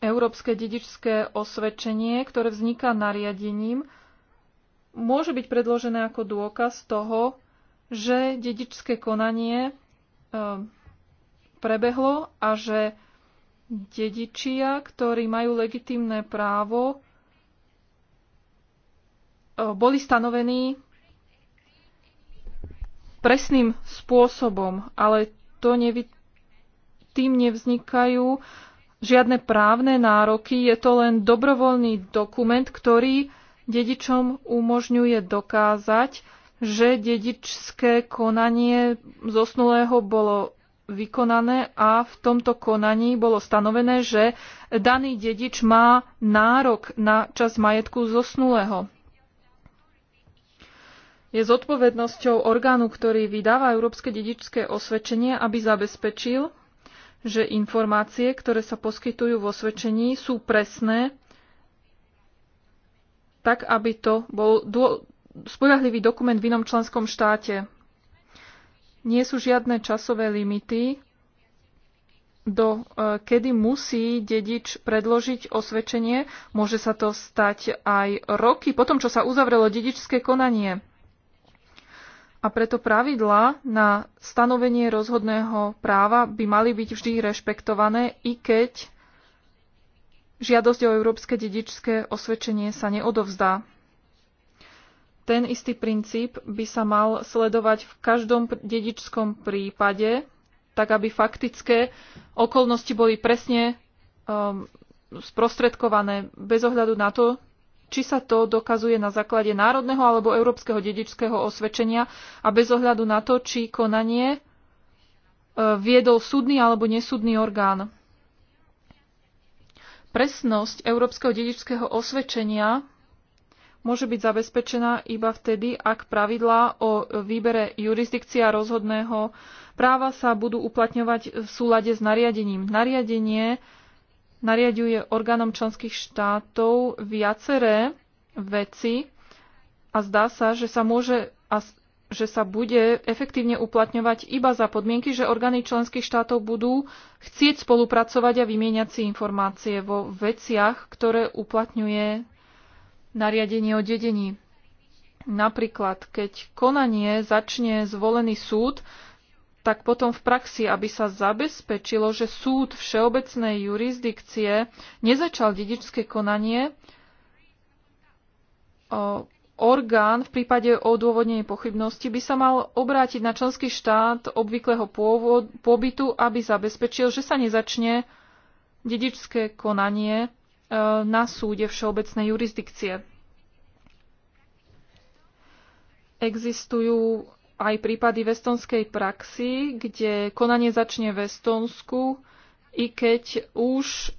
C: Európske dedičské osvedčenie, ktoré vzniká nariadením, môže byť predložené ako dôkaz toho, že dedičské konanie e, prebehlo a že dedičia, ktorí majú legitimné právo, e, boli stanovení presným spôsobom, ale to nevy... tým nevznikajú žiadne právne nároky, je to len dobrovoľný dokument, ktorý dedičom umožňuje dokázať, že dedičské konanie zosnulého bolo vykonané a v tomto konaní bolo stanovené, že daný dedič má nárok na časť majetku zosnulého. Je zodpovednosťou orgánu, ktorý vydáva európske dedičské osvedčenie, aby zabezpečil, že informácie, ktoré sa poskytujú v osvedčení, sú presné, tak aby to bol dô... dokument v inom členskom štáte nie sú žiadne časové limity, do e, kedy musí dedič predložiť osvedčenie. Môže sa to stať aj roky potom, čo sa uzavrelo dedičské konanie. A preto pravidlá na stanovenie rozhodného práva by mali byť vždy rešpektované, i keď žiadosť o európske dedičské osvedčenie sa neodovzdá ten istý princíp by sa mal sledovať v každom dedičskom prípade, tak aby faktické okolnosti boli presne um, sprostredkované bez ohľadu na to, či sa to dokazuje na základe národného alebo európskeho dedičského osvedčenia a bez ohľadu na to, či konanie uh, viedol súdny alebo nesúdny orgán. Presnosť európskeho dedičského osvedčenia môže byť zabezpečená iba vtedy, ak pravidlá o výbere jurisdikcia rozhodného práva sa budú uplatňovať v súlade s nariadením. Nariadenie nariaduje orgánom členských štátov viaceré veci a zdá sa, že sa môže a že sa bude efektívne uplatňovať iba za podmienky, že orgány členských štátov budú chcieť spolupracovať a vymieňať si informácie vo veciach, ktoré uplatňuje nariadenie o dedení. Napríklad, keď konanie začne zvolený súd, tak potom v praxi, aby sa zabezpečilo, že súd všeobecnej jurisdikcie nezačal dedičské konanie, orgán v prípade odôvodnenia pochybnosti by sa mal obrátiť na členský štát obvyklého pôvod, pobytu, aby zabezpečil, že sa nezačne dedičské konanie na súde všeobecnej jurisdikcie. Existujú aj prípady v estonskej praxi, kde konanie začne v Estonsku, i keď už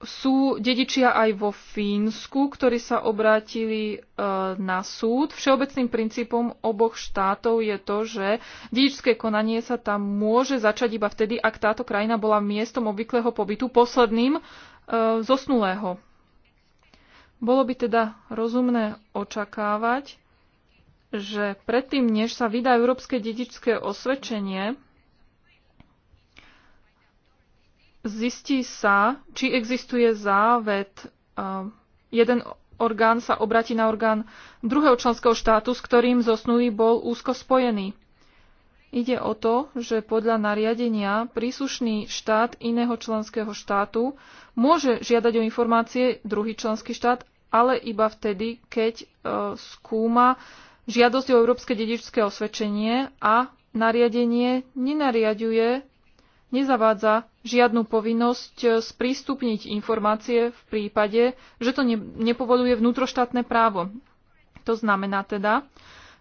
C: sú dedičia aj vo Fínsku, ktorí sa obrátili e, na súd. Všeobecným princípom oboch štátov je to, že dedičské konanie sa tam môže začať iba vtedy, ak táto krajina bola miestom obvyklého pobytu posledným e, zosnulého. Bolo by teda rozumné očakávať, že predtým, než sa vydá európske dedičské osvedčenie, zistí sa, či existuje závet. Jeden orgán sa obratí na orgán druhého členského štátu, s ktorým zosnulý bol úzko spojený. Ide o to, že podľa nariadenia príslušný štát iného členského štátu môže žiadať o informácie druhý členský štát, ale iba vtedy, keď e, skúma žiadosť o európske dedičské osvedčenie a nariadenie nenariaduje, nezavádza žiadnu povinnosť e, sprístupniť informácie v prípade, že to nepovoluje vnútroštátne právo. To znamená teda,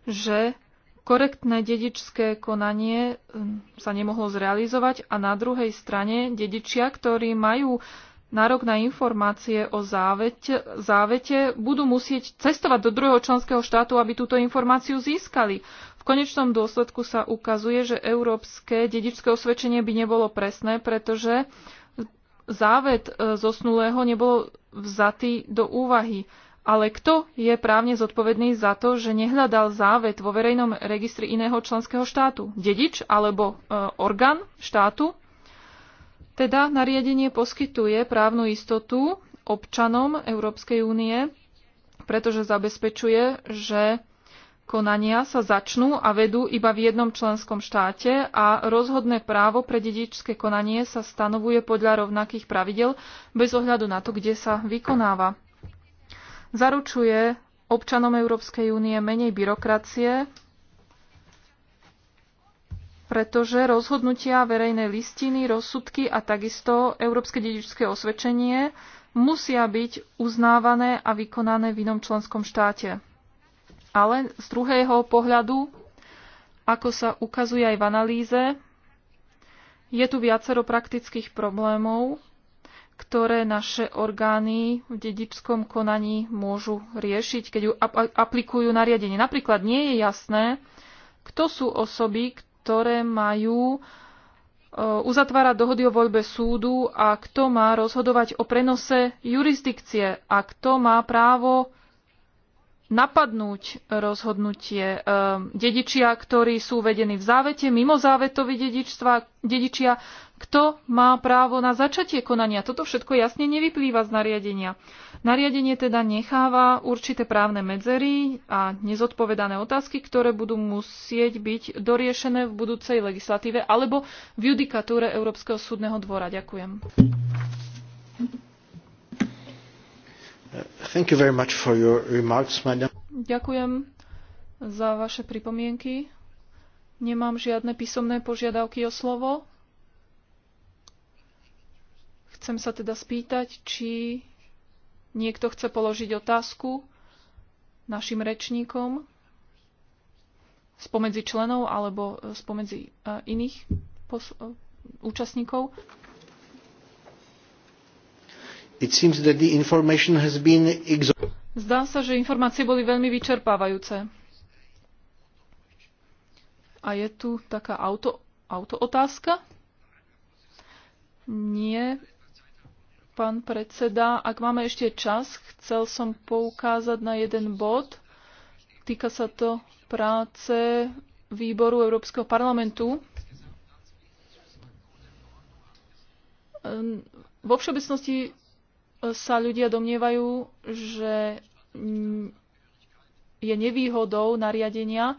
C: že korektné dedičské konanie e, sa nemohlo zrealizovať a na druhej strane dedičia, ktorí majú nárok na informácie o závete, závete budú musieť cestovať do druhého členského štátu, aby túto informáciu získali konečnom dôsledku sa ukazuje, že európske dedičské osvedčenie by nebolo presné, pretože závet e, zosnulého nebol vzatý do úvahy. Ale kto je právne zodpovedný za to, že nehľadal závet vo verejnom registri iného členského štátu? Dedič alebo e, orgán štátu? Teda nariadenie poskytuje právnu istotu občanom Európskej únie, pretože zabezpečuje, že konania sa začnú a vedú iba v jednom členskom štáte a rozhodné právo pre dedičské konanie sa stanovuje podľa rovnakých pravidel bez ohľadu na to, kde sa vykonáva. Zaručuje občanom Európskej únie menej byrokracie, pretože rozhodnutia verejnej listiny, rozsudky a takisto Európske dedičské osvedčenie musia byť uznávané a vykonané v inom členskom štáte. Ale z druhého pohľadu, ako sa ukazuje aj v analýze, je tu viacero praktických problémov, ktoré naše orgány v dedičskom konaní môžu riešiť, keď ju aplikujú nariadenie. Napríklad nie je jasné, kto sú osoby, ktoré majú e, uzatvárať dohody o voľbe súdu a kto má rozhodovať o prenose jurisdikcie a kto má právo napadnúť rozhodnutie. Ehm, dedičia, ktorí sú uvedení v závete, mimo závetovi dedičstva, dedičia, kto má právo na začatie konania. Toto všetko jasne nevyplýva z nariadenia. Nariadenie teda necháva určité právne medzery a nezodpovedané otázky, ktoré budú musieť byť doriešené v budúcej legislatíve alebo v judikatúre Európskeho súdneho dvora. Ďakujem. Thank you very much for your remarks, madam. Ďakujem za vaše pripomienky. Nemám žiadne písomné požiadavky o slovo. Chcem sa teda spýtať, či niekto chce položiť otázku našim rečníkom spomedzi členov alebo spomedzi eh, iných účastníkov. Zdá sa, že informácie boli veľmi vyčerpávajúce. A je tu taká auto, auto otázka? Nie, pán predseda. Ak máme ešte čas, chcel som poukázať na jeden bod. Týka sa to práce výboru Európskeho parlamentu. Ehm, vo všeobecnosti sa ľudia domnievajú, že je nevýhodou nariadenia,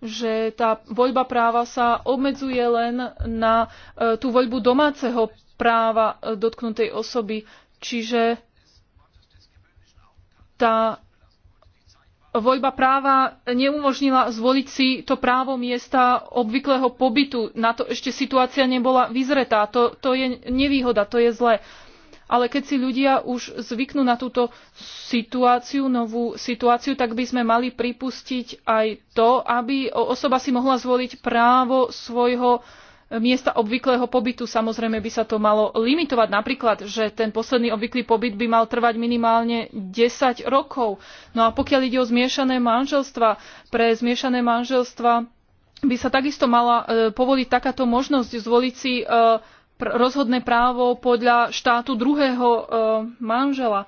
C: že tá voľba práva sa obmedzuje len na e, tú voľbu domáceho práva e, dotknutej osoby. Čiže tá voľba práva neumožnila zvoliť si to právo miesta obvyklého pobytu. Na to ešte situácia nebola vyzretá. To, to je nevýhoda, to je zlé ale keď si ľudia už zvyknú na túto situáciu, novú situáciu, tak by sme mali pripustiť aj to, aby osoba si mohla zvoliť právo svojho e, miesta obvyklého pobytu. Samozrejme by sa to malo limitovať. Napríklad, že ten posledný obvyklý pobyt by mal trvať minimálne 10 rokov. No a pokiaľ ide o zmiešané manželstva, pre zmiešané manželstva by sa takisto mala e, povoliť takáto možnosť zvoliť si e, pr- rozhodné právo podľa štátu druhého e, manžela.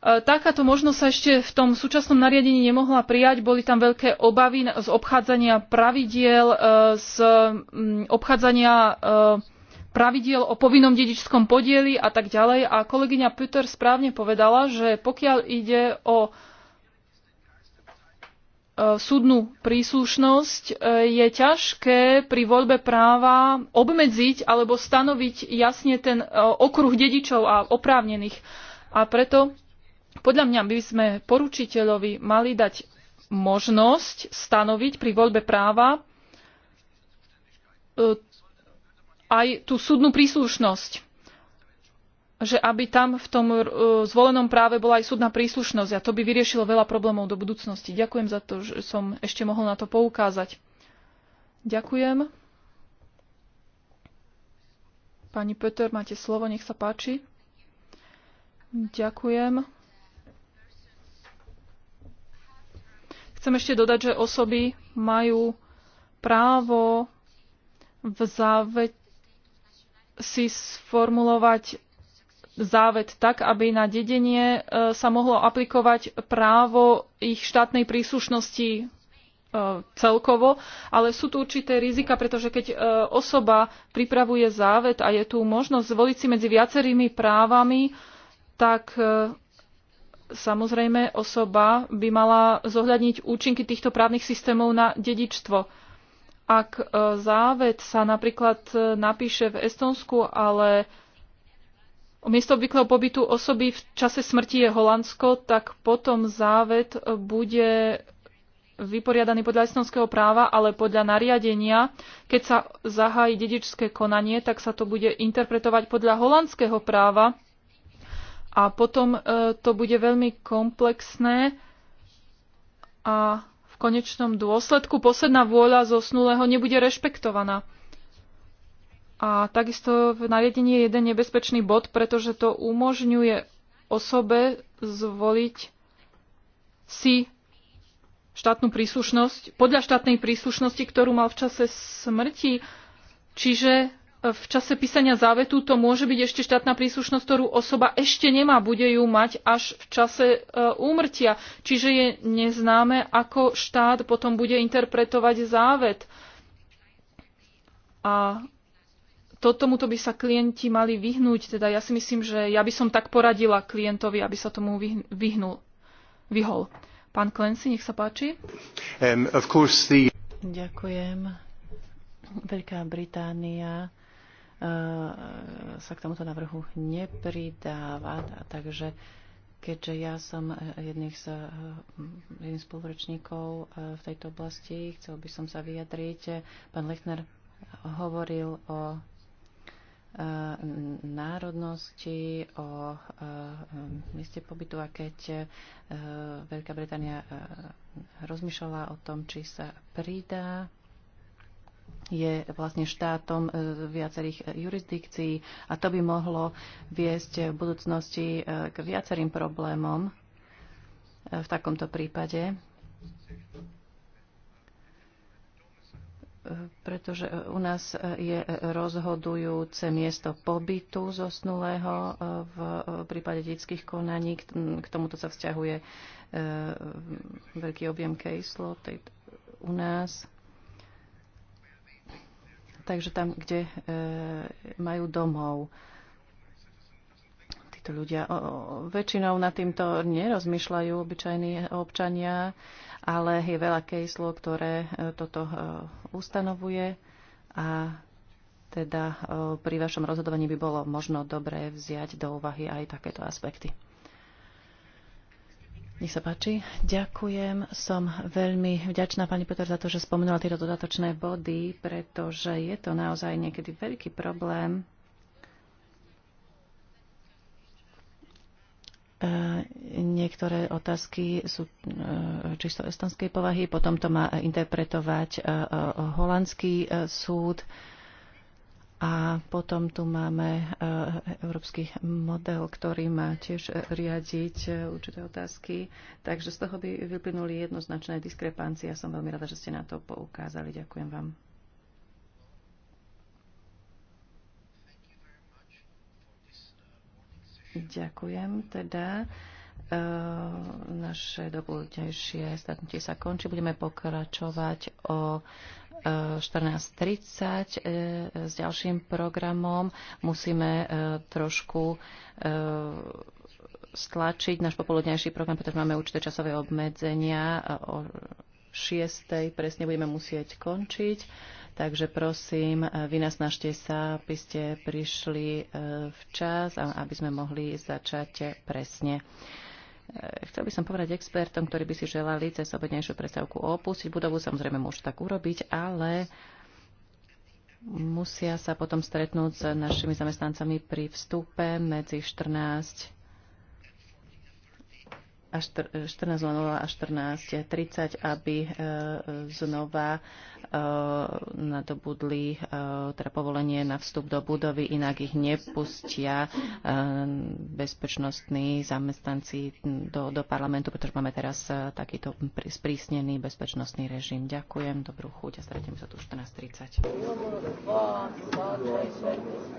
C: E, takáto možnosť sa ešte v tom súčasnom nariadení nemohla prijať. Boli tam veľké obavy z obchádzania pravidiel, e, z m, obchádzania e, pravidiel o povinnom dedičskom podieli a tak ďalej. A kolegyňa Peter správne povedala, že pokiaľ ide o E, súdnu príslušnosť, e, je ťažké pri voľbe práva obmedziť alebo stanoviť jasne ten e, okruh dedičov a oprávnených. A preto podľa mňa by sme poručiteľovi mali dať možnosť stanoviť pri voľbe práva aj tú súdnu príslušnosť že aby tam v tom e, zvolenom práve bola aj súdna príslušnosť a to by vyriešilo veľa problémov do budúcnosti. Ďakujem za to, že som ešte mohol na to poukázať. Ďakujem. Pani Peter, máte slovo, nech sa páči. Ďakujem. Chcem ešte dodať, že osoby majú právo v záve si sformulovať závet tak, aby na dedenie e, sa mohlo aplikovať právo ich štátnej príslušnosti e, celkovo, ale sú tu určité rizika, pretože keď e, osoba pripravuje závet a je tu možnosť zvoliť si medzi viacerými právami, tak samozrejme osoba by mala zohľadniť účinky týchto právnych systémov na dedičstvo. Ak závet sa napríklad napíše v Estonsku, ale miesto obvyklého pobytu osoby v čase smrti je Holandsko, tak potom závet bude vyporiadaný podľa estonského práva, ale podľa nariadenia, keď sa zahájí dedičské konanie, tak sa to bude interpretovať podľa holandského práva a potom e, to bude veľmi komplexné a v konečnom dôsledku posledná vôľa zosnulého nebude rešpektovaná. A takisto v nariadení je jeden nebezpečný bod, pretože to umožňuje osobe zvoliť si štátnu príslušnosť, podľa štátnej príslušnosti, ktorú mal v čase smrti. Čiže e, v čase písania závetu to môže byť ešte štátna príslušnosť, ktorú osoba ešte nemá, bude ju mať až v čase e, úmrtia. Čiže je neznáme, ako štát potom bude interpretovať závet. A to, tomuto by sa klienti mali vyhnúť. Teda ja si myslím, že ja by som tak poradila klientovi, aby sa tomu vyhnul, vyhol. Pán Klenci, nech sa páči. Um, of course the... Ďakujem.
A: Veľká Británia uh, sa k tomuto návrhu nepridáva, takže keďže ja som uh, uh, jedným z, jedným z spolurečníkov uh, v tejto oblasti, chcel by som sa vyjadriť. Pán Lechner hovoril o Eh, národnosti, o eh, mieste pobytu a keď eh, Veľká Británia rozmýšľala o tom, či sa pridá je vlastne štátom viacerých jurisdikcií a to by mohlo viesť v budúcnosti k viacerým problémom v takomto prípade pretože u nás je rozhodujúce miesto pobytu zosnulého v prípade detských konaní. K tomuto sa vzťahuje e, veľký objem kejslo u nás. Takže tam, kde e, majú domov títo ľudia. väčšinou nad týmto nerozmýšľajú obyčajní občania ale je veľa kejslov, ktoré e, toto e, ustanovuje a teda e, pri vašom rozhodovaní by bolo možno dobré vziať do úvahy aj takéto aspekty. Nech sa páči. Ďakujem. Som veľmi vďačná pani Peter za to, že spomenula tieto dodatočné body, pretože je to naozaj niekedy veľký problém E, niektoré otázky sú e, čisto estonskej povahy, potom to má interpretovať e, holandský súd a potom tu máme európsky model, ktorý má tiež riadiť určité otázky. Takže z toho by vyplynuli jednoznačné diskrepancie. Ja som veľmi rada, že ste na to poukázali. Ďakujem vám. Ďakujem teda. Eh, naše dobudnejšie stretnutie sa končí. Budeme pokračovať o 14.30 eh, eh, s ďalším programom. Musíme trošku stlačiť náš popoludnejší program, pretože máme určité časové obmedzenia. O 6.00 presne budeme musieť končiť. Takže prosím, e, vy nás našte sa, aby ste prišli e, včas a aby sme mohli začať presne. E, chcel by som povedať expertom, ktorí by si želali cez obednejšiu predstavku opustiť budovu, samozrejme môžu tak urobiť, ale musia sa potom stretnúť s našimi zamestnancami pri vstupe medzi 14 14.00 až 14.30, aby e, znova e, nadobudli e, teda povolenie na vstup do budovy, inak ich nepustia bezpečnostní zamestnanci do, do parlamentu, pretože máme teraz takýto sprísnený bezpečnostný režim. Ďakujem, dobrú chuť a stretím sa tu 14.30.